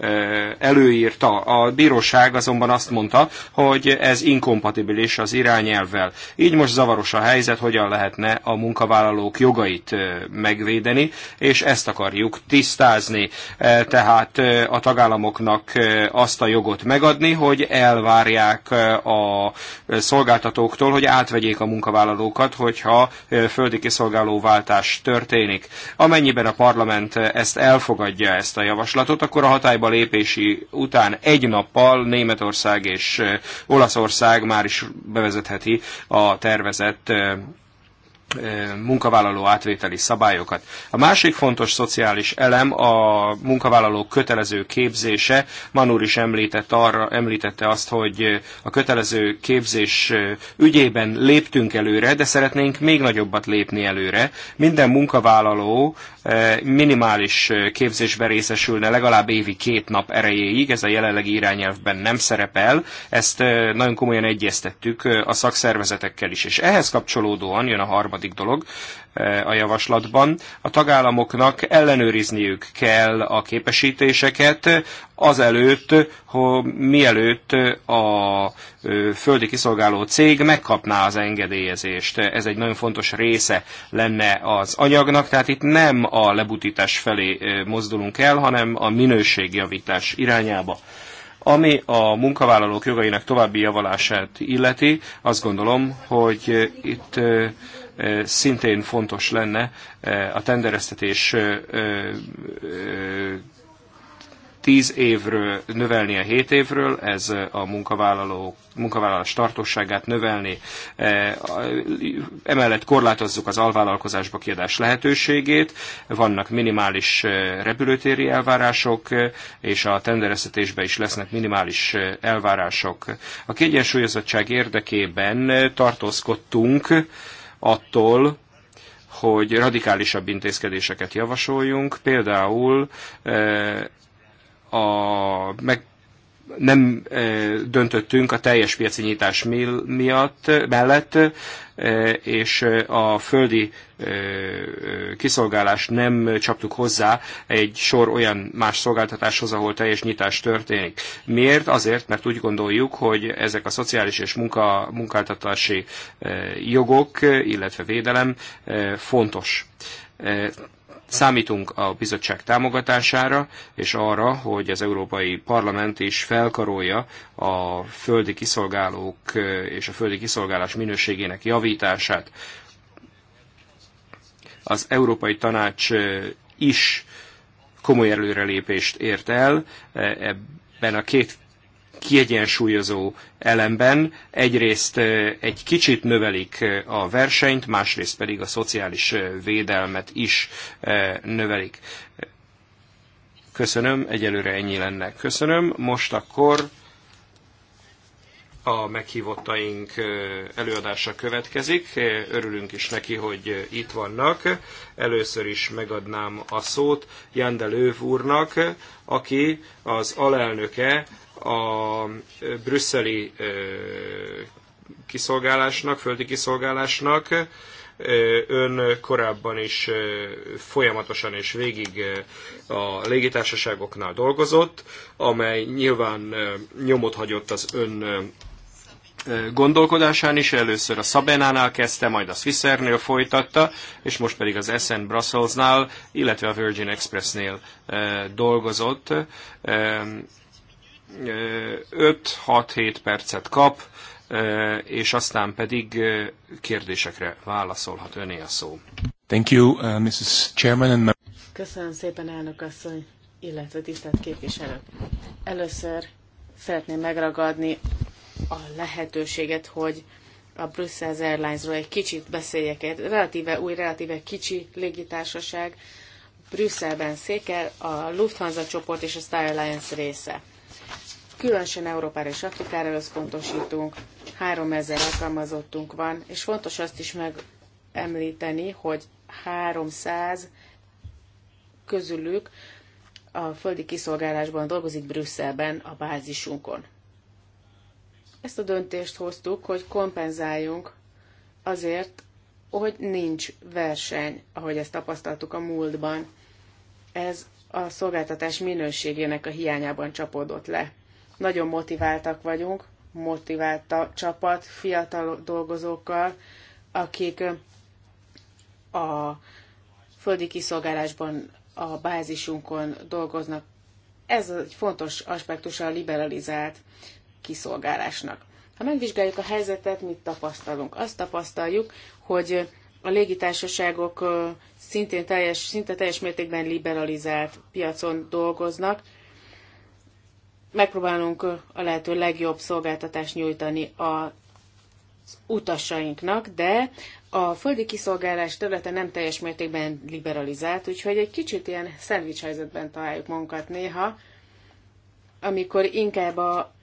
Eh, előírta. A bíróság azonban azt mondta, hogy ez inkompatibilis az irányelvvel. Így most zavaros a helyzet, hogyan lehetne a munkavállalók jogait eh, megvédeni, és ezt akarjuk tisztázni. Eh, tehát a tagállamoknak azt a jogot megadni, hogy elvárják a szolgáltatóktól, hogy átvegyék a munkavállalókat, hogyha földi kiszolgáló váltás történik. Amennyiben a parlament ezt elfogadja, ezt a javaslatot, akkor a hatályban lépési után egy nappal Németország és Olaszország már is bevezetheti a tervezett munkavállaló átvételi szabályokat. A másik fontos szociális elem a munkavállalók kötelező képzése. Manúr is említett arra, említette azt, hogy a kötelező képzés ügyében léptünk előre, de szeretnénk még nagyobbat lépni előre. Minden munkavállaló E, minimális e, képzésbe részesülne legalább évi két nap erejéig, ez a jelenlegi irányelvben nem szerepel, ezt e, nagyon komolyan egyeztettük a szakszervezetekkel is. És ehhez kapcsolódóan jön a harmadik dolog, E, a javaslatban. A tagállamoknak ellenőrizniük kell a képesítéseket azelőtt, hogy mielőtt a e, földi kiszolgáló cég megkapná az engedélyezést. Ez egy nagyon fontos része lenne az anyagnak, tehát itt nem a lebutítás felé e, mozdulunk el, hanem a minőségjavítás irányába. Ami a munkavállalók jogainak további javalását illeti, azt gondolom, hogy itt szintén fontos lenne a tendereztetés tíz évről növelni a hét évről, ez a munkavállaló, munkavállalás tartóságát növelni, emellett korlátozzuk az alvállalkozásba kiadás lehetőségét, vannak minimális repülőtéri elvárások, és a tendereztetésben is lesznek minimális elvárások. A kiegyensúlyozottság érdekében tartózkodtunk, attól, hogy radikálisabb intézkedéseket javasoljunk, például e, a, meg, nem e, döntöttünk a teljes piaci nyitás miatt, mellett, Eh, és eh, a földi eh, kiszolgálást nem csaptuk hozzá egy sor olyan más szolgáltatáshoz, ahol teljes nyitás történik. Miért? Azért, mert úgy gondoljuk, hogy ezek a szociális és munka, munkáltatási jogok, illetve védelem fontos Számítunk a bizottság támogatására, és arra, hogy az Európai Parlament is felkarolja a földi kiszolgálók és a földi kiszolgálás minőségének javítását. Az Európai Tanács is komoly előrelépést ért el, ebben a két kiegyensúlyozó elemben. Egyrészt egy kicsit növelik a versenyt, másrészt pedig a szociális védelmet is növelik. Köszönöm, egyelőre ennyi lenne. Köszönöm. Most akkor a meghívottaink előadása következik. Örülünk is neki, hogy itt vannak. Először is megadnám a szót Jende úrnak, aki az alelnöke a brüsszeli kiszolgálásnak, földi kiszolgálásnak. Ön korábban is folyamatosan és végig a légitársaságoknál dolgozott, amely nyilván nyomot hagyott az ön gondolkodásán is. Először a Sabenánál kezdte, majd a Swissernél folytatta, és most pedig az SN Brusselsnál, illetve a Virgin Expressnél dolgozott. 5-6-7 percet kap, és aztán pedig kérdésekre válaszolhat öné a szó. Thank you, uh, Mrs. Chairman and... Köszönöm szépen, elnök asszony, illetve tisztelt képviselők. Először szeretném megragadni a lehetőséget, hogy a Brussels Airlines-ról egy kicsit beszéljek. Egy relatíve új, relatíve kicsi légitársaság, Brüsszelben székel, a Lufthansa csoport és a Star Alliance része. Különösen Európára és Afrikára összpontosítunk, 3000 alkalmazottunk van, és fontos azt is megemlíteni, hogy 300 közülük a földi kiszolgálásban dolgozik Brüsszelben a bázisunkon. Ezt a döntést hoztuk, hogy kompenzáljunk azért, hogy nincs verseny, ahogy ezt tapasztaltuk a múltban. Ez a szolgáltatás minőségének a hiányában csapódott le. Nagyon motiváltak vagyunk, motivált a csapat fiatal dolgozókkal, akik a földi kiszolgálásban a bázisunkon dolgoznak. Ez egy fontos aspektusa a liberalizált kiszolgálásnak. Ha megvizsgáljuk a helyzetet, mit tapasztalunk? Azt tapasztaljuk, hogy a légitársaságok szintén teljes, szinte teljes mértékben liberalizált piacon dolgoznak, megpróbálunk a lehető legjobb szolgáltatást nyújtani az utasainknak, de a földi kiszolgálás területe nem teljes mértékben liberalizált, úgyhogy egy kicsit ilyen szendvics helyzetben találjuk magunkat néha, amikor inkább a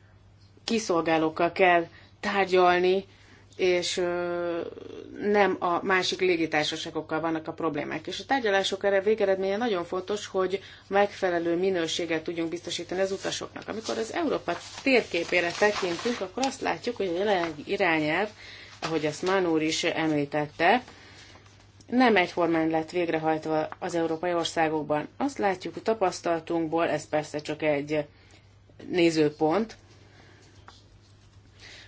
kiszolgálókkal kell tárgyalni, és nem a másik légitársaságokkal vannak a problémák. És a tárgyalások erre végeredménye nagyon fontos, hogy megfelelő minőséget tudjunk biztosítani az utasoknak. Amikor az Európa térképére tekintünk, akkor azt látjuk, hogy a jelenlegi irányelv, ahogy ezt Manúr is említette, nem egyformán lett végrehajtva az európai országokban. Azt látjuk, hogy tapasztalatunkból, ez persze csak egy nézőpont,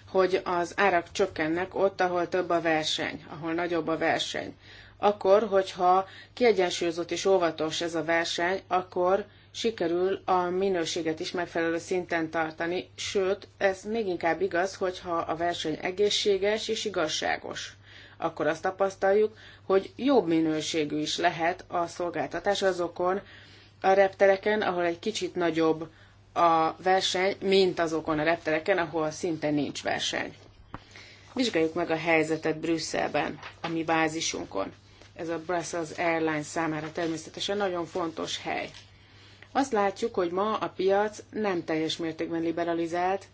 hogy az árak csökkennek ott, ahol több a verseny, ahol nagyobb a verseny. Akkor, hogyha kiegyensúlyozott és óvatos ez a verseny, akkor sikerül a minőséget is megfelelő szinten tartani, sőt, ez még inkább igaz, hogyha a verseny egészséges és igazságos. Akkor azt tapasztaljuk, hogy jobb minőségű is lehet a szolgáltatás azokon a reptereken, ahol egy kicsit nagyobb a verseny, mint azokon a reptereken, ahol szinte nincs verseny. Vizsgáljuk meg a helyzetet Brüsszelben, a mi bázisunkon. Ez a Brussels Airlines számára természetesen nagyon fontos hely. Azt látjuk, hogy ma a piac nem teljes mértékben liberalizált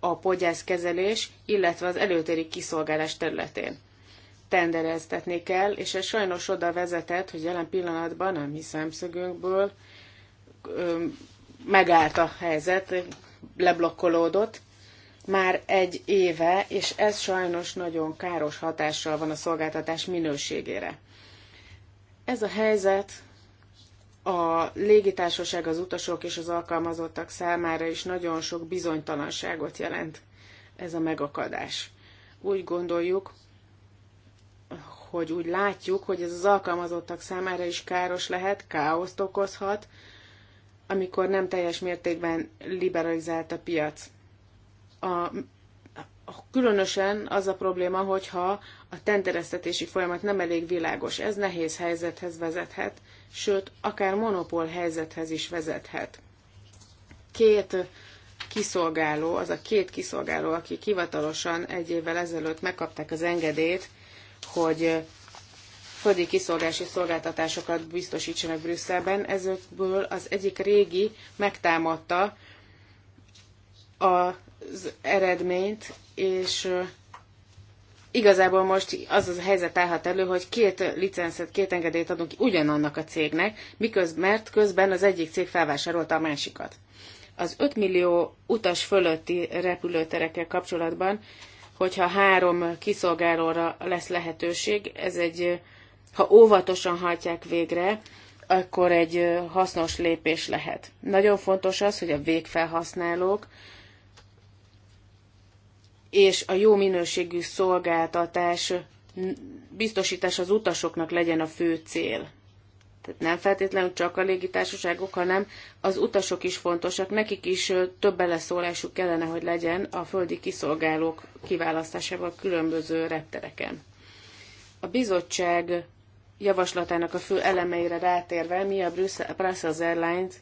a podgyászkezelés, illetve az előtéri kiszolgálás területén. Tendereztetni kell, és ez sajnos oda vezetett, hogy jelen pillanatban a mi szemszögünkből megállt a helyzet, leblokkolódott már egy éve, és ez sajnos nagyon káros hatással van a szolgáltatás minőségére. Ez a helyzet a légitársaság, az utasok és az alkalmazottak számára is nagyon sok bizonytalanságot jelent ez a megakadás. Úgy gondoljuk, hogy úgy látjuk, hogy ez az alkalmazottak számára is káros lehet, káoszt okozhat, amikor nem teljes mértékben liberalizált a piac. A különösen az a probléma, hogyha a tendereztetési folyamat nem elég világos, ez nehéz helyzethez vezethet, sőt, akár monopól helyzethez is vezethet. Két kiszolgáló, az a két kiszolgáló, akik hivatalosan egy évvel ezelőtt megkapták az engedélyt, hogy földi kiszolgási szolgáltatásokat biztosítsanak Brüsszelben. Ezekből az egyik régi megtámadta az eredményt, és igazából most az az a helyzet állhat elő, hogy két licenszet, két engedélyt adunk ugyanannak a cégnek, miközben, mert közben az egyik cég felvásárolta a másikat. Az 5 millió utas fölötti repülőterekkel kapcsolatban, hogyha három kiszolgálóra lesz lehetőség, ez egy ha óvatosan hajtják végre, akkor egy hasznos lépés lehet. Nagyon fontos az, hogy a végfelhasználók és a jó minőségű szolgáltatás biztosítás az utasoknak legyen a fő cél. Tehát nem feltétlenül csak a légitársaságok, hanem az utasok is fontosak, nekik is több beleszólásuk kellene, hogy legyen a földi kiszolgálók kiválasztásával különböző reptereken. A bizottság javaslatának a fő elemeire rátérve, mi a Brussels Airlines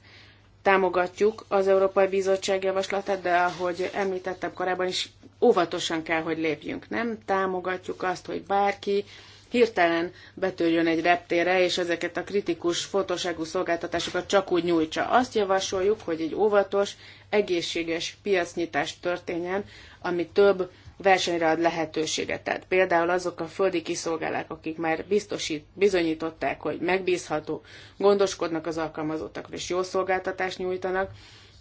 támogatjuk az Európai Bizottság javaslatát, de ahogy említettem korábban is, óvatosan kell, hogy lépjünk. Nem támogatjuk azt, hogy bárki hirtelen betörjön egy reptére, és ezeket a kritikus fontosságú szolgáltatásokat csak úgy nyújtsa. Azt javasoljuk, hogy egy óvatos, egészséges piacnyitás történjen, ami több versenyre ad lehetőséget. Tehát például azok a földi kiszolgálók, akik már biztosít, bizonyították, hogy megbízható, gondoskodnak az alkalmazottakról és jó szolgáltatást nyújtanak,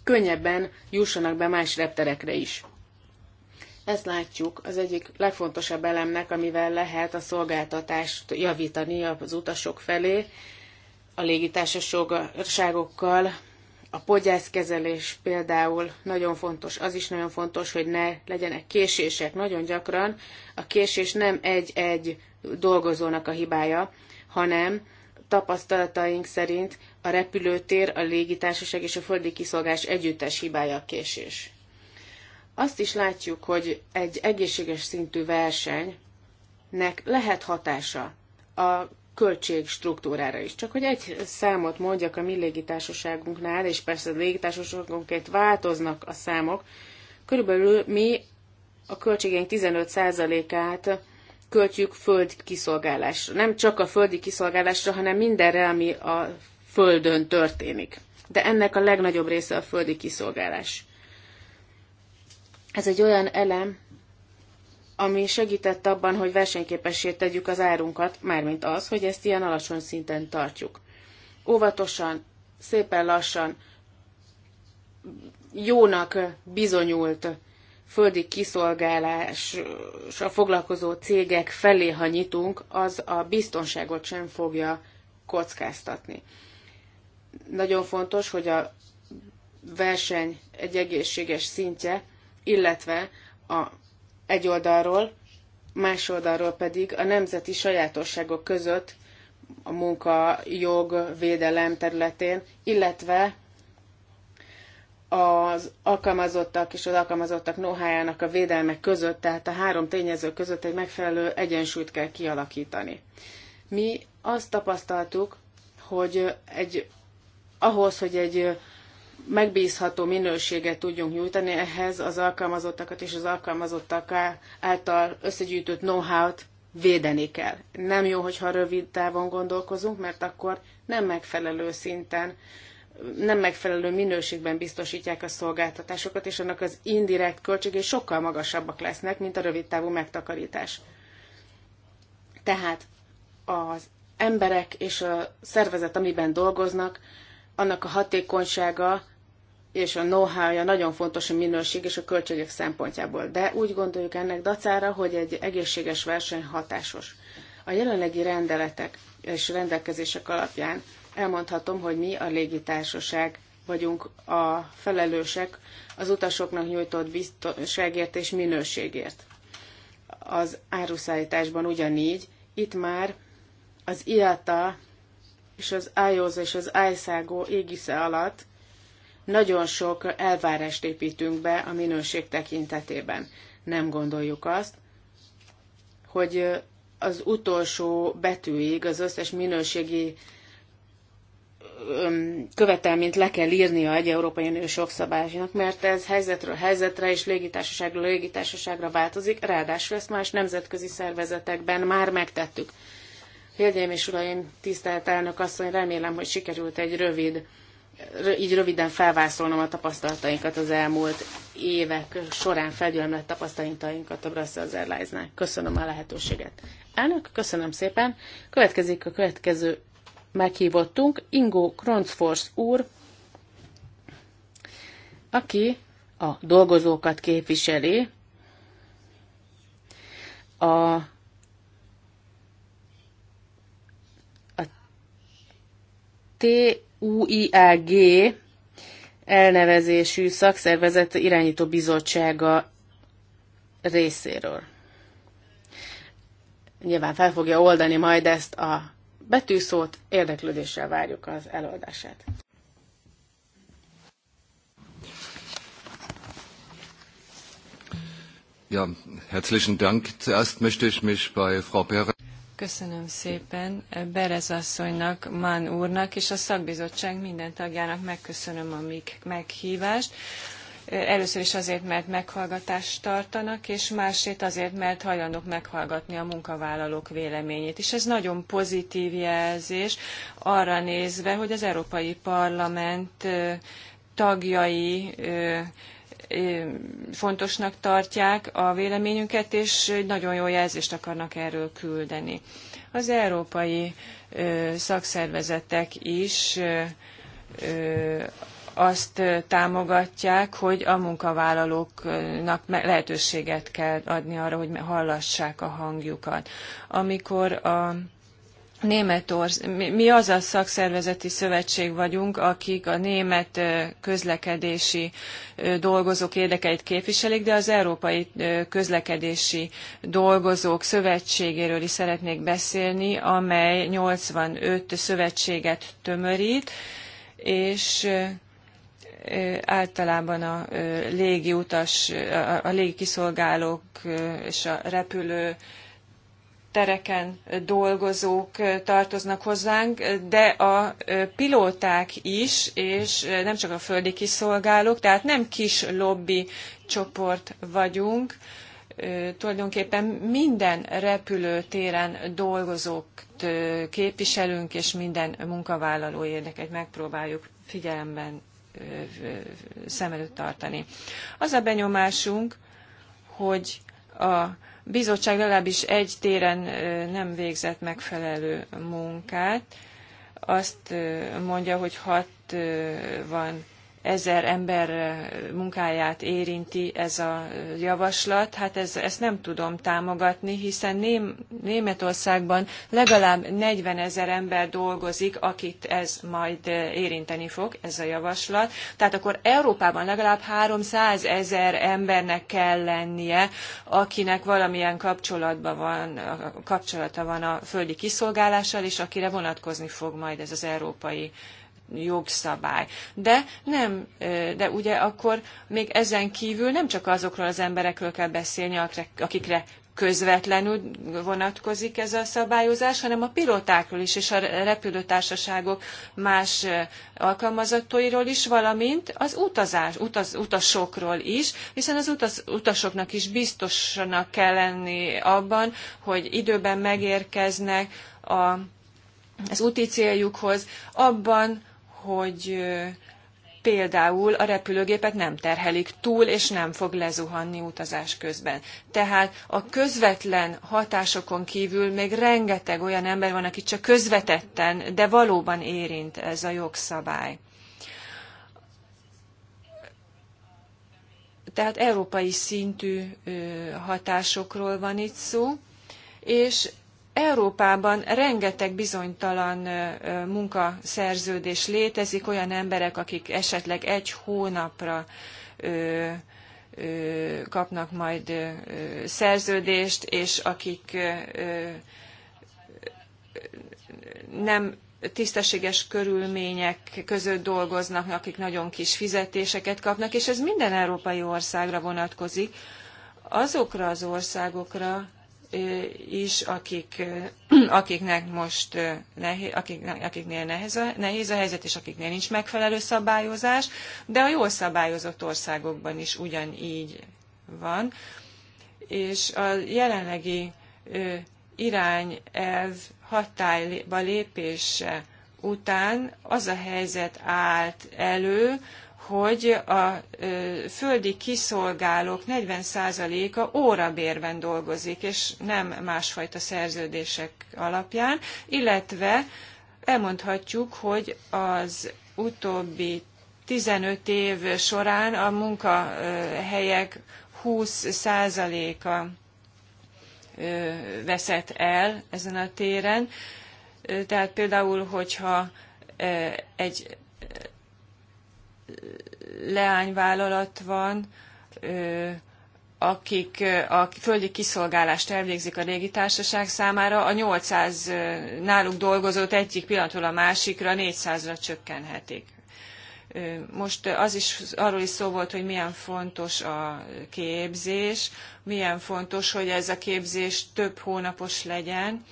könnyebben jussanak be más repterekre is. Ezt látjuk az egyik legfontosabb elemnek, amivel lehet a szolgáltatást javítani az utasok felé, a légitársaságokkal a podgyászkezelés például nagyon fontos, az is nagyon fontos, hogy ne legyenek késések. Nagyon gyakran a késés nem egy-egy dolgozónak a hibája, hanem tapasztalataink szerint a repülőtér, a légitársaság és a földi kiszolgás együttes hibája a késés. Azt is látjuk, hogy egy egészséges szintű versenynek lehet hatása a költségstruktúrára is. Csak hogy egy számot mondjak a mi légitársaságunknál, és persze a légitársaságunkért változnak a számok, körülbelül mi a költségeink 15%-át költjük földi kiszolgálásra. Nem csak a földi kiszolgálásra, hanem mindenre, ami a földön történik. De ennek a legnagyobb része a földi kiszolgálás. Ez egy olyan elem, ami segített abban, hogy versenyképessé tegyük az árunkat, mármint az, hogy ezt ilyen alacsony szinten tartjuk. Óvatosan, szépen lassan, jónak bizonyult földi kiszolgálásra foglalkozó cégek felé, ha nyitunk, az a biztonságot sem fogja kockáztatni. Nagyon fontos, hogy a verseny egy egészséges szintje, illetve a egy oldalról, más oldalról pedig a nemzeti sajátosságok között a munka, jog, védelem területén, illetve az alkalmazottak és az alkalmazottak nohájának a védelme között, tehát a három tényező között egy megfelelő egyensúlyt kell kialakítani. Mi azt tapasztaltuk, hogy egy, ahhoz, hogy egy megbízható minőséget tudjunk nyújtani ehhez az alkalmazottakat és az alkalmazottak által összegyűjtött know-how-t védeni kell. Nem jó, hogyha rövid távon gondolkozunk, mert akkor nem megfelelő szinten, nem megfelelő minőségben biztosítják a szolgáltatásokat, és annak az indirekt költségei sokkal magasabbak lesznek, mint a rövid távú megtakarítás. Tehát az emberek és a szervezet, amiben dolgoznak, annak a hatékonysága és a know-how-ja nagyon fontos a minőség és a költségek szempontjából. De úgy gondoljuk ennek dacára, hogy egy egészséges verseny hatásos. A jelenlegi rendeletek és rendelkezések alapján elmondhatom, hogy mi a légitársaság vagyunk a felelősek az utasoknak nyújtott biztonságért és minőségért. Az áruszállításban ugyanígy, itt már az IATA és az IOZ és az ISAGO égisze alatt nagyon sok elvárást építünk be a minőség tekintetében. Nem gondoljuk azt, hogy az utolsó betűig az összes minőségi követelményt le kell írnia egy Európai Uniós jogszabálynak, mert ez helyzetről helyzetre és légitársaságról légitársaságra változik, ráadásul ezt más nemzetközi szervezetekben már megtettük. Hölgyeim és uraim, tisztelt elnök asszony, remélem, hogy sikerült egy rövid így röviden felvászolnom a tapasztalatainkat az elmúlt évek során felgyülemlett tapasztalatainkat a Brussels Airlines-nál. Köszönöm a lehetőséget. Elnök, köszönöm szépen. Következik a következő meghívottunk, Ingo Kronzfors úr, aki a dolgozókat képviseli, a T UIAG elnevezésű szakszervezet irányító bizottsága részéről. Nyilván fel fogja oldani majd ezt a betűszót, érdeklődéssel várjuk az előadását. Ja, herzlichen Dank. Zuerst möchte ich mich bei Frau Perez Köszönöm szépen Berez asszonynak, Mán úrnak és a szakbizottság minden tagjának megköszönöm a meghívást. Először is azért, mert meghallgatást tartanak, és másrészt azért, mert hajlandók meghallgatni a munkavállalók véleményét. És ez nagyon pozitív jelzés arra nézve, hogy az Európai Parlament tagjai fontosnak tartják a véleményünket, és nagyon jó jelzést akarnak erről küldeni. Az európai szakszervezetek is azt támogatják, hogy a munkavállalóknak lehetőséget kell adni arra, hogy hallassák a hangjukat. Amikor a Németország, mi az a szakszervezeti szövetség vagyunk, akik a német közlekedési dolgozók érdekeit képviselik, de az Európai Közlekedési Dolgozók Szövetségéről is szeretnék beszélni, amely 85 szövetséget tömörít, és általában a légi utas, a légi kiszolgálók és a repülő tereken dolgozók tartoznak hozzánk, de a pilóták is, és nem csak a földi kiszolgálók, tehát nem kis lobby csoport vagyunk, tulajdonképpen minden repülőtéren dolgozókt képviselünk, és minden munkavállaló érdeket megpróbáljuk figyelemben szem előtt tartani. Az a benyomásunk, hogy a bizottság legalábbis egy téren nem végzett megfelelő munkát. Azt mondja, hogy hat van ezer ember munkáját érinti ez a javaslat. Hát ez, ezt nem tudom támogatni, hiszen Ném, Németországban legalább 40 ezer ember dolgozik, akit ez majd érinteni fog, ez a javaslat. Tehát akkor Európában legalább 300 ezer embernek kell lennie, akinek valamilyen kapcsolatban van, kapcsolata van a földi kiszolgálással, és akire vonatkozni fog majd ez az európai jogszabály. De nem, de ugye akkor még ezen kívül nem csak azokról az emberekről kell beszélni, akikre közvetlenül vonatkozik ez a szabályozás, hanem a pilótákról is, és a repülőtársaságok más alkalmazottoiról is, valamint az utazás, utaz, utasokról is, hiszen az utaz, utasoknak is biztosnak kell lenni abban, hogy időben megérkeznek a, az úti céljukhoz, abban, hogy például a repülőgépet nem terhelik túl, és nem fog lezuhanni utazás közben. Tehát a közvetlen hatásokon kívül még rengeteg olyan ember van, aki csak közvetetten, de valóban érint ez a jogszabály. Tehát európai szintű hatásokról van itt szó, és Európában rengeteg bizonytalan munkaszerződés létezik, olyan emberek, akik esetleg egy hónapra kapnak majd szerződést, és akik nem tisztességes körülmények között dolgoznak, akik nagyon kis fizetéseket kapnak, és ez minden európai országra vonatkozik, azokra az országokra, is, akik, akiknek most nehéz, akik, akiknél nehéz a, nehéz a helyzet, és akiknél nincs megfelelő szabályozás, de a jól szabályozott országokban is ugyanígy van. És a jelenlegi irányelv hatályba lépése után az a helyzet állt elő, hogy a földi kiszolgálók 40%-a órabérben dolgozik, és nem másfajta szerződések alapján, illetve elmondhatjuk, hogy az utóbbi 15 év során a munkahelyek 20%-a veszett el ezen a téren. Tehát például, hogyha egy leányvállalat van, akik a földi kiszolgálást elvégzik a társaság számára, a 800 náluk dolgozót egyik pillanatról a másikra 400-ra csökkenhetik. Most az is, arról is szó volt, hogy milyen fontos a képzés, milyen fontos, hogy ez a képzés több hónapos legyen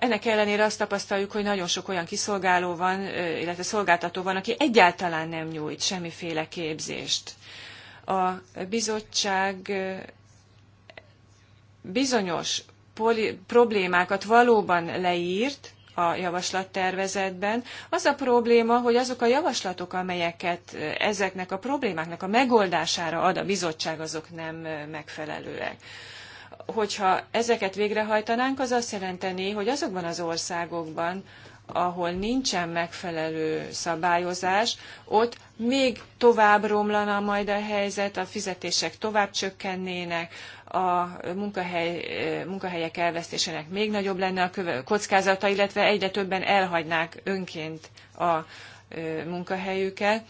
ennek ellenére azt tapasztaljuk, hogy nagyon sok olyan kiszolgáló van, illetve szolgáltató van, aki egyáltalán nem nyújt semmiféle képzést. A bizottság bizonyos problémákat valóban leírt, a javaslattervezetben. Az a probléma, hogy azok a javaslatok, amelyeket ezeknek a problémáknak a megoldására ad a bizottság, azok nem megfelelőek hogyha ezeket végrehajtanánk, az azt jelenteni, hogy azokban az országokban, ahol nincsen megfelelő szabályozás, ott még tovább romlana majd a helyzet, a fizetések tovább csökkennének, a munkahely, munkahelyek elvesztésének még nagyobb lenne a kockázata, illetve egyre többen elhagynák önként a munkahelyüket.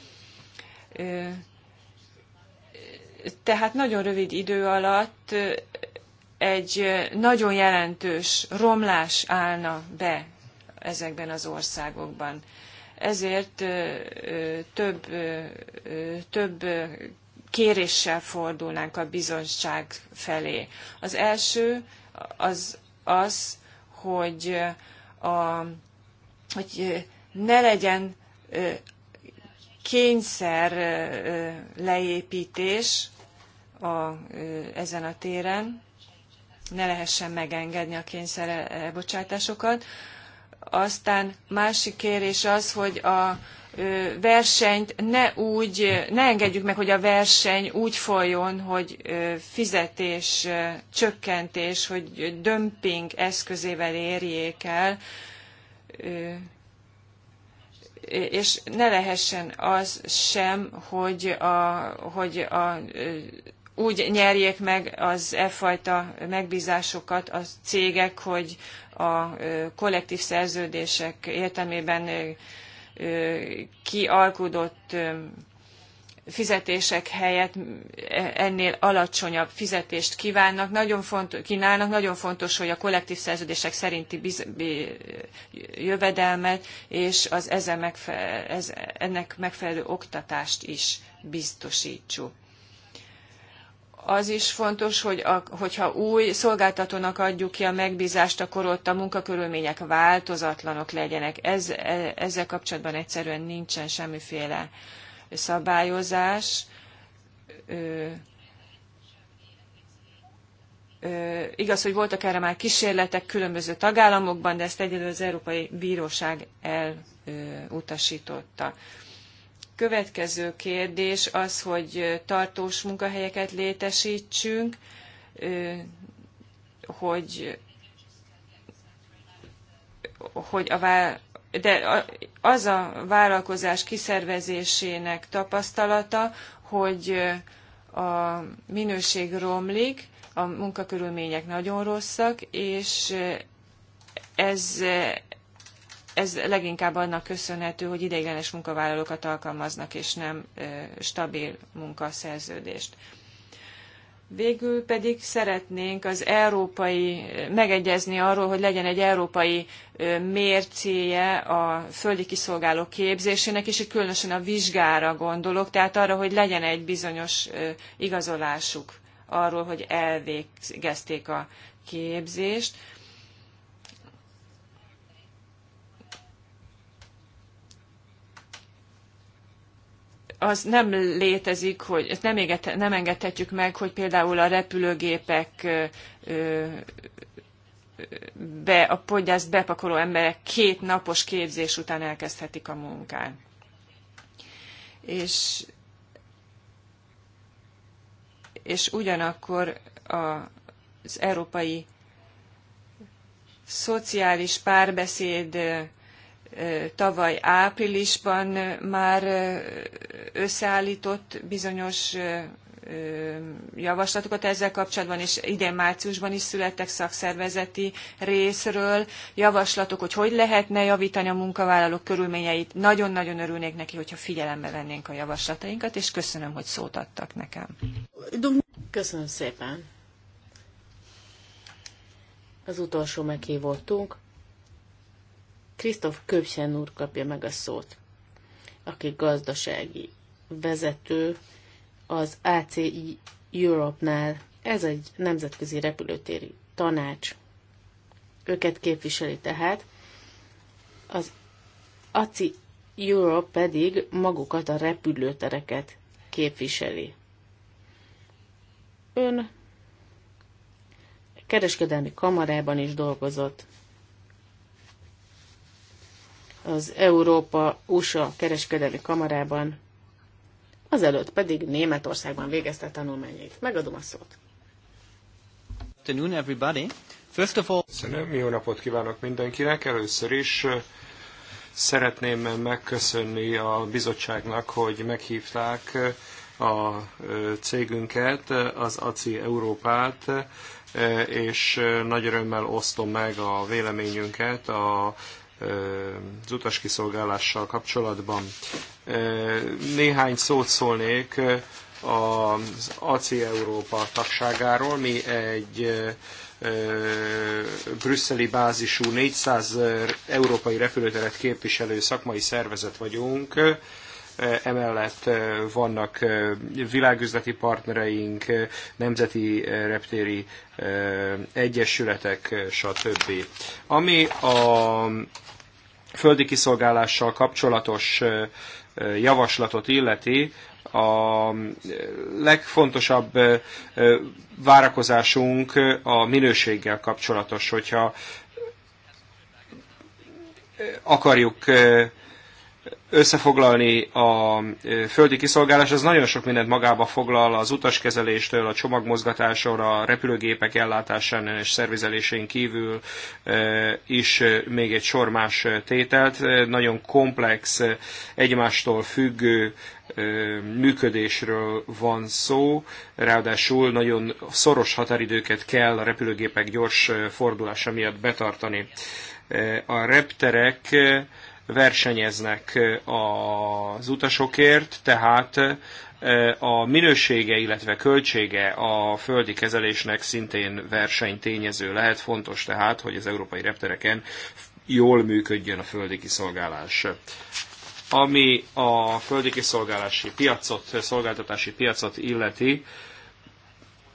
Tehát nagyon rövid idő alatt egy nagyon jelentős romlás állna be ezekben az országokban. Ezért több, több kéréssel fordulnánk a bizottság felé. Az első az az, hogy, a, hogy ne legyen kényszer leépítés a, ezen a téren, ne lehessen megengedni a kényszer elbocsátásokat. Eh, Aztán másik kérés az, hogy a versenyt ne úgy, ne engedjük meg, hogy a verseny úgy folyjon, hogy fizetés, csökkentés, hogy dömping eszközével érjék el, és ne lehessen az sem, hogy a, hogy a úgy nyerjék meg az e fajta megbízásokat a cégek, hogy a kollektív szerződések értelmében kialkudott fizetések helyett e, ennél alacsonyabb fizetést kívánnak, nagyon fontos, kínálnak. Nagyon fontos, hogy a kollektív szerződések szerinti biz, jövedelmet és az ezen megfe, ez, ennek megfelelő oktatást is biztosítsuk az is fontos, hogy a, hogyha új szolgáltatónak adjuk ki a megbízást, akkor ott a munkakörülmények változatlanok legyenek. Ez, e, ezzel kapcsolatban egyszerűen nincsen semmiféle szabályozás. Ö, ö, igaz, hogy voltak erre már kísérletek különböző tagállamokban, de ezt egyedül az Európai Bíróság elutasította. Ö, következő kérdés az, hogy tartós munkahelyeket létesítsünk, hogy, hogy a vá- de az a vállalkozás kiszervezésének tapasztalata, hogy a minőség romlik, a munkakörülmények nagyon rosszak, és ez ez leginkább annak köszönhető, hogy ideiglenes munkavállalókat alkalmaznak, és nem stabil munkaszerződést. Végül pedig szeretnénk az európai, megegyezni arról, hogy legyen egy európai mércéje a földi kiszolgáló képzésének, és itt különösen a vizsgára gondolok, tehát arra, hogy legyen egy bizonyos igazolásuk arról, hogy elvégezték a képzést az nem létezik, hogy ezt nem, éget, nem engedhetjük meg, hogy például a repülőgépek ö, be, a podgyászt bepakoló emberek két napos képzés után elkezdhetik a munkát. És, és ugyanakkor a, az európai szociális párbeszéd tavaly áprilisban már összeállított bizonyos javaslatokat ezzel kapcsolatban, és idén márciusban is születtek szakszervezeti részről javaslatok, hogy hogy lehetne javítani a munkavállalók körülményeit. Nagyon-nagyon örülnék neki, hogyha figyelembe vennénk a javaslatainkat, és köszönöm, hogy szót adtak nekem. Köszönöm szépen. Az utolsó meghívottunk, Krisztof Köpsen úr kapja meg a szót, aki gazdasági vezető az ACI Europe-nál. Ez egy nemzetközi repülőtéri tanács. Őket képviseli tehát. Az ACI Europe pedig magukat a repülőtereket képviseli. Ön kereskedelmi kamarában is dolgozott, az Európa-USA kereskedelmi kamarában, azelőtt pedig Németországban végezte a tanulmányait. Megadom a szót. Afternoon, everybody. First of all... Köszönöm, jó napot kívánok mindenkinek. Először is szeretném megköszönni a bizottságnak, hogy meghívták a cégünket, az ACI Európát, és nagy örömmel osztom meg a véleményünket a az utaskiszolgálással kapcsolatban. Néhány szót szólnék az ACI Európa tagságáról. Mi egy brüsszeli bázisú 400 európai repülőteret képviselő szakmai szervezet vagyunk emellett vannak világüzleti partnereink, nemzeti reptéri egyesületek, stb. Ami a földi kiszolgálással kapcsolatos javaslatot illeti, a legfontosabb várakozásunk a minőséggel kapcsolatos, hogyha akarjuk összefoglalni a földi kiszolgálás, az nagyon sok mindent magába foglal az utaskezeléstől, a csomagmozgatásról, a repülőgépek ellátásán és szervizelésén kívül is még egy sor más tételt. Nagyon komplex, egymástól függő működésről van szó, ráadásul nagyon szoros határidőket kell a repülőgépek gyors fordulása miatt betartani. A repterek versenyeznek az utasokért, tehát a minősége, illetve költsége a földi kezelésnek szintén versenytényező lehet. Fontos tehát, hogy az európai reptereken jól működjön a földi kiszolgálás. Ami a földi kiszolgálási piacot, szolgáltatási piacot illeti,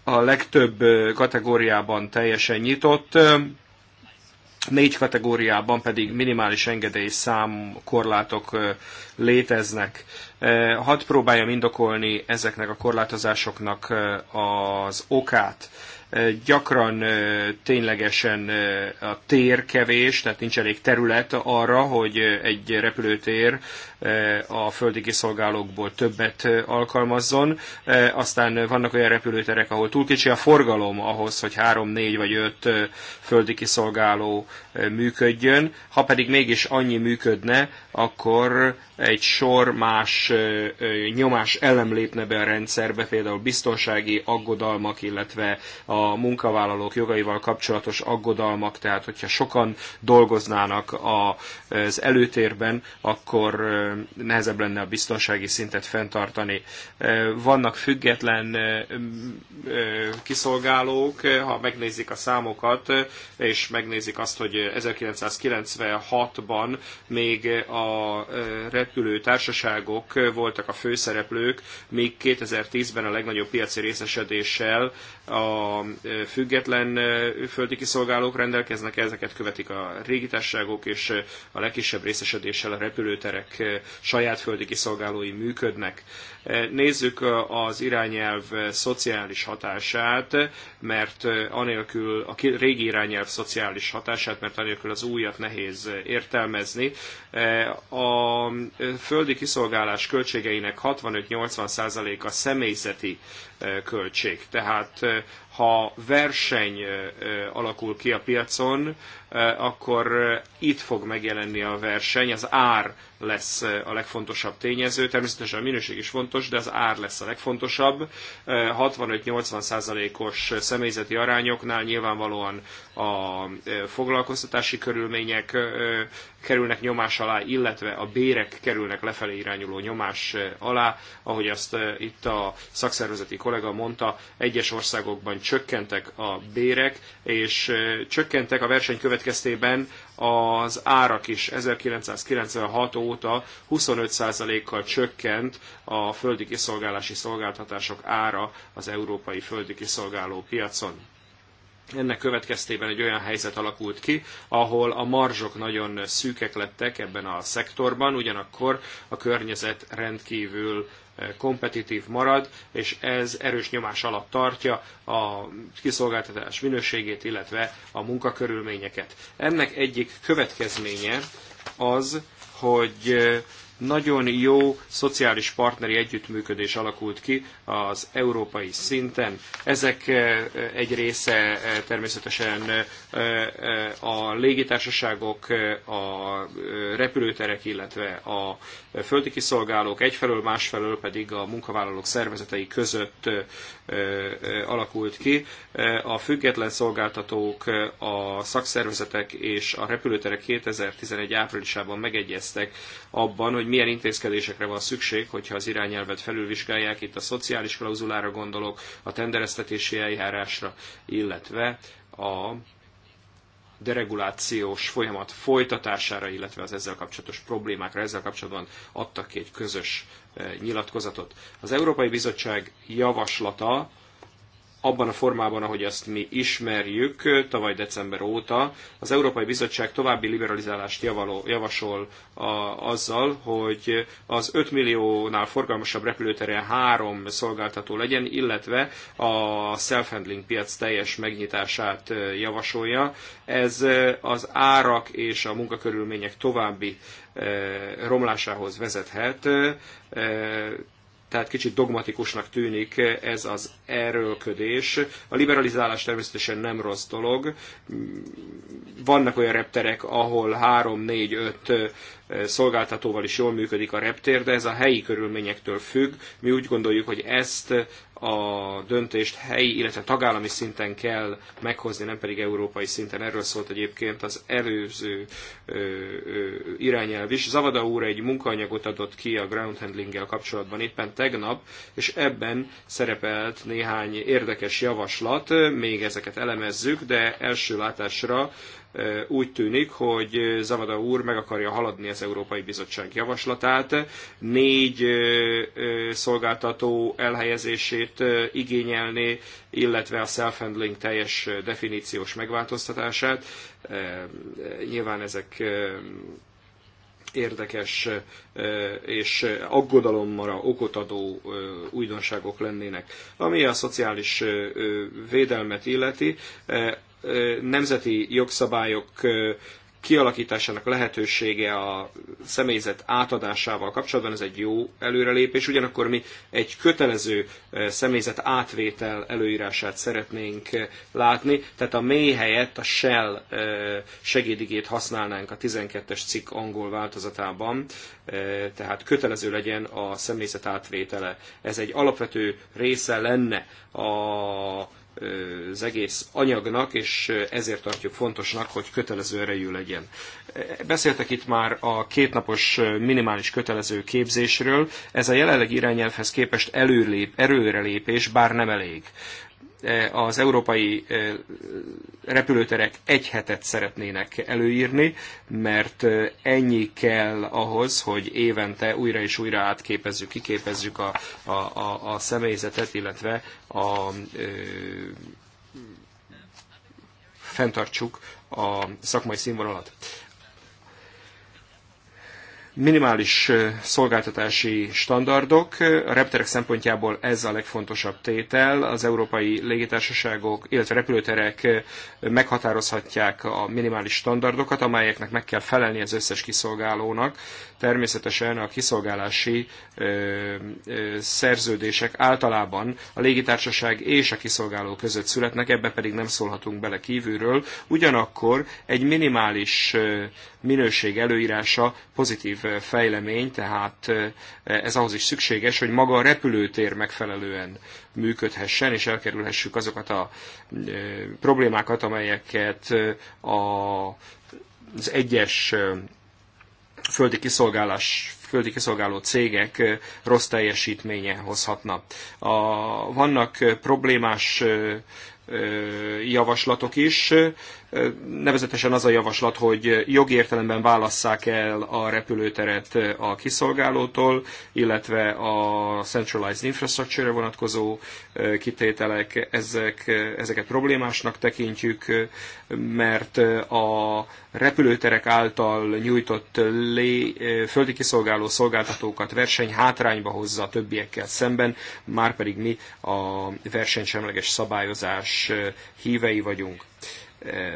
a legtöbb kategóriában teljesen nyitott. Négy kategóriában pedig minimális engedély szám korlátok léteznek. Hadd próbáljam indokolni ezeknek a korlátozásoknak az okát gyakran ténylegesen a tér kevés, tehát nincs elég terület arra, hogy egy repülőtér a földi kiszolgálókból többet alkalmazzon. Aztán vannak olyan repülőterek, ahol túl kicsi a forgalom ahhoz, hogy három, négy vagy öt földi kiszolgáló működjön. Ha pedig mégis annyi működne, akkor egy sor más nyomás elem lépne be a rendszerbe, például biztonsági aggodalmak, illetve a munkavállalók jogaival kapcsolatos aggodalmak, tehát hogyha sokan dolgoznának az előtérben, akkor nehezebb lenne a biztonsági szintet fenntartani. Vannak független kiszolgálók, ha megnézik a számokat, és megnézik azt, hogy 1996-ban még a repülő társaságok voltak a főszereplők, míg 2010-ben a legnagyobb piaci részesedéssel a független földi kiszolgálók rendelkeznek, ezeket követik a régitárságok, és a legkisebb részesedéssel a repülőterek saját földi kiszolgálói működnek. Nézzük az irányelv szociális hatását, mert anélkül a régi irányelv szociális hatását, mert anélkül az újat nehéz értelmezni. A földi kiszolgálás költségeinek 65-80%-a személyzeti költség. Tehát ha verseny alakul ki a piacon, akkor itt fog megjelenni a verseny, az ár lesz a legfontosabb tényező, természetesen a minőség is fontos, de az ár lesz a legfontosabb. 65-80 százalékos személyzeti arányoknál nyilvánvalóan a foglalkoztatási körülmények kerülnek nyomás alá, illetve a bérek kerülnek lefelé irányuló nyomás alá, ahogy azt itt a szakszervezeti kollega mondta, egyes országokban csökkentek a bérek, és csökkentek a verseny következtében az árak is 1996 óta 25%-kal csökkent a földi kiszolgálási szolgáltatások ára az európai földi kiszolgáló piacon. Ennek következtében egy olyan helyzet alakult ki, ahol a marzsok nagyon szűkek lettek ebben a szektorban, ugyanakkor a környezet rendkívül kompetitív marad, és ez erős nyomás alatt tartja a kiszolgáltatás minőségét, illetve a munkakörülményeket. Ennek egyik következménye az, hogy nagyon jó szociális partneri együttműködés alakult ki az európai szinten. Ezek eh, egy része eh, természetesen eh, a légitársaságok, a repülőterek, illetve a földi kiszolgálók egyfelől, másfelől pedig a munkavállalók szervezetei között alakult ki. A független szolgáltatók, a szakszervezetek és a repülőterek 2011 áprilisában megegyeztek abban, hogy milyen intézkedésekre van szükség, hogyha az irányelvet felülvizsgálják. Itt a szociális klauzulára gondolok, a tendereztetési eljárásra, illetve a deregulációs folyamat folytatására, illetve az ezzel kapcsolatos problémákra, ezzel kapcsolatban adtak ki egy közös eh, nyilatkozatot. Az Európai Bizottság javaslata abban a formában, ahogy azt mi ismerjük tavaly december óta. Az Európai Bizottság további liberalizálást javaló, javasol a, azzal, hogy az 5 milliónál forgalmasabb repülőteren három szolgáltató legyen, illetve a self-handling piac teljes megnyitását javasolja. Ez az árak és a munkakörülmények további romlásához vezethet tehát kicsit dogmatikusnak tűnik ez az erőlködés. A liberalizálás természetesen nem rossz dolog. Vannak olyan repterek, ahol 3, 4, 5 szolgáltatóval is jól működik a reptér, de ez a helyi körülményektől függ. Mi úgy gondoljuk, hogy ezt a döntést helyi, illetve tagállami szinten kell meghozni, nem pedig európai szinten. Erről szólt egyébként az előző ö, ö, irányelv is. Zavada úr egy munkaanyagot adott ki a ground handlinggel kapcsolatban éppen tegnap, és ebben szerepelt néhány érdekes javaslat, még ezeket elemezzük, de első látásra úgy tűnik, hogy Zavada úr meg akarja haladni az Európai Bizottság javaslatát. Négy szolgáltató elhelyezését igényelni, illetve a self-handling teljes definíciós megváltoztatását. Nyilván ezek érdekes és aggodalomra okot adó újdonságok lennének. Ami a szociális védelmet illeti, nemzeti jogszabályok kialakításának lehetősége a személyzet átadásával kapcsolatban, ez egy jó előrelépés, ugyanakkor mi egy kötelező személyzet átvétel előírását szeretnénk látni, tehát a mély helyett a shell segédigét használnánk a 12-es cikk angol változatában, tehát kötelező legyen a személyzet átvétele. Ez egy alapvető része lenne a az egész anyagnak, és ezért tartjuk fontosnak, hogy kötelező erejű legyen. Beszéltek itt már a kétnapos minimális kötelező képzésről. Ez a jelenleg irányelvhez képest előrelépés, erőrelépés, bár nem elég. Eh, az európai eh, repülőterek egy hetet szeretnének előírni, mert eh, ennyi kell ahhoz, hogy évente újra és újra átképezzük, kiképezzük a, a, a, a személyzetet, illetve a, ö, fenntartsuk a szakmai színvonalat minimális szolgáltatási standardok. A repterek szempontjából ez a legfontosabb tétel. Az európai légitársaságok, illetve repülőterek meghatározhatják a minimális standardokat, amelyeknek meg kell felelni az összes kiszolgálónak, természetesen a kiszolgálási szerződések általában a légitársaság és a kiszolgáló között születnek, ebbe pedig nem szólhatunk bele kívülről. Ugyanakkor egy minimális minőség előírása pozitív fejlemény, tehát ez ahhoz is szükséges, hogy maga a repülőtér megfelelően működhessen, és elkerülhessük azokat a problémákat, amelyeket a, az egyes földi kiszolgálás földi kiszolgáló cégek rossz teljesítménye hozhatna. A, vannak problémás javaslatok is, nevezetesen az a javaslat, hogy jogi értelemben válasszák el a repülőteret a kiszolgálótól, illetve a centralized infrastructure-re vonatkozó kitételek, ezek, ezeket problémásnak tekintjük, mert a repülőterek által nyújtott lé, földi kiszolgáló szolgáltatókat verseny hátrányba hozza a többiekkel szemben, márpedig mi a versenysemleges szabályozás hívei vagyunk. Eh,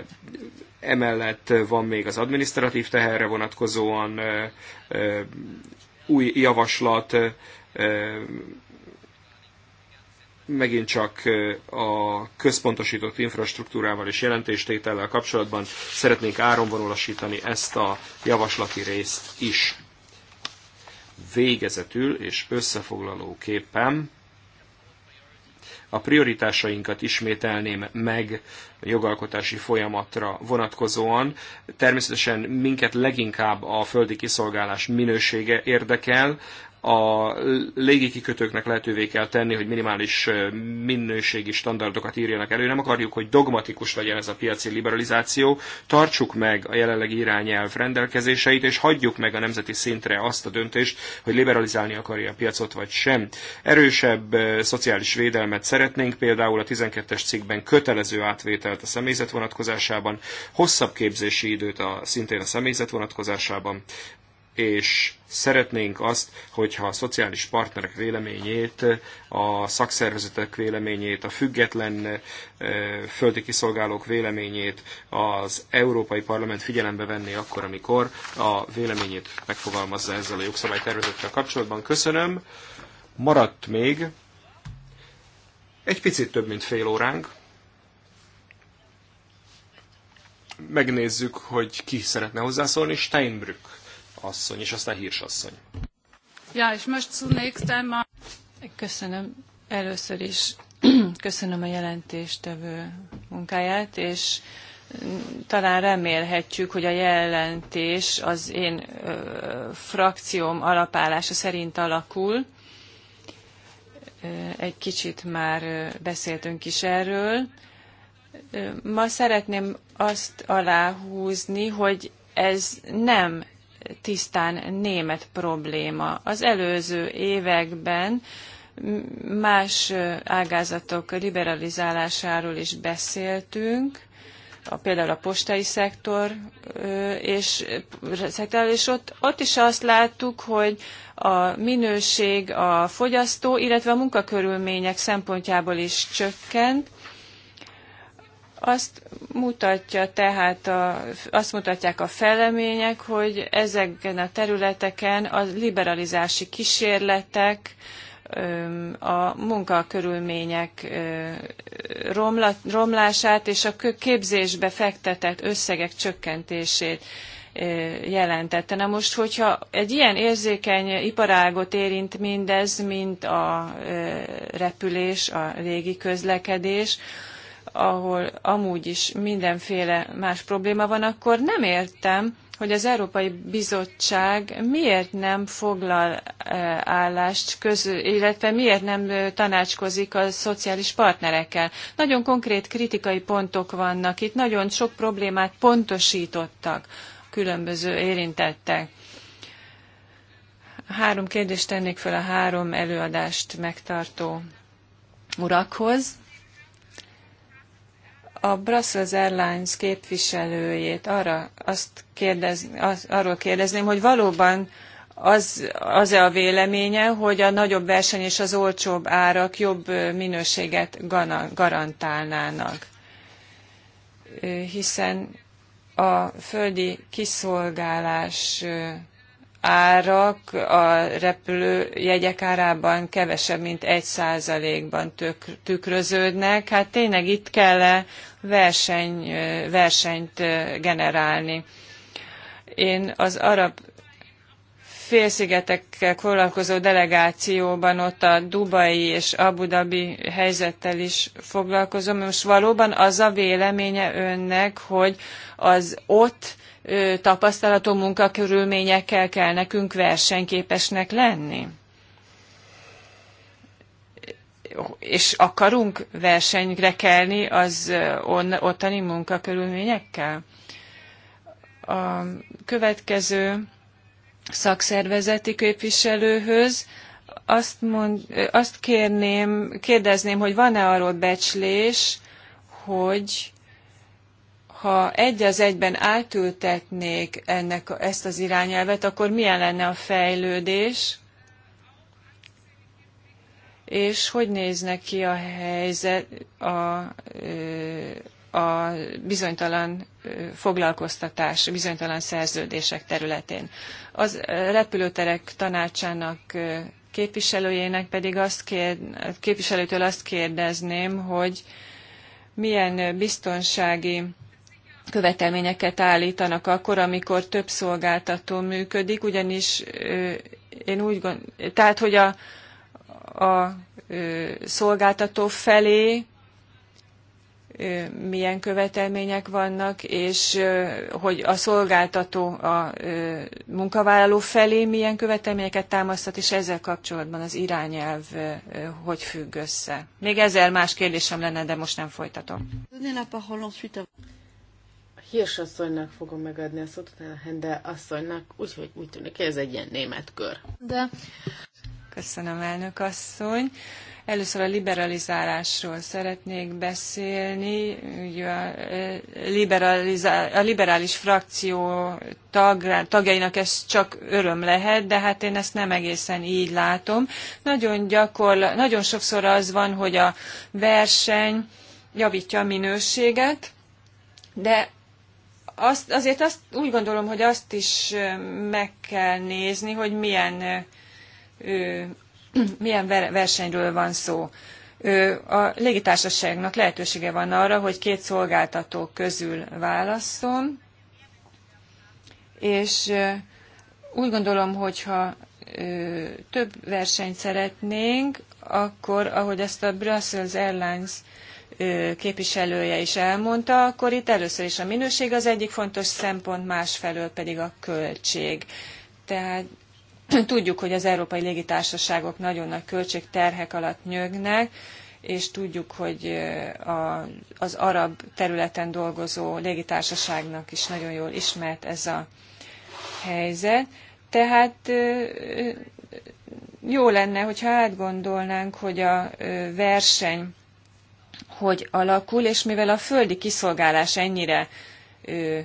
emellett van még az adminisztratív teherre vonatkozóan eh, eh, új javaslat, megint csak a központosított infrastruktúrával és jelentéstétellel kapcsolatban szeretnénk áronvonulasítani ezt a javaslati részt is. Végezetül és összefoglalóképpen a prioritásainkat ismételném meg a jogalkotási folyamatra vonatkozóan. Természetesen minket leginkább a földi kiszolgálás minősége érdekel, a légikikötőknek lehetővé kell tenni, hogy minimális minőségi standardokat írjanak elő. Nem akarjuk, hogy dogmatikus legyen ez a piaci liberalizáció. Tartsuk meg a jelenlegi irányelv rendelkezéseit, és hagyjuk meg a nemzeti szintre azt a döntést, hogy liberalizálni akarja a piacot vagy sem. Erősebb szociális védelmet szeretnénk, például a 12-es cikkben kötelező átvételt a személyzet vonatkozásában, hosszabb képzési időt a, szintén a személyzet vonatkozásában, és szeretnénk azt, hogyha a szociális partnerek véleményét, a szakszervezetek véleményét, a független földi kiszolgálók véleményét az Európai Parlament figyelembe venni akkor, amikor a véleményét megfogalmazza ezzel a jogszabálytervezettel kapcsolatban. Köszönöm. Maradt még egy picit több, mint fél óránk. Megnézzük, hogy ki szeretne hozzászólni. Steinbrück asszony, és aztán Hírs asszony. Ja, és most zunächst einmal... Köszönöm. Először is *clears throat* köszönöm a jelentéstevő munkáját, és mm, talán remélhetjük, hogy a jelentés az én ö, frakcióm alapállása szerint alakul. Egy kicsit már beszéltünk is erről. Ma szeretném azt aláhúzni, hogy ez nem tisztán német probléma. Az előző években más ágazatok liberalizálásáról is beszéltünk, a, például a postai szektor, és, szektor, és ott, ott is azt láttuk, hogy a minőség a fogyasztó, illetve a munkakörülmények szempontjából is csökkent, azt mutatja tehát, a, azt mutatják a felemények, hogy ezeken a területeken a liberalizási kísérletek, a munkakörülmények romlását és a képzésbe fektetett összegek csökkentését jelentette. Na most, hogyha egy ilyen érzékeny iparágot érint mindez, mint a repülés, a légi közlekedés, ahol amúgy is mindenféle más probléma van, akkor nem értem, hogy az Európai Bizottság miért nem foglal eh, állást, köz, illetve miért nem eh, tanácskozik a szociális partnerekkel. Nagyon konkrét kritikai pontok vannak itt, nagyon sok problémát pontosítottak különböző érintettek. Három kérdést tennék föl a három előadást megtartó urakhoz a Brussels Airlines képviselőjét arra azt kérdez, az, arról kérdezném, hogy valóban az, az a véleménye, hogy a nagyobb verseny és az olcsóbb árak jobb minőséget garantálnának? Hiszen a földi kiszolgálás árak a repülőjegyek árában kevesebb, mint százalékban ban tükröződnek. Hát tényleg itt kell -e verseny, versenyt generálni. Én az arab félszigetekkel foglalkozó delegációban ott a dubai és Abu Dhabi helyzettel is foglalkozom. Most valóban az a véleménye önnek, hogy az ott tapasztalatú munkakörülményekkel kell nekünk versenyképesnek lenni? És akarunk versenyre kelni az ottani munkakörülményekkel? A következő szakszervezeti képviselőhöz azt, mond, azt kérném, kérdezném, hogy van-e arról becslés, hogy ha egy az egyben átültetnék ennek, ezt az irányelvet, akkor milyen lenne a fejlődés, és hogy nézne ki a helyzet a, a bizonytalan foglalkoztatás, bizonytalan szerződések területén. Az repülőterek tanácsának képviselőjének pedig azt kér, képviselőtől azt kérdezném, hogy milyen biztonsági követelményeket állítanak akkor, amikor több szolgáltató működik, ugyanis én úgy gondolom, tehát hogy a, a szolgáltató felé milyen követelmények vannak, és hogy a szolgáltató a munkavállaló felé milyen követelményeket támasztat, és ezzel kapcsolatban az irányelv hogy függ össze. Még ezzel más kérdésem lenne, de most nem folytatom. Hirs asszonynak fogom megadni a szót, a Hende asszonynak, úgyhogy úgy tűnik, hogy ez egy ilyen német kör. De... Köszönöm, elnök asszony. Először a liberalizálásról szeretnék beszélni. Ugye a, eh, liberalizál, a liberális frakció tag, tagjainak ez csak öröm lehet, de hát én ezt nem egészen így látom. Nagyon, gyakorla, nagyon sokszor az van, hogy a verseny javítja a minőséget, de azt, azért azt úgy gondolom, hogy azt is meg kell nézni, hogy milyen, milyen versenyről van szó. A légitársaságnak lehetősége van arra, hogy két szolgáltató közül válasszon, és úgy gondolom, hogyha több versenyt szeretnénk, akkor, ahogy ezt a Brussels Airlines képviselője is elmondta, akkor itt először is a minőség az egyik fontos szempont, másfelől pedig a költség. Tehát *clears throat* tudjuk, hogy az európai légitársaságok nagyon nagy költségterhek alatt nyögnek, és tudjuk, hogy a, az arab területen dolgozó légitársaságnak is nagyon jól ismert ez a helyzet. Tehát jó lenne, hogyha átgondolnánk, hogy a verseny hogy alakul, és mivel a földi kiszolgálás ennyire ö,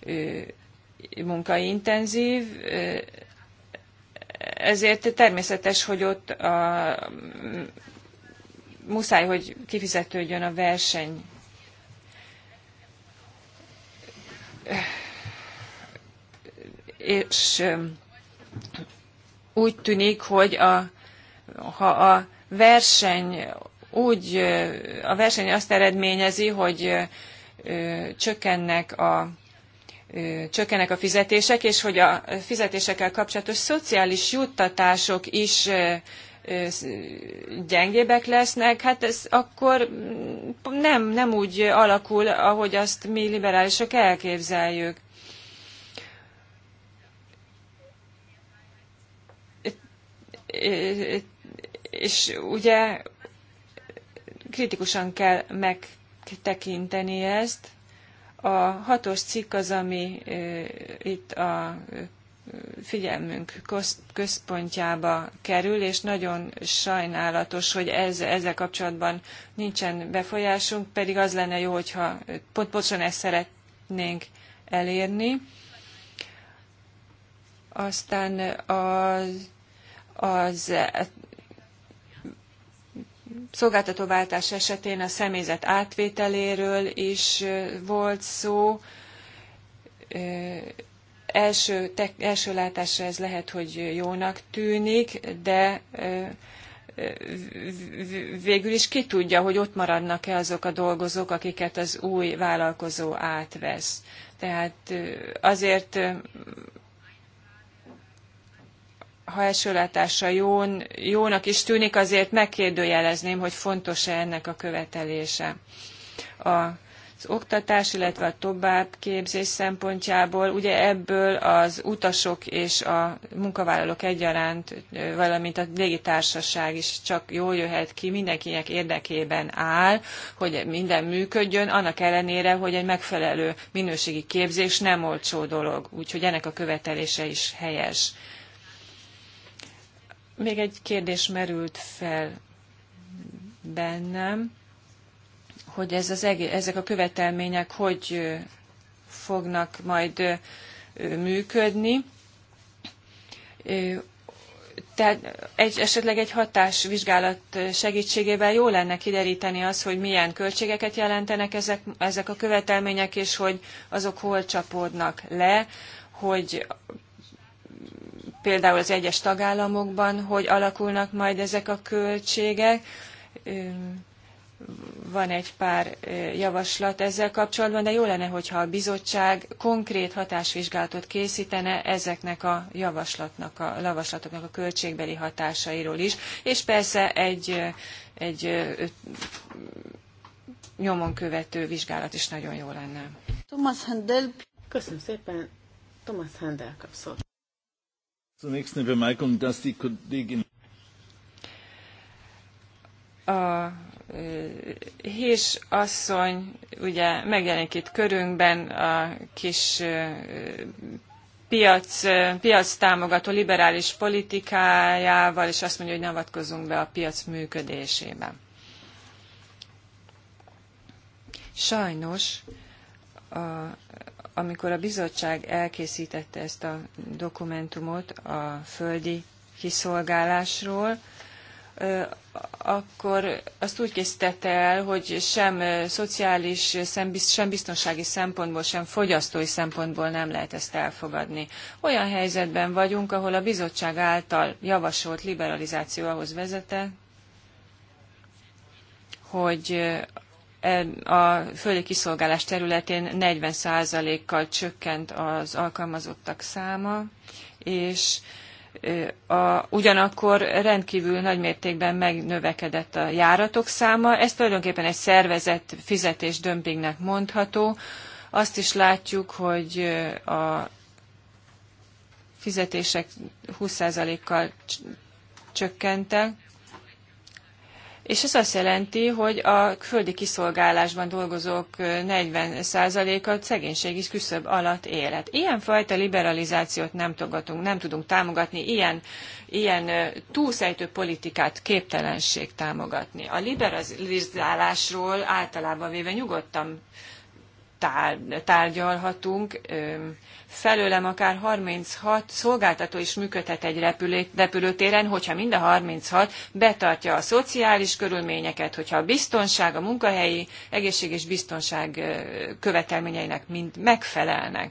ö, munkaintenzív, ö, ezért természetes, hogy ott a, muszáj, hogy kifizetődjön a verseny. És úgy tűnik, hogy a, ha a verseny úgy a verseny azt eredményezi, hogy csökkennek a csökkennek a fizetések, és hogy a fizetésekkel kapcsolatos szociális juttatások is gyengébbek lesznek, hát ez akkor nem, nem úgy alakul, ahogy azt mi liberálisok elképzeljük. És ugye kritikusan kell megtekinteni ezt. A hatos cikk az, ami itt a figyelmünk központjába kerül, és nagyon sajnálatos, hogy ez, ezzel kapcsolatban nincsen befolyásunk, pedig az lenne jó, hogyha pont pontosan ezt szeretnénk elérni. Aztán az az szolgáltatóváltás esetén a személyzet átvételéről is volt szó. Első, te, első látásra ez lehet, hogy jónak tűnik, de végül is ki tudja, hogy ott maradnak-e azok a dolgozók, akiket az új vállalkozó átvesz. Tehát azért ha elsőlátásra jón, jónak is tűnik, azért megkérdőjelezném, hogy fontos-e ennek a követelése. A az oktatás, illetve a továbbképzés szempontjából. Ugye ebből az utasok és a munkavállalók egyaránt, valamint a légitársaság is csak jól jöhet ki, mindenkinek érdekében áll, hogy minden működjön, annak ellenére, hogy egy megfelelő minőségi képzés nem olcsó dolog, úgyhogy ennek a követelése is helyes. Még egy kérdés merült fel bennem, hogy ez az egész, ezek a követelmények hogy fognak majd működni. Tehát egy, esetleg egy hatásvizsgálat segítségével jó lenne kideríteni az, hogy milyen költségeket jelentenek ezek, ezek a követelmények, és hogy azok hol csapódnak le, hogy például az egyes tagállamokban, hogy alakulnak majd ezek a költségek. Van egy pár javaslat ezzel kapcsolatban, de jó lenne, hogyha a bizottság konkrét hatásvizsgálatot készítene ezeknek a, javaslatnak a javaslatoknak a költségbeli hatásairól is, és persze egy, egy nyomon követő vizsgálat is nagyon jó lenne. Thomas Handel. Köszönöm szépen. Thomas Handel kapszott. Zunächst eine Bemerkung, dass die Kollegin a Hés asszony ugye megjelenik itt körünkben a kis piac, piac támogató liberális politikájával, és azt mondja, hogy ne avatkozunk be a piac működésébe. Sajnos a, amikor a bizottság elkészítette ezt a dokumentumot a földi kiszolgálásról, akkor azt úgy készítette el, hogy sem szociális, sem biztonsági szempontból, sem fogyasztói szempontból nem lehet ezt elfogadni. Olyan helyzetben vagyunk, ahol a bizottság által javasolt liberalizáció ahhoz vezete, hogy a földi kiszolgálás területén 40%-kal csökkent az alkalmazottak száma, és a, ugyanakkor rendkívül nagymértékben megnövekedett a járatok száma. Ez tulajdonképpen egy szervezett fizetés dömpingnek mondható. Azt is látjuk, hogy a fizetések 20%-kal csökkentek, és ez azt jelenti, hogy a földi kiszolgálásban dolgozók 40%-a szegénységi küszöb alatt él. Hát ilyenfajta liberalizációt nem, togatunk, nem tudunk támogatni, ilyen, ilyen túlszejtő politikát képtelenség támogatni. A liberalizálásról általában véve nyugodtan tár, tárgyalhatunk. Felőlem akár 36 szolgáltató is működhet egy repülé, repülőtéren, hogyha mind a 36 betartja a szociális körülményeket, hogyha a biztonság, a munkahelyi egészség és biztonság követelményeinek mind megfelelnek.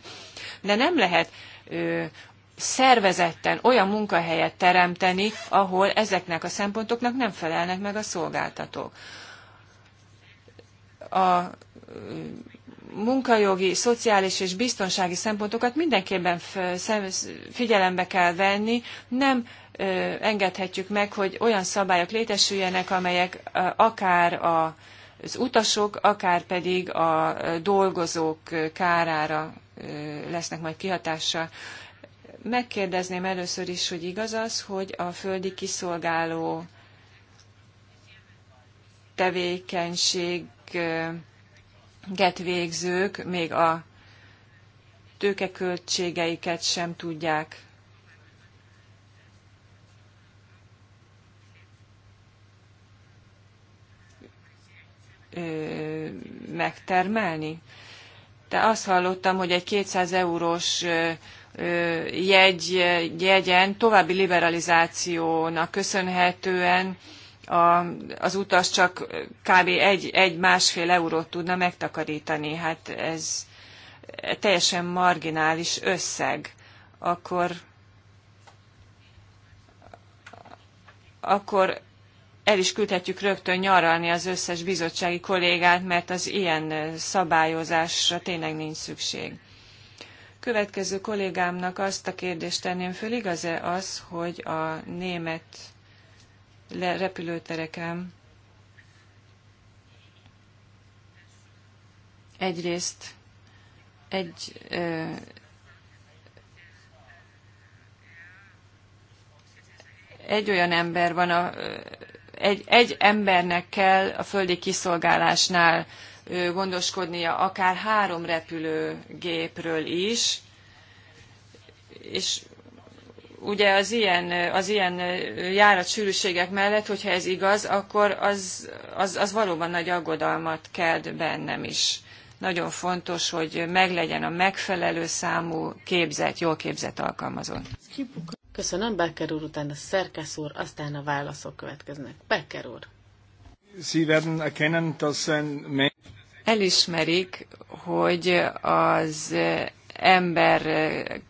De nem lehet szervezetten olyan munkahelyet teremteni, ahol ezeknek a szempontoknak nem felelnek meg a szolgáltatók. A munkajogi, szociális és biztonsági szempontokat mindenképpen figyelembe kell venni, nem engedhetjük meg, hogy olyan szabályok létesüljenek, amelyek akár a az utasok, akár pedig a dolgozók kárára lesznek majd kihatással. Megkérdezném először is, hogy igaz az, hogy a földi kiszolgáló tevékenység get végzők még a tőkeköltségeiket sem tudják megtermelni. De azt hallottam, hogy egy 200 eurós jegy, jegyen további liberalizációnak köszönhetően a, az utas csak kb. egy, egy másfél eurót tudna megtakarítani. Hát ez teljesen marginális összeg. Akkor, akkor el is küldhetjük rögtön nyaralni az összes bizottsági kollégát, mert az ilyen szabályozásra tényleg nincs szükség. Következő kollégámnak azt a kérdést tenném föl, igaz-e az, hogy a német repülőtereken. Egyrészt egy ö, egy olyan ember van, a, egy, egy embernek kell a földi kiszolgálásnál gondoskodnia akár három repülőgépről is, és ugye az ilyen, az ilyen járat sűrűségek mellett, hogyha ez igaz, akkor az, az, az valóban nagy aggodalmat kelt bennem is. Nagyon fontos, hogy meglegyen a megfelelő számú képzett, jól képzett alkalmazott. Köszönöm, Becker úr, utána Szerkesz úr, aztán a válaszok következnek. Becker úr. Elismerik, hogy az ember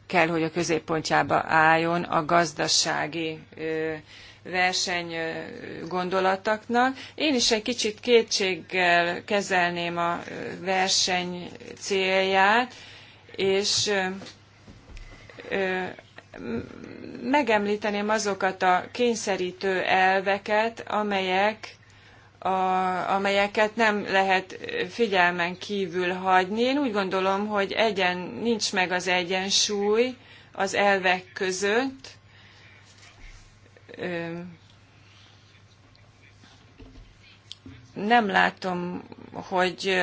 kell, hogy a középpontjába álljon a gazdasági verseny gondolataknak. Én is egy kicsit kétséggel kezelném a verseny célját, és megemlíteném azokat a kényszerítő elveket, amelyek a, amelyeket nem lehet figyelmen kívül hagyni. Én úgy gondolom, hogy egyen, nincs meg az egyensúly az elvek között. Nem látom, hogy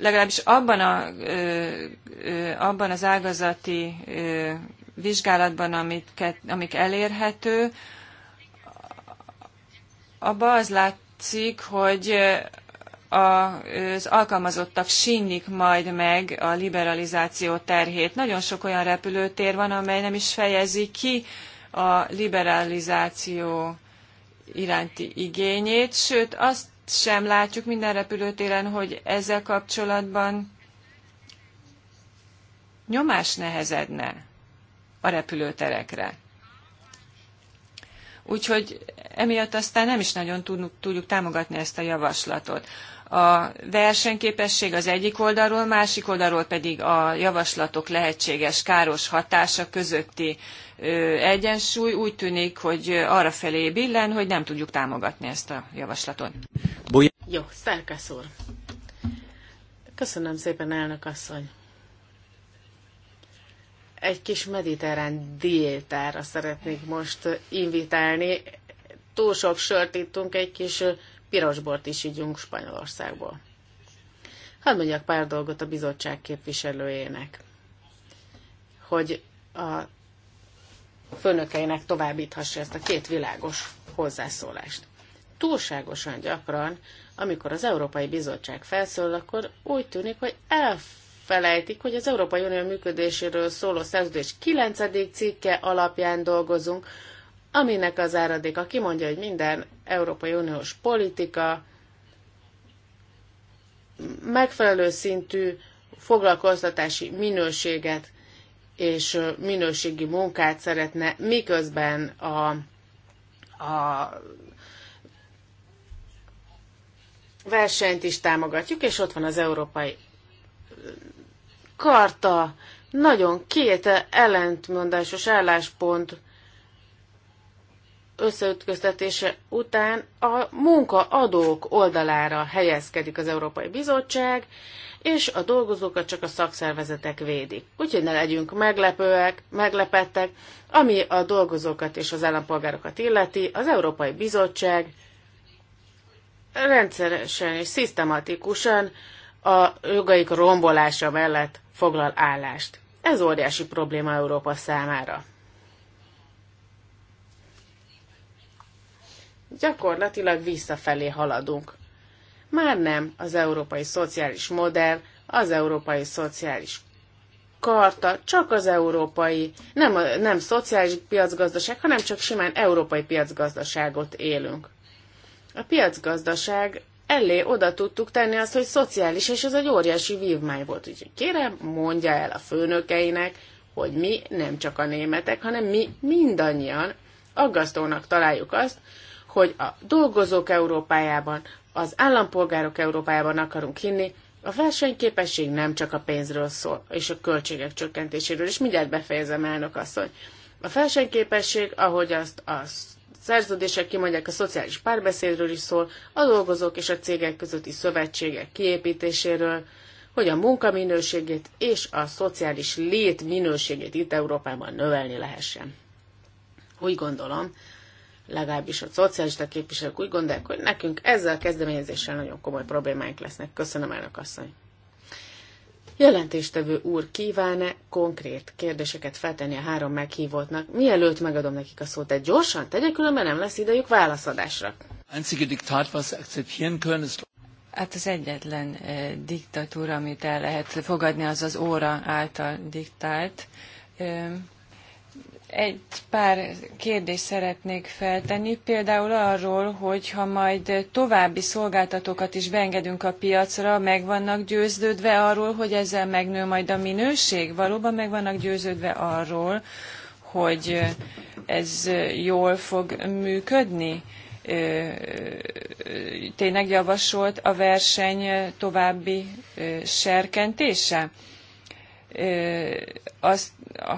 legalábbis abban, a, abban az ágazati vizsgálatban, amiket, amik elérhető, abban az lát, látszik, hogy az alkalmazottak sínlik majd meg a liberalizáció terhét. Nagyon sok olyan repülőtér van, amely nem is fejezi ki a liberalizáció iránti igényét, sőt azt sem látjuk minden repülőtéren, hogy ezzel kapcsolatban nyomás nehezedne a repülőterekre úgyhogy emiatt aztán nem is nagyon tudjuk, tudjuk támogatni ezt a javaslatot. A versenyképesség az egyik oldalról, másik oldalról pedig a javaslatok lehetséges káros hatása közötti egyensúly úgy tűnik, hogy arra felé billen, hogy nem tudjuk támogatni ezt a javaslatot. Jó, szerkesz úr. Köszönöm szépen, elnök asszony egy kis mediterrán diétára szeretnék most invitálni. Túl sok sört ittunk, egy kis pirosbort is ígyunk Spanyolországból. Hadd mondjak pár dolgot a bizottság képviselőjének, hogy a főnökeinek továbbíthassa ezt a két világos hozzászólást. Túlságosan gyakran, amikor az Európai Bizottság felszól, akkor úgy tűnik, hogy elf elfelejtik, hogy az Európai Unió működéséről szóló szerződés 9. cikke alapján dolgozunk, aminek az áradéka kimondja, hogy minden Európai Uniós politika megfelelő szintű foglalkoztatási minőséget és minőségi munkát szeretne, miközben a, a versenyt is támogatjuk, és ott van az európai karta, nagyon két ellentmondásos álláspont összeütköztetése után a munkaadók oldalára helyezkedik az Európai Bizottság, és a dolgozókat csak a szakszervezetek védik. Úgyhogy ne legyünk meglepőek, meglepettek, ami a dolgozókat és az állampolgárokat illeti, az Európai Bizottság rendszeresen és szisztematikusan a jogaik rombolása mellett foglal állást. Ez óriási probléma Európa számára. Gyakorlatilag visszafelé haladunk. Már nem az európai szociális modell, az európai szociális karta, csak az európai, nem, nem szociális piacgazdaság, hanem csak simán európai piacgazdaságot élünk. A piacgazdaság elé oda tudtuk tenni azt, hogy szociális, és ez egy óriási vívmány volt. Úgyhogy kérem, mondja el a főnökeinek, hogy mi nem csak a németek, hanem mi mindannyian aggasztónak találjuk azt, hogy a dolgozók Európájában, az állampolgárok Európájában akarunk hinni, a versenyképesség nem csak a pénzről szól, és a költségek csökkentéséről, és mindjárt befejezem, elnök asszony. A versenyképesség, ahogy azt azt szerződések kimondják, a szociális párbeszédről is szól, a dolgozók és a cégek közötti szövetségek kiépítéséről, hogy a munkaminőségét és a szociális lét minőségét itt Európában növelni lehessen. Úgy gondolom, legalábbis a szocialista képviselők úgy gondolják, hogy nekünk ezzel a kezdeményezéssel nagyon komoly problémáink lesznek. Köszönöm, elnök asszony! Jelentéstevő úr kíván-e konkrét kérdéseket feltenni a három meghívottnak, mielőtt megadom nekik a szót, de gyorsan tegye, különben nem lesz idejük válaszadásra. Hát az egyetlen eh, diktatúra, amit el lehet fogadni, az az óra által diktált. Eh, egy pár kérdést szeretnék feltenni, például arról, hogy ha majd további szolgáltatókat is beengedünk a piacra, meg vannak győződve arról, hogy ezzel megnő majd a minőség? Valóban meg vannak győződve arról, hogy ez jól fog működni? Tényleg javasolt a verseny további serkentése? azt,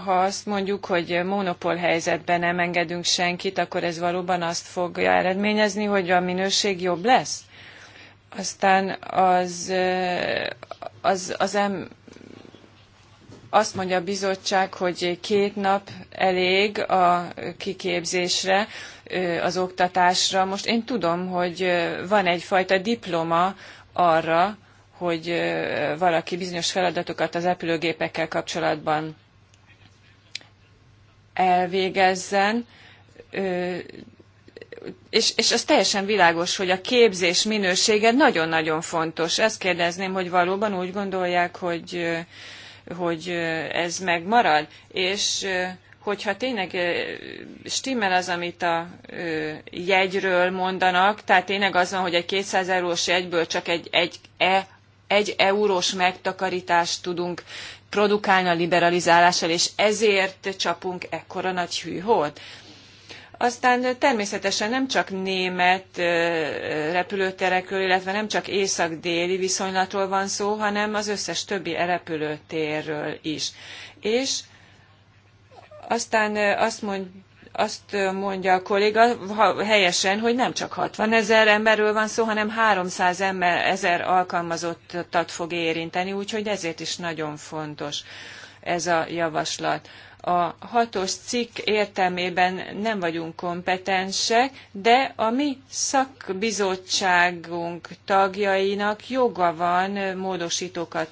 ha azt mondjuk, hogy monopól helyzetben nem engedünk senkit, akkor ez valóban azt fogja eredményezni, hogy a minőség jobb lesz. Aztán az, az, az em, azt mondja a bizottság, hogy két nap elég a kiképzésre, az oktatásra. Most én tudom, hogy van egyfajta diploma arra, hogy valaki bizonyos feladatokat az repülőgépekkel kapcsolatban elvégezzen, és, és az teljesen világos, hogy a képzés minősége nagyon-nagyon fontos. Ezt kérdezném, hogy valóban úgy gondolják, hogy, hogy ez megmarad, és hogyha tényleg stimmel az, amit a jegyről mondanak, tehát tényleg az van, hogy egy 200 eurós jegyből csak egy, egy e egy eurós megtakarítást tudunk produkálni a liberalizálással, és ezért csapunk ekkora nagy hűhót. Aztán természetesen nem csak német repülőterekről, illetve nem csak észak-déli viszonylatról van szó, hanem az összes többi repülőtérről is. És aztán azt mondjuk, azt mondja a kolléga ha, helyesen, hogy nem csak 60 ezer emberről van szó, hanem 300 ezer alkalmazottat fog érinteni, úgyhogy ezért is nagyon fontos ez a javaslat. A hatos cikk értelmében nem vagyunk kompetensek, de a mi szakbizottságunk tagjainak joga van módosítókat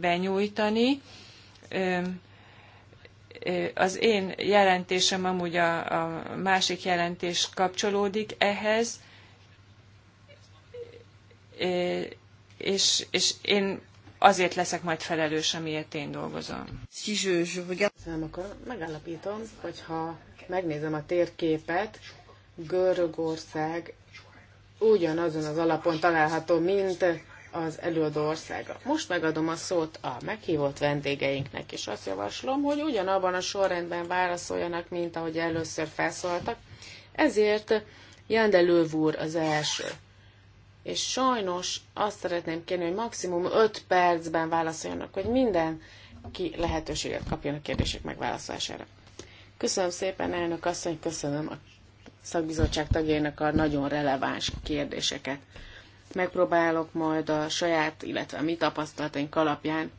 benyújtani az én jelentésem amúgy a, a másik jelentés kapcsolódik ehhez, és, és én azért leszek majd felelős, amiért én dolgozom. akkor megállapítom, hogyha megnézem a térképet, Görögország ugyanazon az alapon található, mint az előadó országa. Most megadom a szót a meghívott vendégeinknek, és azt javaslom, hogy ugyanabban a sorrendben válaszoljanak, mint ahogy először felszóltak. Ezért Jandelőv úr az első. És sajnos azt szeretném kérni, hogy maximum 5 percben válaszoljanak, hogy minden ki lehetőséget kapjon a kérdések megválaszolására. Köszönöm szépen, elnök asszony, köszönöm a szakbizottság tagjainak a nagyon releváns kérdéseket megpróbálok majd a saját, illetve a mi tapasztalataink alapján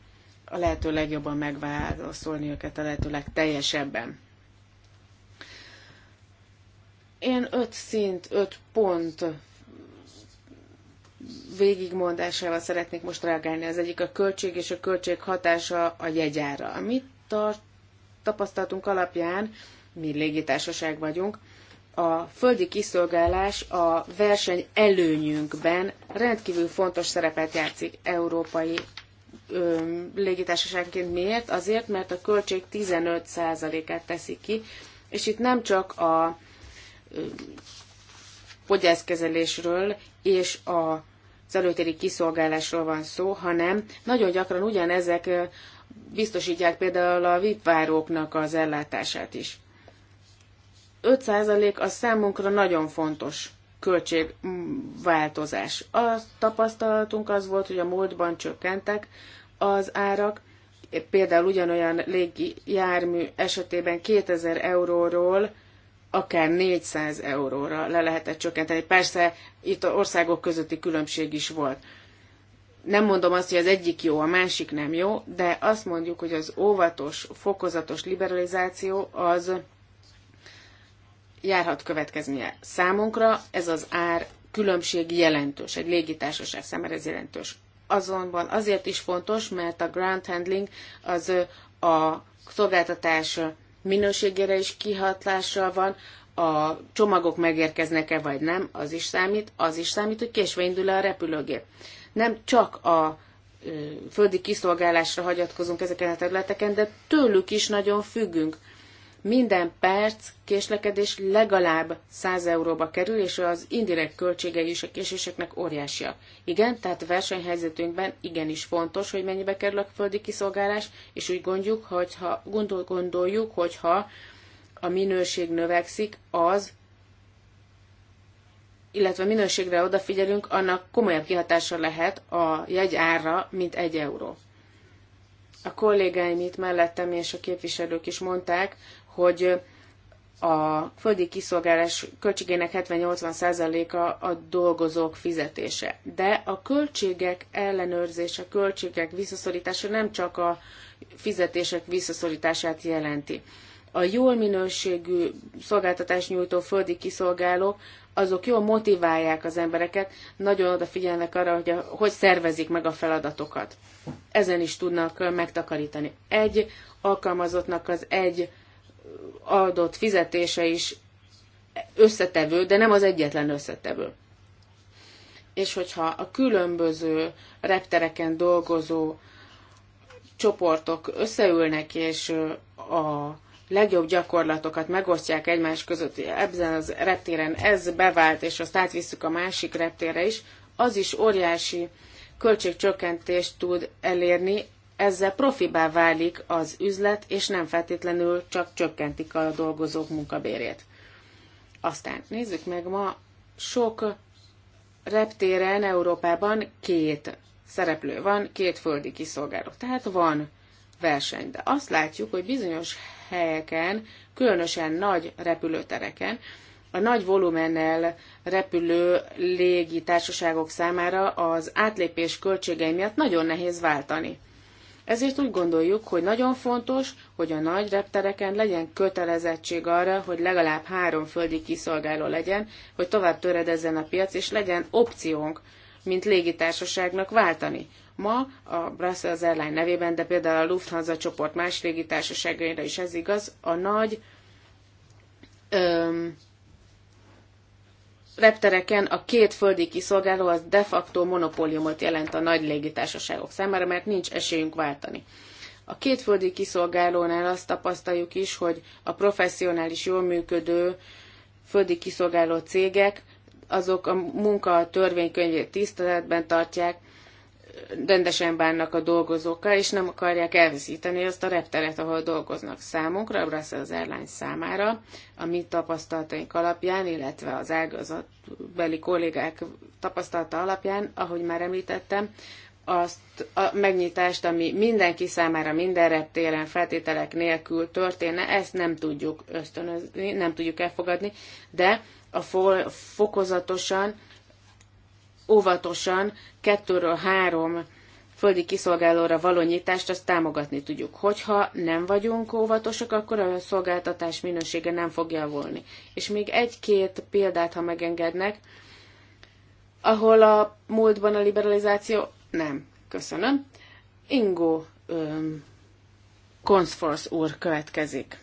a lehető legjobban megválaszolni őket a lehető legteljesebben. Én öt szint, öt pont végigmondásával szeretnék most reagálni. Az egyik a költség és a költség hatása a jegyára. Amit tapasztaltunk alapján, mi légitársaság vagyunk, a földi kiszolgálás a verseny előnyünkben rendkívül fontos szerepet játszik európai légitársaságként. Miért? Azért, mert a költség 15%-át teszik ki, és itt nem csak a fogyászkezelésről és a az előtéri kiszolgálásról van szó, hanem nagyon gyakran ugyanezek biztosítják például a vipvároknak az ellátását is. 5% az számunkra nagyon fontos költségváltozás. A tapasztalatunk az volt, hogy a múltban csökkentek az árak, például ugyanolyan légi jármű esetében 2000 euróról akár 400 euróra le lehetett csökkenteni. Persze itt a országok közötti különbség is volt. Nem mondom azt, hogy az egyik jó, a másik nem jó, de azt mondjuk, hogy az óvatos, fokozatos liberalizáció az járhat következménye számunkra, ez az ár különbség jelentős, egy légitársaság számára ez jelentős. Azonban azért is fontos, mert a ground handling az a szolgáltatás minőségére is kihatással van, a csomagok megérkeznek-e vagy nem, az is számít, az is számít, hogy késve indul -e a repülőgép. Nem csak a földi kiszolgálásra hagyatkozunk ezeken a területeken, de tőlük is nagyon függünk minden perc késlekedés legalább 100 euróba kerül, és az indirekt költségei is a késéseknek óriásiak. Igen, tehát versenyhelyzetünkben igenis fontos, hogy mennyibe kerül a földi kiszolgálás, és úgy gondoljuk, hogyha, gondol, gondoljuk, hogyha a minőség növekszik, az illetve minőségre odafigyelünk, annak komolyabb kihatása lehet a jegy ára, mint egy euró. A kollégáim itt mellettem és a képviselők is mondták, hogy a földi kiszolgálás költségének 70-80%-a a dolgozók fizetése. De a költségek ellenőrzése, a költségek visszaszorítása nem csak a fizetések visszaszorítását jelenti. A jól minőségű szolgáltatás nyújtó földi kiszolgálók azok jól motiválják az embereket, nagyon odafigyelnek arra, hogy a, hogy szervezik meg a feladatokat. Ezen is tudnak megtakarítani. Egy alkalmazottnak az egy adott fizetése is összetevő, de nem az egyetlen összetevő. És hogyha a különböző reptereken dolgozó csoportok összeülnek, és a legjobb gyakorlatokat megosztják egymás között, ebben az reptéren ez bevált, és azt átvisszük a másik reptére is, az is óriási költségcsökkentést tud elérni ezzel profibá válik az üzlet, és nem feltétlenül csak csökkentik a dolgozók munkabérét. Aztán nézzük meg ma, sok reptéren Európában két szereplő van, két földi kiszolgáló. Tehát van verseny, de azt látjuk, hogy bizonyos helyeken, különösen nagy repülőtereken, a nagy volumennel repülő légi társaságok számára az átlépés költségei miatt nagyon nehéz váltani. Ezért úgy gondoljuk, hogy nagyon fontos, hogy a nagy reptereken legyen kötelezettség arra, hogy legalább három földi kiszolgáló legyen, hogy tovább töredezzen a piac, és legyen opciónk, mint légitársaságnak váltani. Ma a Brussels Airline nevében, de például a Lufthansa csoport más légitársaságaira is ez igaz, a nagy öm, reptereken a két földi kiszolgáló az de facto monopóliumot jelent a nagy légitársaságok számára, mert nincs esélyünk váltani. A két földi kiszolgálónál azt tapasztaljuk is, hogy a professzionális, jól működő földi kiszolgáló cégek azok a munka törvénykönyvét tiszteletben tartják, rendesen bánnak a dolgozókkal, és nem akarják elveszíteni azt a repteret, ahol dolgoznak számunkra, a Brussels Airlines számára, a mi tapasztalataink alapján, illetve az ágazatbeli kollégák tapasztalata alapján, ahogy már említettem, azt a megnyitást, ami mindenki számára minden reptéren feltételek nélkül történne, ezt nem tudjuk ösztönözni, nem tudjuk elfogadni, de a fokozatosan óvatosan kettőről három földi kiszolgálóra való nyitást, azt támogatni tudjuk. Hogyha nem vagyunk óvatosak, akkor a szolgáltatás minősége nem fog javulni. És még egy-két példát, ha megengednek, ahol a múltban a liberalizáció nem. Köszönöm. Ingo um, Consforce úr következik.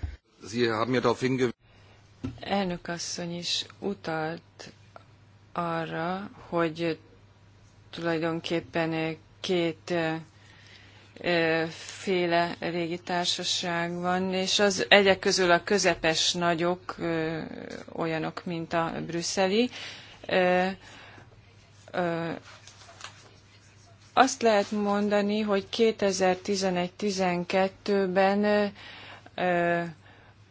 Elnök asszony is utalt arra, hogy tulajdonképpen két féle régi társaság van, és az egyek közül a közepes nagyok olyanok, mint a brüsszeli. Azt lehet mondani, hogy 2011-12-ben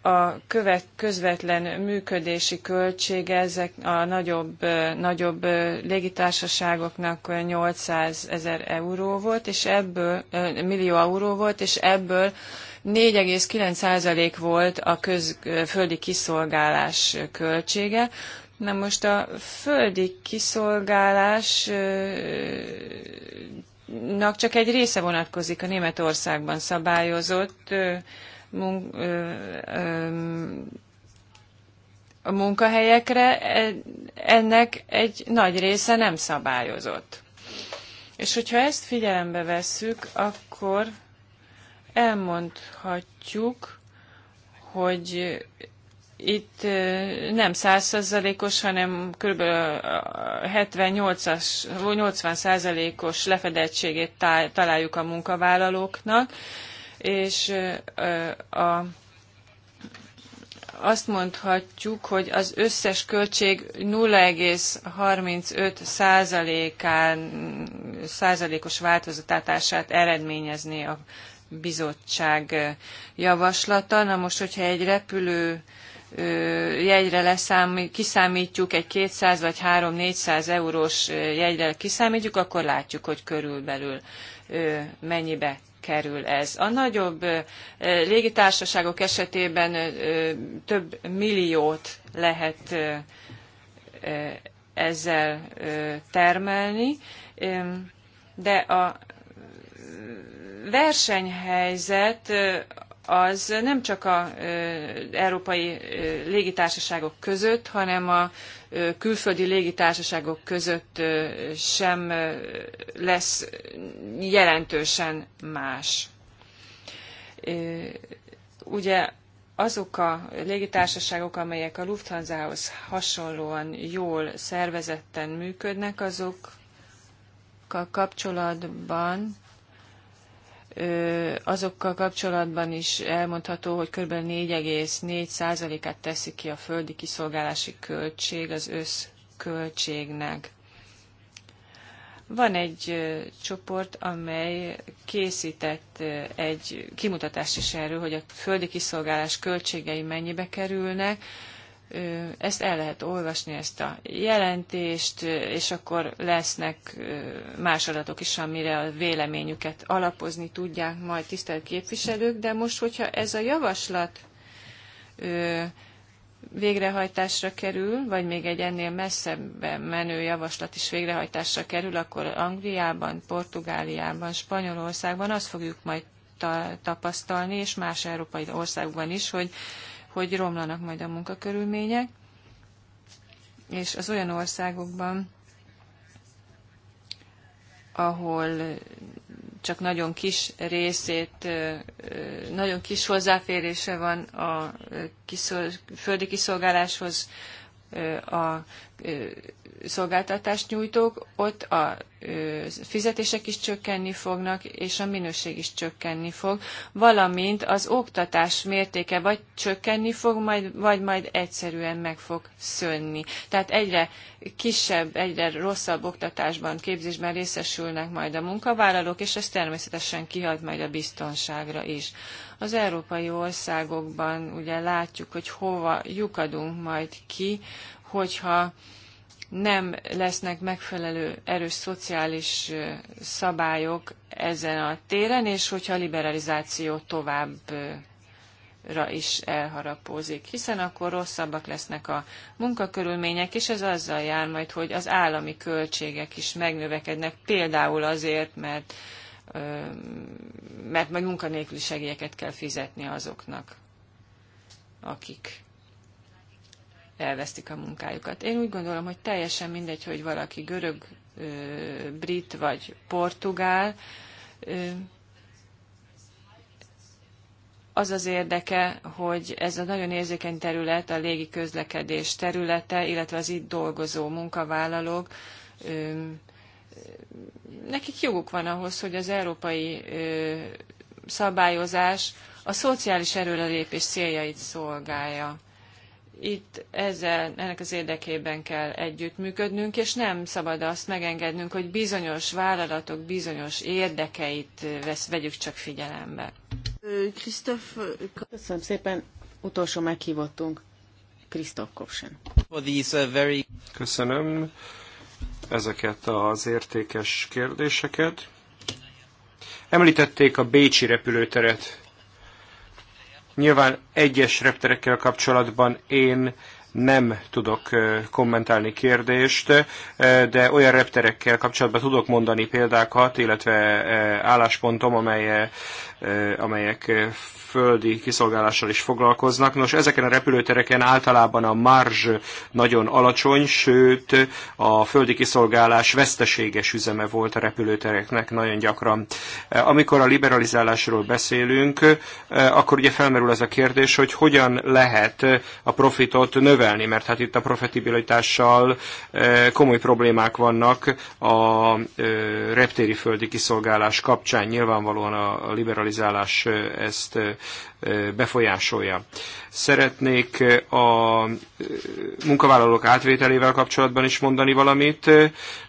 a követ, közvetlen működési költsége ezek a nagyobb, nagyobb légitársaságoknak 800 ezer euró volt, és ebből millió euró volt, és ebből 4,9% volt a földi kiszolgálás költsége. Na most a földi kiszolgálás csak egy része vonatkozik a Németországban szabályozott mun- a munkahelyekre, e, ennek egy nagy része nem szabályozott. És hogyha ezt figyelembe vesszük, akkor elmondhatjuk, hogy itt nem százszerzalékos, hanem kb. 70 80 százalékos lefedettségét találjuk a munkavállalóknak, és a azt mondhatjuk, hogy az összes költség 0,35 százalékos változatátását eredményezné a bizottság javaslata. Na most, hogyha egy repülő jegyre leszámít, kiszámítjuk, egy 200 vagy 3-400 eurós jegyre kiszámítjuk, akkor látjuk, hogy körülbelül mennyibe kerül ez. A nagyobb légitársaságok esetében több milliót lehet ezzel termelni, de a versenyhelyzet az nem csak az európai légitársaságok között, hanem a külföldi légitársaságok között sem lesz jelentősen más. Ugye azok a légitársaságok, amelyek a Lufthansa-hoz hasonlóan jól szervezetten működnek, azokkal kapcsolatban azokkal kapcsolatban is elmondható, hogy kb. 4,4%-át teszi ki a földi kiszolgálási költség az összköltségnek. Van egy csoport, amely készített egy kimutatást is erről, hogy a földi kiszolgálás költségei mennyibe kerülnek, ezt el lehet olvasni, ezt a jelentést, és akkor lesznek más adatok is, amire a véleményüket alapozni tudják majd tisztelt képviselők, de most, hogyha ez a javaslat végrehajtásra kerül, vagy még egy ennél messzebb menő javaslat is végrehajtásra kerül, akkor Angliában, Portugáliában, Spanyolországban azt fogjuk majd tapasztalni, és más európai országban is, hogy hogy romlanak majd a munkakörülmények, és az olyan országokban, ahol csak nagyon kis részét, nagyon kis hozzáférése van a kiszol, földi kiszolgáláshoz, a szolgáltatást nyújtók, ott a fizetések is csökkenni fognak, és a minőség is csökkenni fog, valamint az oktatás mértéke vagy csökkenni fog, majd, vagy majd egyszerűen meg fog szönni. Tehát egyre kisebb, egyre rosszabb oktatásban, képzésben részesülnek majd a munkavállalók, és ez természetesen kihat majd a biztonságra is. Az európai országokban ugye látjuk, hogy hova lyukadunk majd ki, hogyha nem lesznek megfelelő erős szociális szabályok ezen a téren, és hogyha a liberalizáció továbbra is elharapózik, hiszen akkor rosszabbak lesznek a munkakörülmények, és ez azzal jár majd, hogy az állami költségek is megnövekednek, például azért, mert mert majd munkanélküli segélyeket kell fizetni azoknak, akik elvesztik a munkájukat. Én úgy gondolom, hogy teljesen mindegy, hogy valaki görög, brit vagy portugál, az az érdeke, hogy ez a nagyon érzékeny terület, a légi közlekedés területe, illetve az itt dolgozó munkavállalók, nekik joguk van ahhoz, hogy az európai szabályozás a szociális erőrelépés céljait szolgálja itt ezzel, ennek az érdekében kell együttműködnünk, és nem szabad azt megengednünk, hogy bizonyos vállalatok bizonyos érdekeit vesz, vegyük csak figyelembe. Krisztof... Köszönöm szépen, utolsó meghívottunk. Krisztof Kopsen. Uh, Köszönöm ezeket az értékes kérdéseket. Említették a Bécsi repülőteret Nyilván egyes repterekkel kapcsolatban én nem tudok kommentálni kérdést, de olyan repterekkel kapcsolatban tudok mondani példákat, illetve álláspontom, amelye, amelyek földi kiszolgálással is foglalkoznak. Nos, ezeken a repülőtereken általában a marzs nagyon alacsony, sőt a földi kiszolgálás veszteséges üzeme volt a repülőtereknek nagyon gyakran. Amikor a liberalizálásról beszélünk, akkor ugye felmerül ez a kérdés, hogy hogyan lehet a profitot növelni növelni, mert hát itt a profitabilitással eh, komoly problémák vannak a eh, reptéri földi kiszolgálás kapcsán. Nyilvánvalóan a liberalizálás eh, ezt befolyásolja. Szeretnék a munkavállalók átvételével kapcsolatban is mondani valamit,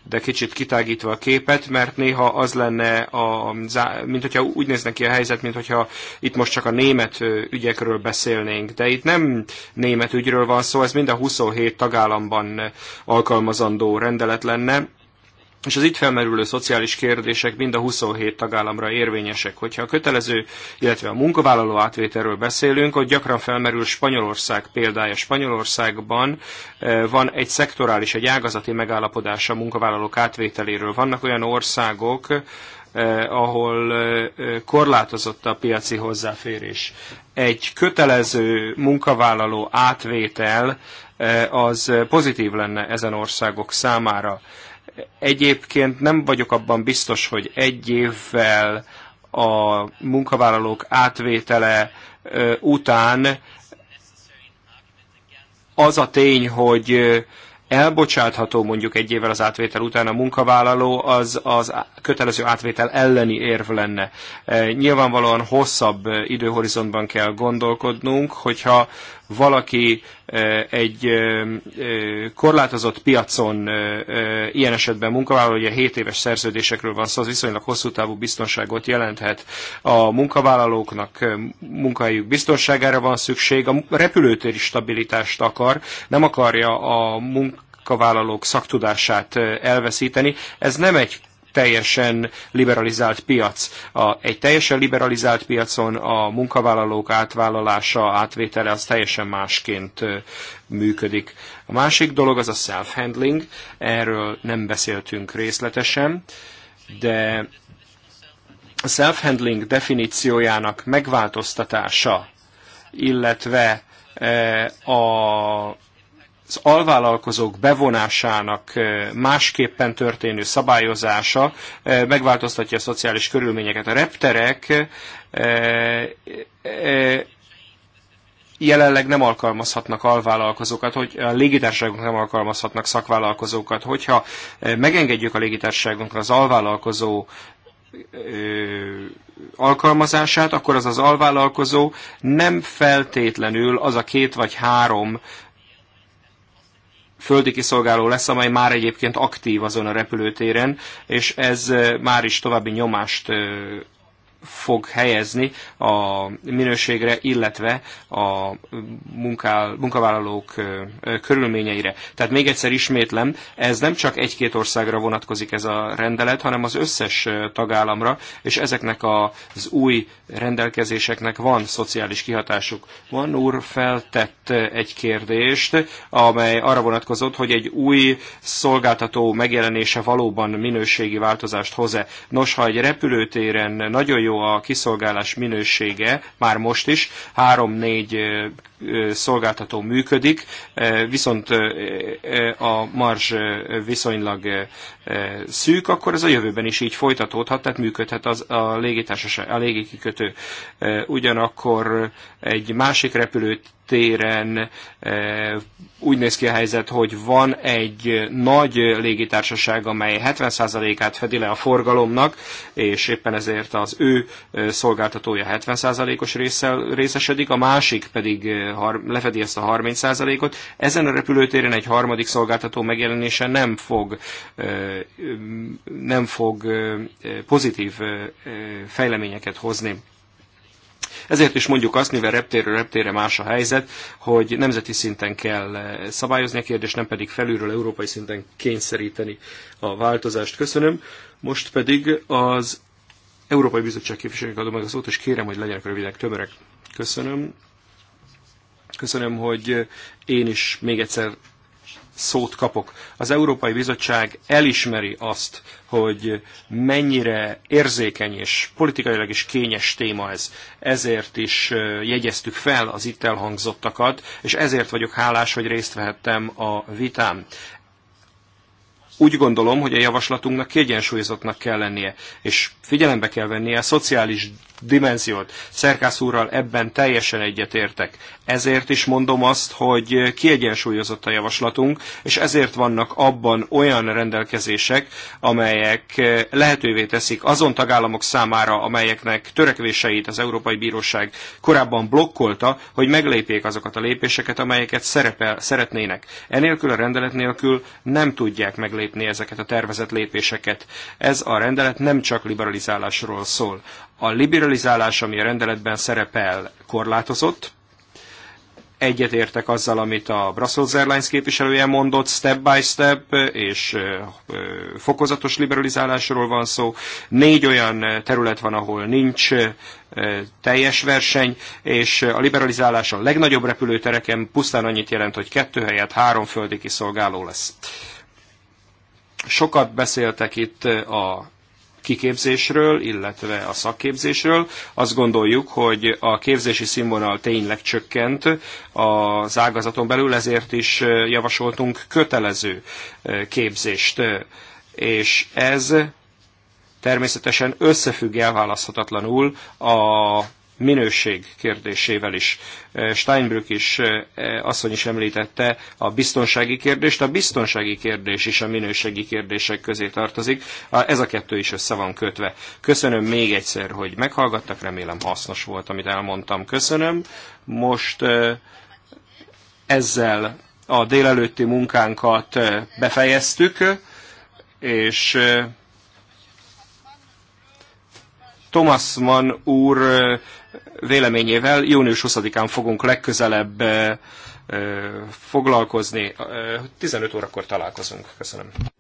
de kicsit kitágítva a képet, mert néha az lenne, a, mint hogyha úgy néznek ki a helyzet, mint hogyha itt most csak a német ügyekről beszélnénk, de itt nem német ügyről van szó, ez mind a 27 tagállamban alkalmazandó rendelet lenne, és az itt felmerülő szociális kérdések mind a 27 tagállamra érvényesek. Hogyha a kötelező, illetve a munkavállaló átvételről beszélünk, ott gyakran felmerül Spanyolország példája. Spanyolországban eh, van egy szektorális, egy ágazati megállapodás a munkavállalók átvételéről. Vannak olyan országok, eh, ahol eh, korlátozott a piaci hozzáférés. Egy kötelező munkavállaló átvétel az pozitív lenne ezen országok számára Egyébként nem vagyok abban biztos, hogy egy évvel a munkavállalók átvétele után az a tény, hogy elbocsátható mondjuk egy évvel az átvétel után a munkavállaló, az, az kötelező átvétel elleni érv lenne. Nyilvánvalóan hosszabb időhorizontban kell gondolkodnunk, hogyha valaki egy korlátozott piacon ilyen esetben munkavállaló, ugye 7 éves szerződésekről van szó, az viszonylag hosszú távú biztonságot jelenthet a munkavállalóknak, munkahelyük biztonságára van szükség, a repülőtéri stabilitást akar, nem akarja a munkavállalók szaktudását elveszíteni. Ez nem egy teljesen liberalizált piac. A, egy teljesen liberalizált piacon a munkavállalók átvállalása, átvétele az teljesen másként működik. A másik dolog az a self-handling, erről nem beszéltünk részletesen, de a self-handling definíciójának megváltoztatása, illetve a az alvállalkozók bevonásának eh, másképpen történő szabályozása eh, megváltoztatja a szociális körülményeket. A repterek eh, jelenleg nem alkalmazhatnak alvállalkozókat, hogy a légitársaságunk nem alkalmazhatnak szakvállalkozókat. Hogyha megengedjük a légitársaságunkra az alvállalkozó alkalmazását, akkor az az alvállalkozó nem feltétlenül az a két vagy három földi kiszolgáló lesz, amely már egyébként aktív azon a repülőtéren, és ez eh, már is további nyomást eh, fog helyezni a minőségre, illetve a munkál, munkavállalók körülményeire. Tehát még egyszer ismétlem, ez nem csak egy-két országra vonatkozik ez a rendelet, hanem az összes tagállamra, és ezeknek az új rendelkezéseknek van szociális kihatásuk. Van úr feltett egy kérdést, amely arra vonatkozott, hogy egy új szolgáltató megjelenése valóban minőségi változást hoz-e. Nos, ha egy repülőtéren nagyon jó a kiszolgálás minősége, már most is, három-négy szolgáltató működik, viszont a marzs viszonylag szűk, akkor ez a jövőben is így folytatódhat, tehát működhet az a, légitársaság, a légikikötő. Ugyanakkor egy másik repülőt téren e, úgy néz ki a helyzet, hogy van egy nagy légitársaság, amely 70%-át fedi le a forgalomnak, és éppen ezért az ő e, szolgáltatója 70%-os részesedik, a másik pedig e, lefedi ezt a 30%-ot. Ezen a repülőtéren egy harmadik szolgáltató megjelenése nem fog, nem fog pozitív fejleményeket hozni. Ezért is mondjuk azt, mivel reptérről reptére más a helyzet, hogy nemzeti szinten kell eh, szabályozni a kérdést, nem pedig felülről európai szinten kényszeríteni a változást. Köszönöm. Most pedig az Európai Bizottság képviselőnek adom meg a szót, és kérem, hogy legyenek rövidek, tömörek. Köszönöm. Köszönöm, hogy eh, én is még egyszer szót kapok. Az Európai Bizottság elismeri azt, hogy mennyire érzékeny és politikailag is kényes téma ez. Ezért is jegyeztük fel az itt elhangzottakat, és ezért vagyok hálás, hogy részt vehettem a vitán úgy gondolom, hogy a javaslatunknak kiegyensúlyozottnak kell lennie, és figyelembe kell vennie a szociális dimenziót. Szerkász úrral ebben teljesen egyetértek. Ezért is mondom azt, hogy kiegyensúlyozott a javaslatunk, és ezért vannak abban olyan rendelkezések, amelyek lehetővé teszik azon tagállamok számára, amelyeknek törekvéseit az Európai Bíróság korábban blokkolta, hogy meglépjék azokat a lépéseket, amelyeket szerepel, szeretnének. Enélkül a rendelet nélkül nem tudják meglépni meglépni ezeket a tervezett lépéseket. Ez a rendelet nem csak liberalizálásról szól. A liberalizálás, ami a rendeletben szerepel, korlátozott, egyetértek azzal, amit a Brussels Airlines képviselője mondott, step by step, és fokozatos liberalizálásról van szó. Négy olyan terület van, ahol nincs teljes verseny, és a liberalizálás a legnagyobb repülőtereken pusztán annyit jelent, hogy kettő helyett három földi kiszolgáló lesz. Sokat beszéltek itt a kiképzésről, illetve a szakképzésről. Azt gondoljuk, hogy a képzési színvonal tényleg csökkent az ágazaton belül, ezért is javasoltunk kötelező képzést. És ez természetesen összefügg elválaszthatatlanul a minőség kérdésével is. Eh, Steinbrück is, eh, eh, asszony is említette a biztonsági kérdést. A biztonsági kérdés is a minőségi kérdések közé tartozik. Ez a kettő is össze van kötve. Köszönöm még egyszer, hogy meghallgattak. Remélem hasznos volt, amit elmondtam. Köszönöm. Most ezzel a délelőtti munkánkat befejeztük, és Thomas Mann úr véleményével június 20-án fogunk legközelebb eh, eh, foglalkozni. 15 eh, órakor találkozunk. Köszönöm.